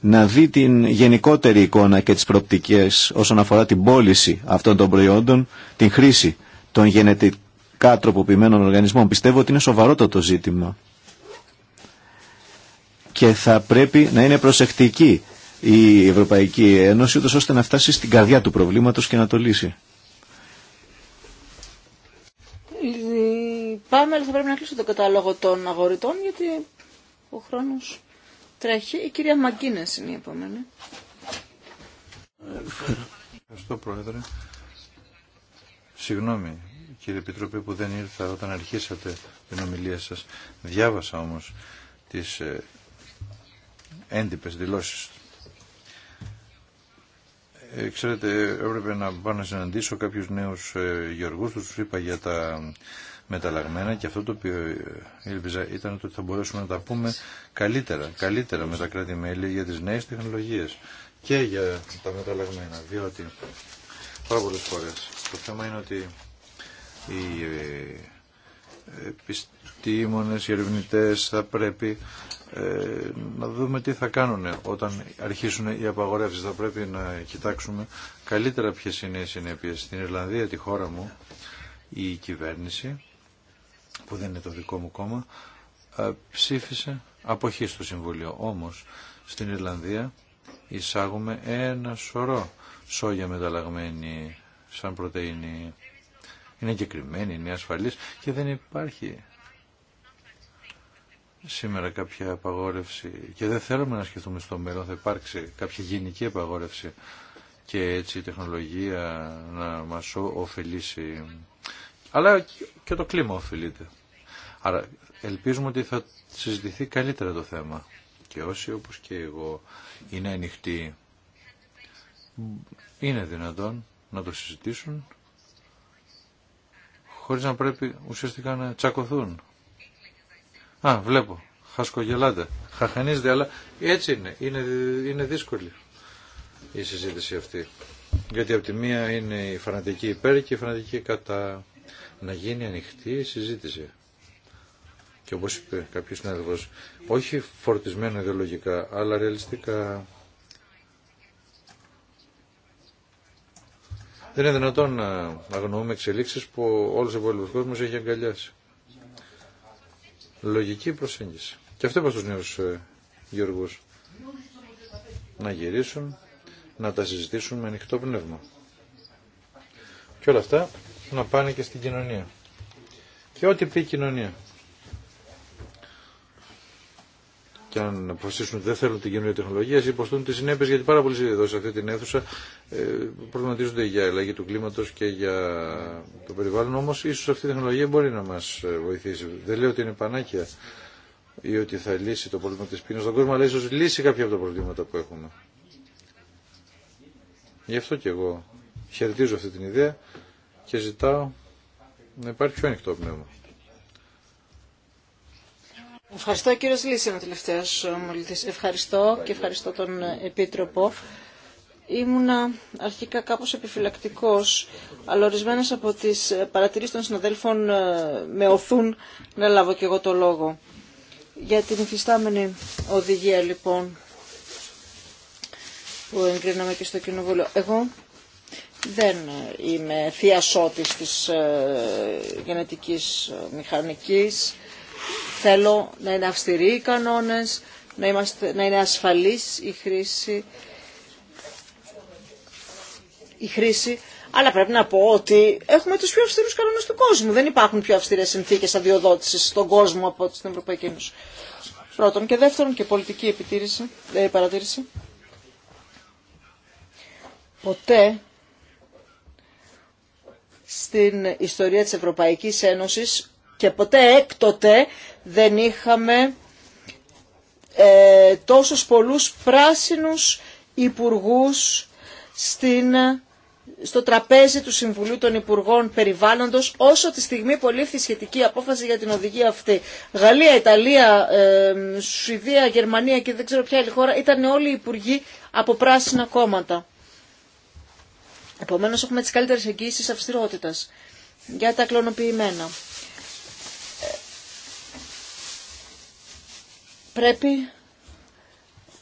να δει την γενικότερη εικόνα και τις προπτικές όσον αφορά την πώληση αυτών των προϊόντων, την χρήση των γενετικών κάτροποποιημένων οργανισμών. Πιστεύω ότι είναι το ζήτημα και θα πρέπει να είναι προσεκτική η Ευρωπαϊκή Ένωση ούτως ώστε να φτάσει στην καρδιά του προβλήματος και να το λύσει. Πάμε, αλλά θα πρέπει να κλείσω τον κατάλογο των αγοριτών γιατί ο χρόνος τρέχει. Η κυρία Μαγκίνες είναι η επόμενη. Ευχαριστώ Πρόεδρε. Συγγνώμη κύριε Επιτροπή που δεν ήρθα όταν αρχίσατε την ομιλία σας. Διάβασα όμως τις ε, έντυπες δηλώσεις. Ε, ξέρετε, έπρεπε να πάω να συναντήσω κάποιους νέους ε, γεωργούς, τους είπα για τα μεταλλαγμένα και αυτό το οποίο ε, ήλπιζα ήταν ότι θα μπορέσουμε να τα πούμε καλύτερα, καλύτερα με τα κράτη-μέλη για τις νέες τεχνολογίες και για τα μεταλλαγμένα, διότι πάρα πολλές φορές το θέμα είναι ότι οι ε, επιστήμονες, οι ερευνητές θα πρέπει ε, να δούμε τι θα κάνουν όταν αρχίσουν οι απαγορεύσεις. Θα πρέπει να κοιτάξουμε καλύτερα ποιε είναι οι συνέπειες. Στην Ιρλανδία, τη χώρα μου, η κυβέρνηση, που δεν είναι το δικό μου κόμμα, ε, ψήφισε αποχή στο Συμβουλίο. Όμως, στην Ιρλανδία εισάγουμε ένα σωρό σόγια μεταλλαγμένη σαν πρωτεΐνη. Είναι εγκεκριμένη, είναι ασφαλής και δεν υπάρχει σήμερα κάποια απαγόρευση και δεν θέλουμε να σκεφτούμε στο μέλλον θα υπάρξει κάποια γενική απαγόρευση και έτσι η τεχνολογία να μας ωφελήσει αλλά και το κλίμα ωφελείται. Άρα ελπίζουμε ότι θα συζητηθεί καλύτερα το θέμα και όσοι όπως και εγώ είναι ανοιχτοί είναι δυνατόν να το συζητήσουν χωρίς να πρέπει ουσιαστικά να τσακωθούν Α, βλέπω. Χασκογελάτε. Χαχανίζετε, αλλά έτσι είναι. Είναι, είναι δύσκολη η συζήτηση αυτή. Γιατί από τη μία είναι η φανατική υπέρ και η φανατική κατά να γίνει ανοιχτή η συζήτηση. Και όπως είπε κάποιος συνάδελφος, όχι φορτισμένο ιδεολογικά, αλλά ρεαλιστικά. Δεν είναι δυνατόν να αγνοούμε εξελίξεις που όλος ο υπόλοιπος κόσμος έχει αγκαλιάσει λογική προσέγγιση. Και αυτό είπα στους νέους ε, Γιώργους. Να γυρίσουν, να τα συζητήσουν με ανοιχτό πνεύμα. Και όλα αυτά να πάνε και στην κοινωνία. Και ό,τι πει η κοινωνία. και αν αποφασίσουν ότι δεν θέλουν την καινούργια τεχνολογία, υποστούν τι συνέπειε γιατί πάρα πολλοί εδώ σε αυτή την αίθουσα ε, προβληματίζονται για αλλαγή του κλίματο και για το περιβάλλον. Όμω, ίσω αυτή η τεχνολογία μπορεί να μα ε, βοηθήσει. Δεν λέω ότι είναι πανάκια ή ότι θα λύσει το πρόβλημα τη πείνα στον κόσμο, αλλά ίσω λύσει κάποια από τα προβλήματα που έχουμε. Γι' αυτό και εγώ χαιρετίζω αυτή την ιδέα και ζητάω να υπάρχει πιο ανοιχτό πνεύμα. Ευχαριστώ κύριο Λύση, ο τελευταίο Ευχαριστώ και ευχαριστώ τον Επίτροπο. Ήμουνα αρχικά κάπως επιφυλακτικό, αλλά ορισμένε από τι παρατηρήσει των συναδέλφων ε, με οθούν να λάβω και εγώ το λόγο. Για την υφιστάμενη οδηγία λοιπόν που εγκρίναμε και στο Κοινοβούλιο. Εγώ δεν είμαι σώτης της ε, γενετικής μηχανικής Θέλω να είναι αυστηροί οι κανόνες, να, είναι ασφαλής η χρήση, η χρήση, αλλά πρέπει να πω ότι έχουμε τους πιο αυστηρούς κανόνες του κόσμου. Δεν υπάρχουν πιο αυστηρές συνθήκες αδειοδότησης στον κόσμο από την Ευρωπαϊκή Ένωση. Πρώτον και δεύτερον και πολιτική επιτήρηση, ε, παρατήρηση. Ποτέ στην ιστορία της Ευρωπαϊκής Ένωσης και ποτέ έκτοτε δεν είχαμε ε, τόσους πολλούς πράσινους υπουργούς στην, στο τραπέζι του Συμβουλίου των Υπουργών Περιβάλλοντος όσο τη στιγμή που λήφθη σχετική απόφαση για την οδηγία αυτή. Γαλλία, Ιταλία, ε, Σουηδία, Γερμανία και δεν ξέρω ποια άλλη χώρα ήταν όλοι οι υπουργοί από πράσινα κόμματα. Επομένως έχουμε τις καλύτερες εγγύησεις αυστηρότητας για τα κλωνοποιημένα. πρέπει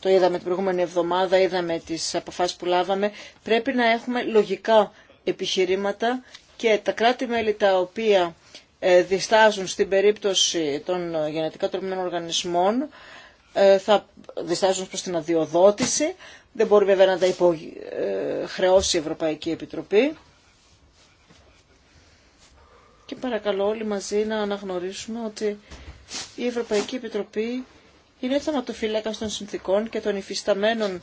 το είδαμε την προηγούμενη εβδομάδα, είδαμε τις αποφάσεις που λάβαμε, πρέπει να έχουμε λογικά επιχειρήματα και τα κράτη-μέλη τα οποία ε, διστάζουν στην περίπτωση των γενετικά τροπημένων οργανισμών ε, θα διστάζουν προς την αδειοδότηση. Δεν μπορεί βέβαια να τα υποχρεώσει ε, η Ευρωπαϊκή Επιτροπή. Και παρακαλώ όλοι μαζί να αναγνωρίσουμε ότι η Ευρωπαϊκή Επιτροπή είναι φύλακα των συνθήκων και των υφισταμένων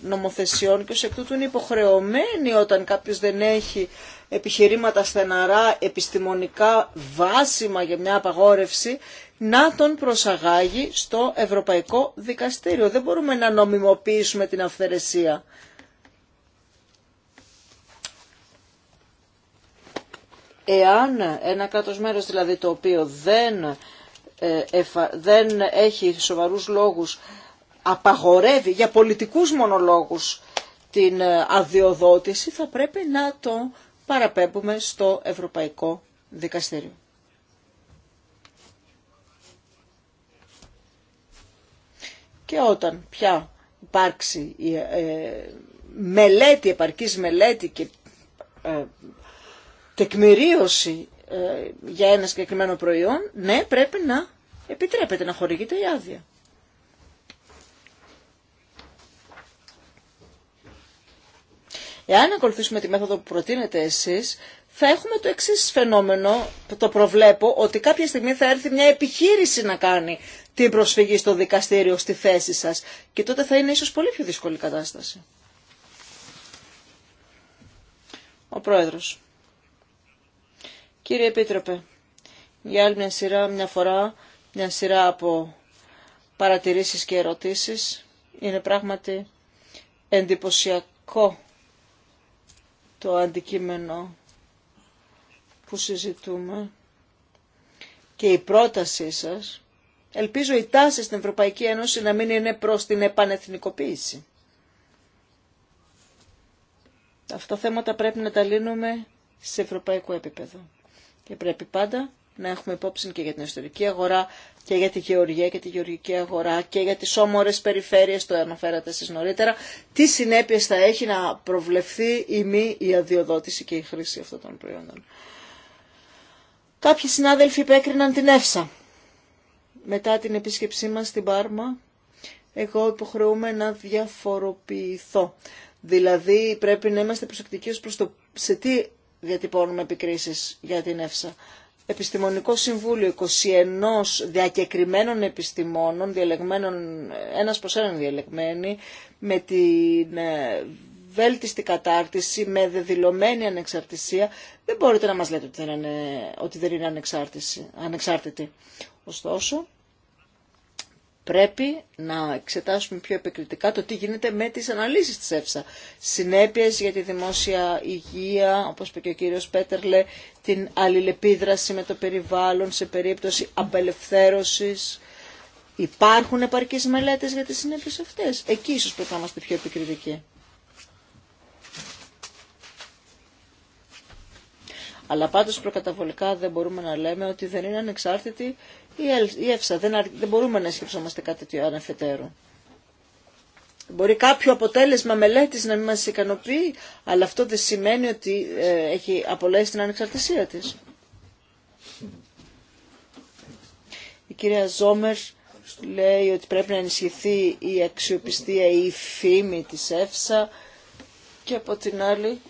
νομοθεσιών και ως εκ τούτου είναι υποχρεωμένοι όταν κάποιος δεν έχει επιχειρήματα στεναρά, επιστημονικά βάσιμα για μια απαγόρευση, να τον προσαγάγει στο Ευρωπαϊκό Δικαστήριο. Δεν μπορούμε να νομιμοποιήσουμε την αυθαιρεσία. Εάν ένα κράτος μέρος δηλαδή το οποίο δεν ε, δεν έχει σοβαρούς λόγους, απαγορεύει για πολιτικούς μονολόγους την ε, αδειοδότηση, θα πρέπει να το παραπέμπουμε στο Ευρωπαϊκό Δικαστήριο. Και όταν πια υπάρξει ε, μελέτη, επαρκής μελέτη και τεκμηρίωση ε, για ένα συγκεκριμένο προϊόν, ναι, πρέπει να επιτρέπεται να χορηγείται η άδεια. Εάν ακολουθήσουμε τη μέθοδο που προτείνετε εσείς, θα έχουμε το εξή φαινόμενο, το προβλέπω, ότι κάποια στιγμή θα έρθει μια επιχείρηση να κάνει την προσφυγή στο δικαστήριο στη θέση σας και τότε θα είναι ίσως πολύ πιο δύσκολη κατάσταση. Ο Πρόεδρος. Κύριε Επίτροπε, για άλλη μια σειρά, μια φορά, μια σειρά από παρατηρήσεις και ερωτήσεις. Είναι πράγματι εντυπωσιακό το αντικείμενο που συζητούμε και η πρότασή σας. Ελπίζω η τάση στην Ευρωπαϊκή Ένωση να μην είναι προς την επανεθνικοποίηση. Αυτά τα θέματα πρέπει να τα λύνουμε σε ευρωπαϊκό επίπεδο και πρέπει πάντα να έχουμε υπόψη και για την ιστορική αγορά και για τη γεωργία και τη γεωργική αγορά και για τις όμορες περιφέρειες, το αναφέρατε εσείς νωρίτερα, τι συνέπειες θα έχει να προβλεφθεί η μη η αδειοδότηση και η χρήση αυτών των προϊόντων. Κάποιοι συνάδελφοι υπέκριναν την Εύσα. Μετά την επίσκεψή μας στην Πάρμα, εγώ υποχρεούμε να διαφοροποιηθώ. Δηλαδή πρέπει να είμαστε προσεκτικοί ως προς το σε τι διατυπώνουμε επικρίσεις για την ΕΦΣΑ. Επιστημονικό Συμβούλιο 21 διακεκριμένων επιστημόνων, διαλεγμένων, ένας προς έναν διαλεγμένοι, με την ε, βέλτιστη κατάρτιση, με δεδηλωμένη ανεξαρτησία. Δεν μπορείτε να μας λέτε ότι δεν είναι, ότι δεν ανεξάρτηση, ανεξάρτητη. Ωστόσο, πρέπει να εξετάσουμε πιο επικριτικά το τι γίνεται με τις αναλύσεις της ΕΦΣΑ. Συνέπειες για τη δημόσια υγεία, όπως είπε και ο κύριος Πέτερλε, την αλληλεπίδραση με το περιβάλλον σε περίπτωση απελευθέρωσης. Υπάρχουν επαρκείς μελέτες για τις συνέπειες αυτές. Εκεί ίσως πρέπει να είμαστε πιο επικριτικοί. Αλλά πάντως προκαταβολικά δεν μπορούμε να λέμε ότι δεν είναι ανεξάρτητη η ΕΦΣΑ. Δεν, δεν μπορούμε να σκεφτόμαστε κάτι τέτοιο ανεφετέρου. Μπορεί κάποιο αποτέλεσμα μελέτης να μην μας ικανοποιεί, αλλά αυτό δεν σημαίνει ότι ε, έχει απολέσει την ανεξαρτησία της. Η κυρία Ζόμερ λέει ότι πρέπει να ενισχυθεί η αξιοπιστία ή η φήμη της ΕΦΣΑ και από την άλλη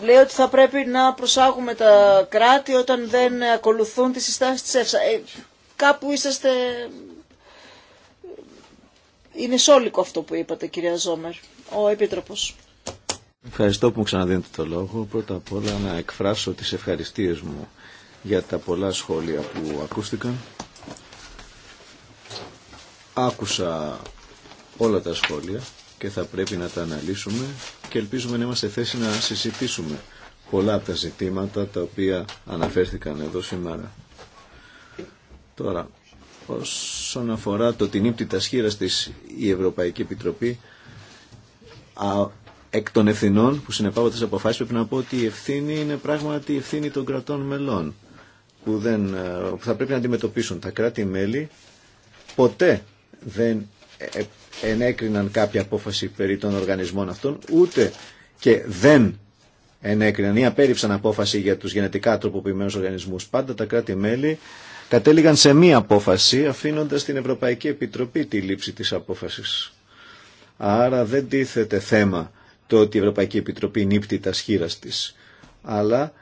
λέει ότι θα πρέπει να προσάγουμε τα κράτη όταν δεν ακολουθούν τις συστάσεις της ΕΦΣΑ. Ε, κάπου είσαστε... Είναι σόλικο αυτό που είπατε κυρία Ζόμερ, ο Επίτροπος. Ευχαριστώ που μου ξαναδίνετε το λόγο. Πρώτα απ' όλα να εκφράσω τις ευχαριστίες μου για τα πολλά σχόλια που ακούστηκαν. Άκουσα όλα τα σχόλια και θα πρέπει να τα αναλύσουμε και ελπίζουμε να είμαστε θέση να συζητήσουμε πολλά από τα ζητήματα τα οποία αναφέρθηκαν εδώ σήμερα. Τώρα, όσον αφορά το την ύπτη σχήρας της η Ευρωπαϊκή Επιτροπή, εκ των ευθυνών που συνεπάγονται σε αποφάσεις πρέπει να πω ότι η ευθύνη είναι πράγματι η ευθύνη των κρατών μελών που, δεν, ε, που θα πρέπει να αντιμετωπίσουν τα κράτη-μέλη ποτέ δεν ε, ε, ενέκριναν κάποια απόφαση περί των οργανισμών αυτών, ούτε και δεν ενέκριναν ή απέρριψαν απόφαση για τους γενετικά τροποποιημένους οργανισμούς. Πάντα τα κράτη-μέλη κατέληγαν σε μία απόφαση αφήνοντας την Ευρωπαϊκή Επιτροπή τη λήψη της απόφασης. Άρα δεν τίθεται θέμα το ότι η Ευρωπαϊκή Επιτροπή νύπτει τα σχήρας της, αλλά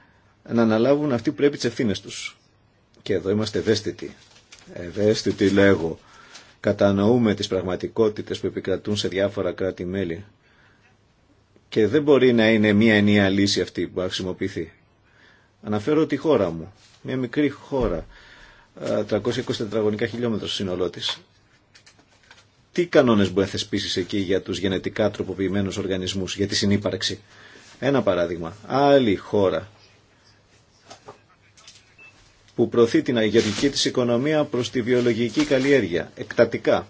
να αναλάβουν αυτοί που πρέπει τις ευθύνες τους. Και εδώ είμαστε ευαίσθητοι. Ευαίσθητοι λέγω κατανοούμε τις πραγματικότητες που επικρατούν σε διάφορα κράτη-μέλη και δεν μπορεί να είναι μία ενιαία λύση αυτή που θα χρησιμοποιηθεί. Αναφέρω τη χώρα μου, μία μικρή χώρα, 320 τετραγωνικά χιλιόμετρα στο σύνολό της. Τι κανόνες μπορεί να θεσπίσει εκεί για τους γενετικά τροποποιημένους οργανισμούς, για τη συνύπαρξη. Ένα παράδειγμα, άλλη χώρα, που προωθεί την αγιατική της οικονομία προς τη βιολογική καλλιέργεια, εκτατικά.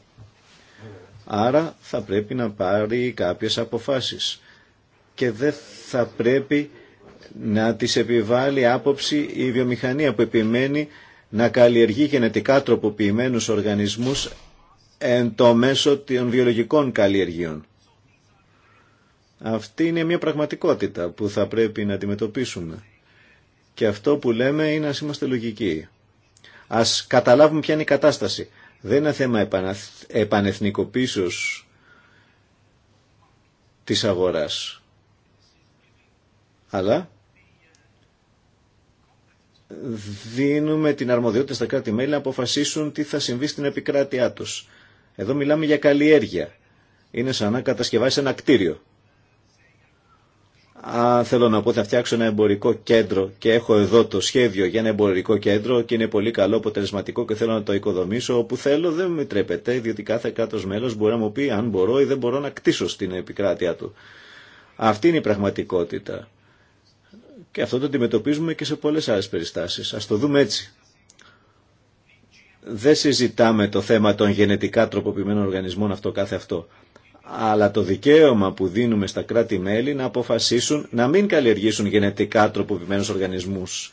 Άρα θα πρέπει να πάρει κάποιες αποφάσεις και δεν θα πρέπει να τις επιβάλλει άποψη η βιομηχανία που επιμένει να καλλιεργεί γενετικά τροποποιημένους οργανισμούς εν το μέσο των βιολογικών καλλιεργείων. Αυτή είναι μια πραγματικότητα που θα πρέπει να αντιμετωπίσουμε. Και αυτό που λέμε είναι ας είμαστε λογικοί. Ας καταλάβουμε ποια είναι η κατάσταση. Δεν είναι θέμα επανεθνικοποίησης της αγοράς. Αλλά δίνουμε την αρμοδιότητα στα κράτη-μέλη να αποφασίσουν τι θα συμβεί στην επικράτειά τους. Εδώ μιλάμε για καλλιέργεια. Είναι σαν να κατασκευάσει ένα κτίριο αν θέλω να πω θα φτιάξω ένα εμπορικό κέντρο και έχω εδώ το σχέδιο για ένα εμπορικό κέντρο και είναι πολύ καλό, αποτελεσματικό και θέλω να το οικοδομήσω όπου θέλω, δεν με τρέπεται, διότι κάθε κράτο μέλος μπορεί να μου πει αν μπορώ ή δεν μπορώ να κτίσω στην επικράτειά του. Αυτή είναι η πραγματικότητα. Και αυτό το αντιμετωπίζουμε και σε πολλές άλλες περιστάσεις. Ας το δούμε έτσι. Δεν συζητάμε το θέμα των γενετικά τροποποιημένων οργανισμών αυτό κάθε αυτό αλλά το δικαίωμα που δίνουμε στα κράτη-μέλη να αποφασίσουν να μην καλλιεργήσουν γενετικά τροποποιημένους οργανισμούς.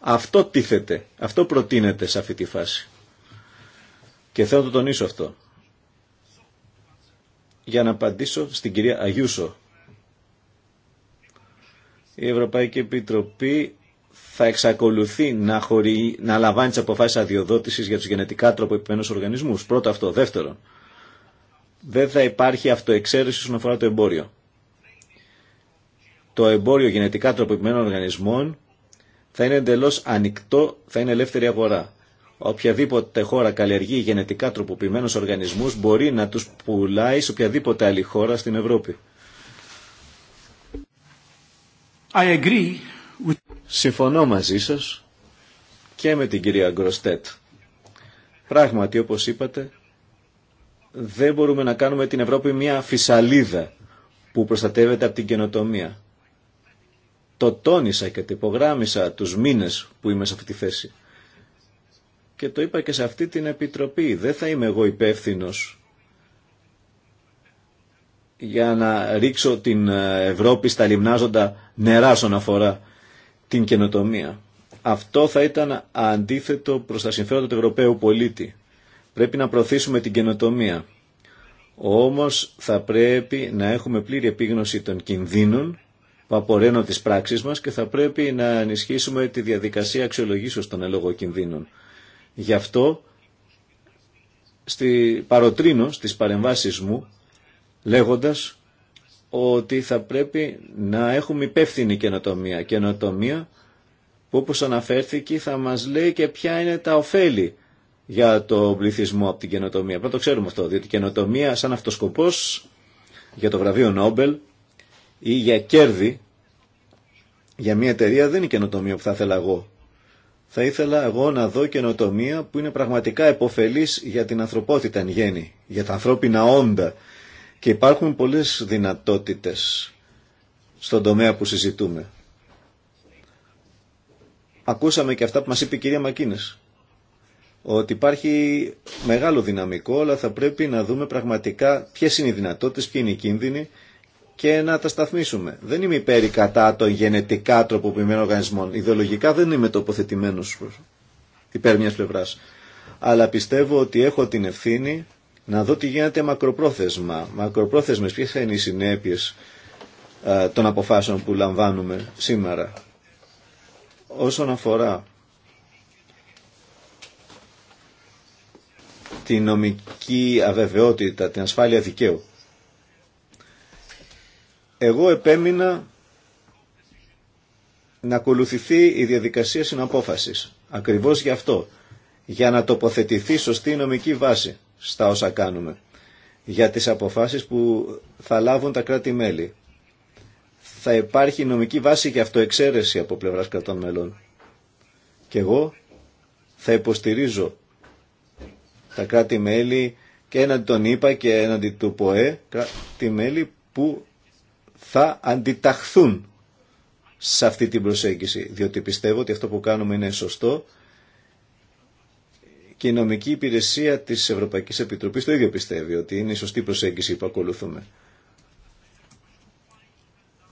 Αυτό τίθεται, αυτό προτείνεται σε αυτή τη φάση. Και θέλω να το τονίσω αυτό. Για να απαντήσω στην κυρία Αγιούσο. Η Ευρωπαϊκή Επιτροπή θα εξακολουθεί να, χωρί, να λαμβάνει τι αποφάσει αδειοδότηση για του γενετικά τροποποιημένου οργανισμού. Πρώτο αυτό. Δεύτερον, δεν θα υπάρχει αυτοεξαίρεση όσον αφορά το εμπόριο. Το εμπόριο γενετικά τροποποιημένων οργανισμών θα είναι εντελώ ανοιχτό, θα είναι ελεύθερη αγορά. Οποιαδήποτε χώρα καλλιεργεί γενετικά τροποποιημένου οργανισμού μπορεί να του πουλάει σε οποιαδήποτε άλλη χώρα στην Ευρώπη. I agree with... Συμφωνώ μαζί σα και με την κυρία Γκροστέτ. Πράγματι, όπως είπατε, δεν μπορούμε να κάνουμε την Ευρώπη μια φυσαλίδα που προστατεύεται από την καινοτομία. Το τόνισα και το υπογράμμισα τους μήνες που είμαι σε αυτή τη θέση. Και το είπα και σε αυτή την επιτροπή. Δεν θα είμαι εγώ υπεύθυνο για να ρίξω την ε, Ευρώπη στα λιμνάζοντα νερά στον αφορά την καινοτομία. Αυτό θα ήταν αντίθετο προς τα συμφέροντα του Ευρωπαίου πολίτη. Πρέπει να προωθήσουμε την καινοτομία. Όμως θα πρέπει να έχουμε πλήρη επίγνωση των κινδύνων που απορρένω τις πράξεις μας και θα πρέπει να ενισχύσουμε τη διαδικασία αξιολογήσεως των ελόγω κινδύνων. Γι' αυτό στη, παροτρύνω στις παρεμβάσεις μου λέγοντας ότι θα πρέπει να έχουμε υπεύθυνη καινοτομία. Καινοτομία που όπως αναφέρθηκε θα μας λέει και ποια είναι τα ωφέλη για το πληθυσμό από την καινοτομία. Πρέπει το ξέρουμε αυτό, διότι η καινοτομία σαν αυτοσκοπός για το βραβείο Νόμπελ ή για κέρδη για μια εταιρεία δεν είναι καινοτομία που θα ήθελα εγώ. Θα ήθελα εγώ να δω καινοτομία που είναι πραγματικά επωφελής για την ανθρωπότητα εν γέννη, για τα ανθρώπινα όντα. Και υπάρχουν πολλές δυνατότητες στον τομέα που συζητούμε. Ακούσαμε και αυτά που μας είπε η κυρία Μακίνες ότι υπάρχει μεγάλο δυναμικό, αλλά θα πρέπει να δούμε πραγματικά ποιε είναι οι δυνατότητε, ποιοι είναι οι κίνδυνοι και να τα σταθμίσουμε. Δεν είμαι υπέρ κατά των γενετικά τροποποιημένων οργανισμών. Ιδεολογικά δεν είμαι τοποθετημένο υπέρ μια πλευρά. Αλλά πιστεύω ότι έχω την ευθύνη να δω τι γίνεται μακροπρόθεσμα. Μακροπρόθεσμε, ποιε θα είναι οι συνέπειε ε, των αποφάσεων που λαμβάνουμε σήμερα. Όσον αφορά τη νομική αβεβαιότητα, την ασφάλεια δικαίου. Εγώ επέμεινα να ακολουθηθεί η διαδικασία συναπόφασης. Ακριβώς γι' αυτό. Για να τοποθετηθεί σωστή νομική βάση στα όσα κάνουμε. Για τις αποφάσεις που θα λάβουν τα κράτη-μέλη. Θα υπάρχει νομική βάση για αυτοεξαίρεση από πλευράς κρατών μελών. Και εγώ θα υποστηρίζω τα κράτη-μέλη και έναντι των ΙΠΑ και έναντι του ΠΟΕ, κράτη-μέλη που θα αντιταχθούν σε αυτή την προσέγγιση, διότι πιστεύω ότι αυτό που κάνουμε είναι σωστό και η νομική υπηρεσία της Ευρωπαϊκής Επιτροπής το ίδιο πιστεύει, ότι είναι η σωστή προσέγγιση που ακολουθούμε.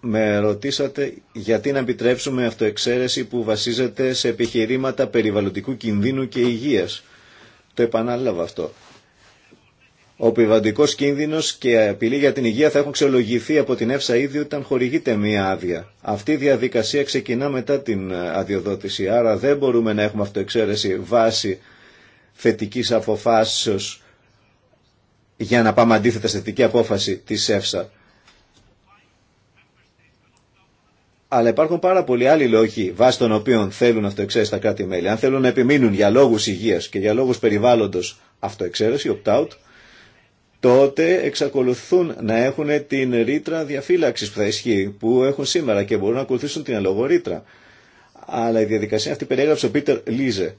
Με ρωτήσατε γιατί να επιτρέψουμε αυτοεξαίρεση που βασίζεται σε επιχειρήματα περιβαλλοντικού κινδύνου και υγείας. Το επανάλαβα αυτό. Ο πιβαντικό κίνδυνο και απειλή για την υγεία θα έχουν ξελογηθεί από την ΕΦΣΑ ήδη όταν χορηγείται μία άδεια. Αυτή η διαδικασία ξεκινά μετά την ε, αδειοδότηση, άρα δεν μπορούμε να έχουμε αυτοεξαίρεση βάση θετική αποφάσεω για να πάμε αντίθετα στη θετική απόφαση τη ΕΦΣΑ. Αλλά υπάρχουν πάρα πολλοί άλλοι λόγοι βάσει των οποίων θέλουν αυτοεξαίρεση τα κράτη-μέλη. Αν θέλουν να επιμείνουν για λόγου υγεία και για λόγου περιβάλλοντο αυτοεξαίρεση, opt-out, τότε εξακολουθούν να έχουν την ρήτρα διαφύλαξη που θα ισχύει, που έχουν σήμερα και μπορούν να ακολουθήσουν την ρήτρα. Αλλά η διαδικασία αυτή περιέγραψε ο Πίτερ Λίζε.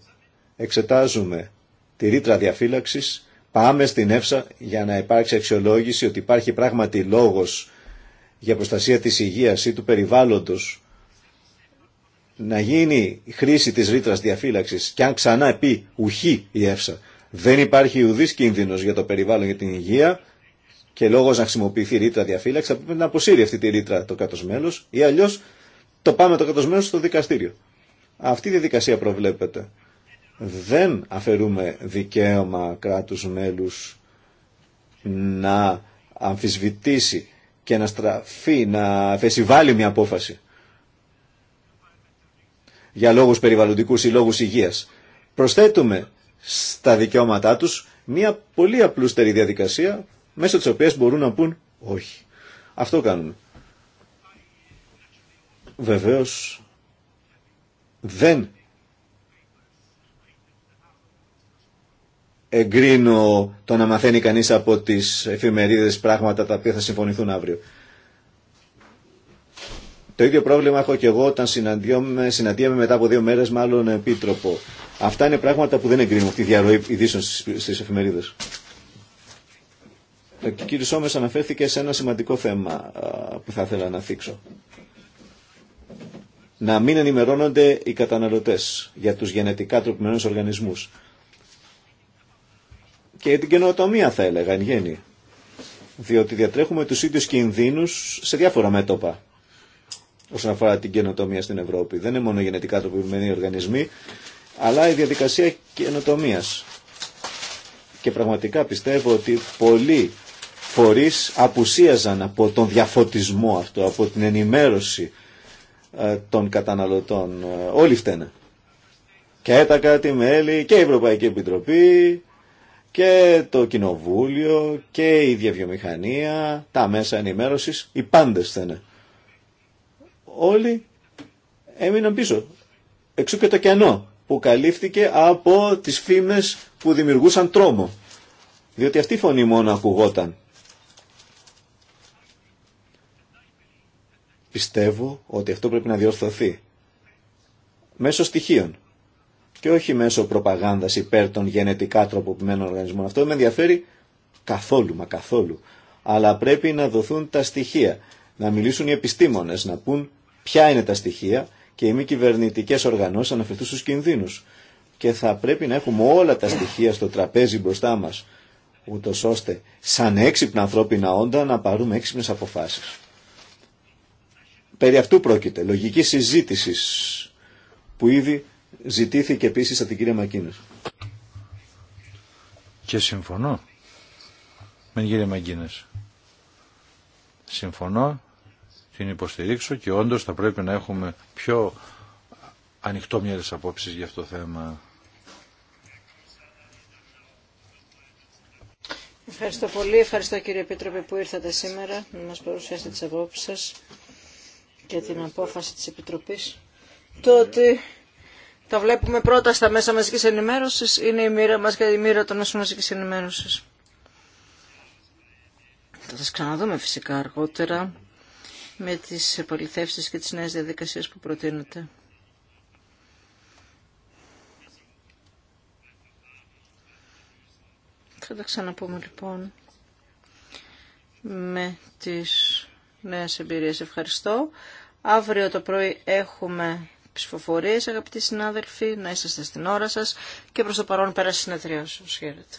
Εξετάζουμε τη ρήτρα διαφύλαξη, πάμε στην ΕΦΣΑ για να υπάρξει αξιολόγηση ότι υπάρχει πράγματι λόγος για προστασία της υγείας ή του περιβάλλοντος να γίνει χρήση της ρήτρας διαφύλαξης και αν ξανά πει ουχή η ΕΦΣΑ δεν υπάρχει ουδής κίνδυνος για το περιβάλλον για την υγεία και λόγος να χρησιμοποιηθεί ρήτρα διαφύλαξης θα πρέπει να αποσύρει αυτή τη ρήτρα το κάτω μέλος ή αλλιώς το πάμε το κράτος μέλος στο δικαστήριο. Αυτή η αλλιως το παμε το κατω μελος προβλέπεται. Δεν αφαιρούμε δικαίωμα κράτους μέλους να αμφισβητήσει και να στραφεί, να φεσιβάλει μια απόφαση για λόγους περιβαλλοντικούς ή λόγους υγείας. Προσθέτουμε στα δικαιώματά τους μια πολύ απλούστερη διαδικασία μέσω της οποίας μπορούν να πούν όχι. Αυτό κάνουμε. Βεβαίως δεν εγκρίνω το να μαθαίνει κανείς από τις εφημερίδες πράγματα τα οποία θα συμφωνηθούν αύριο. Το ίδιο πρόβλημα έχω και εγώ όταν συναντιόμαι, συναντιέμαι μετά από δύο μέρες μάλλον άλλον επίτροπο. Αυτά είναι πράγματα που δεν εγκρίνουμε αυτή η διαρροή ειδήσεων στις εφημερίδες. Ο ε, κύριος Σόμες αναφέρθηκε σε ένα σημαντικό θέμα που θα ήθελα να θίξω. Να μην ενημερώνονται οι καταναλωτές για τους γενετικά τροπημένους οργανισμούς και την καινοτομία θα έλεγα εν γέννη. Διότι διατρέχουμε τους ίδιους κινδύνους σε διάφορα μέτωπα όσον αφορά την καινοτομία στην Ευρώπη. Δεν είναι μόνο γενετικά τροποποιημένοι οργανισμοί, αλλά η διαδικασία καινοτομία. Και πραγματικά πιστεύω ότι πολλοί φορείς απουσίαζαν από τον διαφωτισμό αυτό, από την ενημέρωση ε, των καταναλωτών. Ε, όλοι φταίνε. Και τα κράτη-μέλη και η Ευρωπαϊκή Επιτροπή και το κοινοβούλιο και η ίδια βιομηχανία, τα μέσα ενημέρωσης, οι πάντες θα Όλοι έμειναν πίσω. Εξού και το κενό που καλύφθηκε από τις φήμες που δημιουργούσαν τρόμο. Διότι αυτή η φωνή μόνο ακουγόταν. Πιστεύω ότι αυτό πρέπει να διορθωθεί. Μέσω στοιχείων και όχι μέσω προπαγάνδα υπέρ των γενετικά τροποποιημένων οργανισμών. Αυτό με ενδιαφέρει καθόλου, μα καθόλου. Αλλά πρέπει να δοθούν τα στοιχεία, να μιλήσουν οι επιστήμονε, να πούν ποια είναι τα στοιχεία και οι μη κυβερνητικέ οργανώσει αναφερθούν στου κινδύνου. Και θα πρέπει να έχουμε όλα τα στοιχεία στο τραπέζι μπροστά μα, ούτω ώστε σαν έξυπνα ανθρώπινα όντα να πάρουμε έξυπνε αποφάσει. Περί αυτού πρόκειται, λογική συζήτηση που ήδη ζητήθηκε επίσης από την κυρία Και συμφωνώ με την κυρία Συμφωνώ, την υποστηρίξω και όντως θα πρέπει να έχουμε πιο ανοιχτόμυαλες απόψεις για αυτό το θέμα. Ευχαριστώ πολύ. Ευχαριστώ κύριε Επίτροπε που ήρθατε σήμερα να μας παρουσιάσετε τις απόψεις σας και την απόφαση της Επιτροπής. Το τα βλέπουμε πρώτα στα μέσα μαζικής ενημέρωσης, είναι η μοίρα μας και η μοίρα των μέσων μαζικής ενημέρωσης. Θα σας ξαναδούμε φυσικά αργότερα με τις επαληθεύσεις και τις νέες διαδικασίες που προτείνετε. Θα τα ξαναπούμε λοιπόν με τις νέες εμπειρίες. Ευχαριστώ. Αύριο το πρωί έχουμε ψηφοφορίες, αγαπητοί συνάδελφοι, να είσαστε στην ώρα σας και προς το παρόν πέρασε συνεδρία σας. Χαίρετε.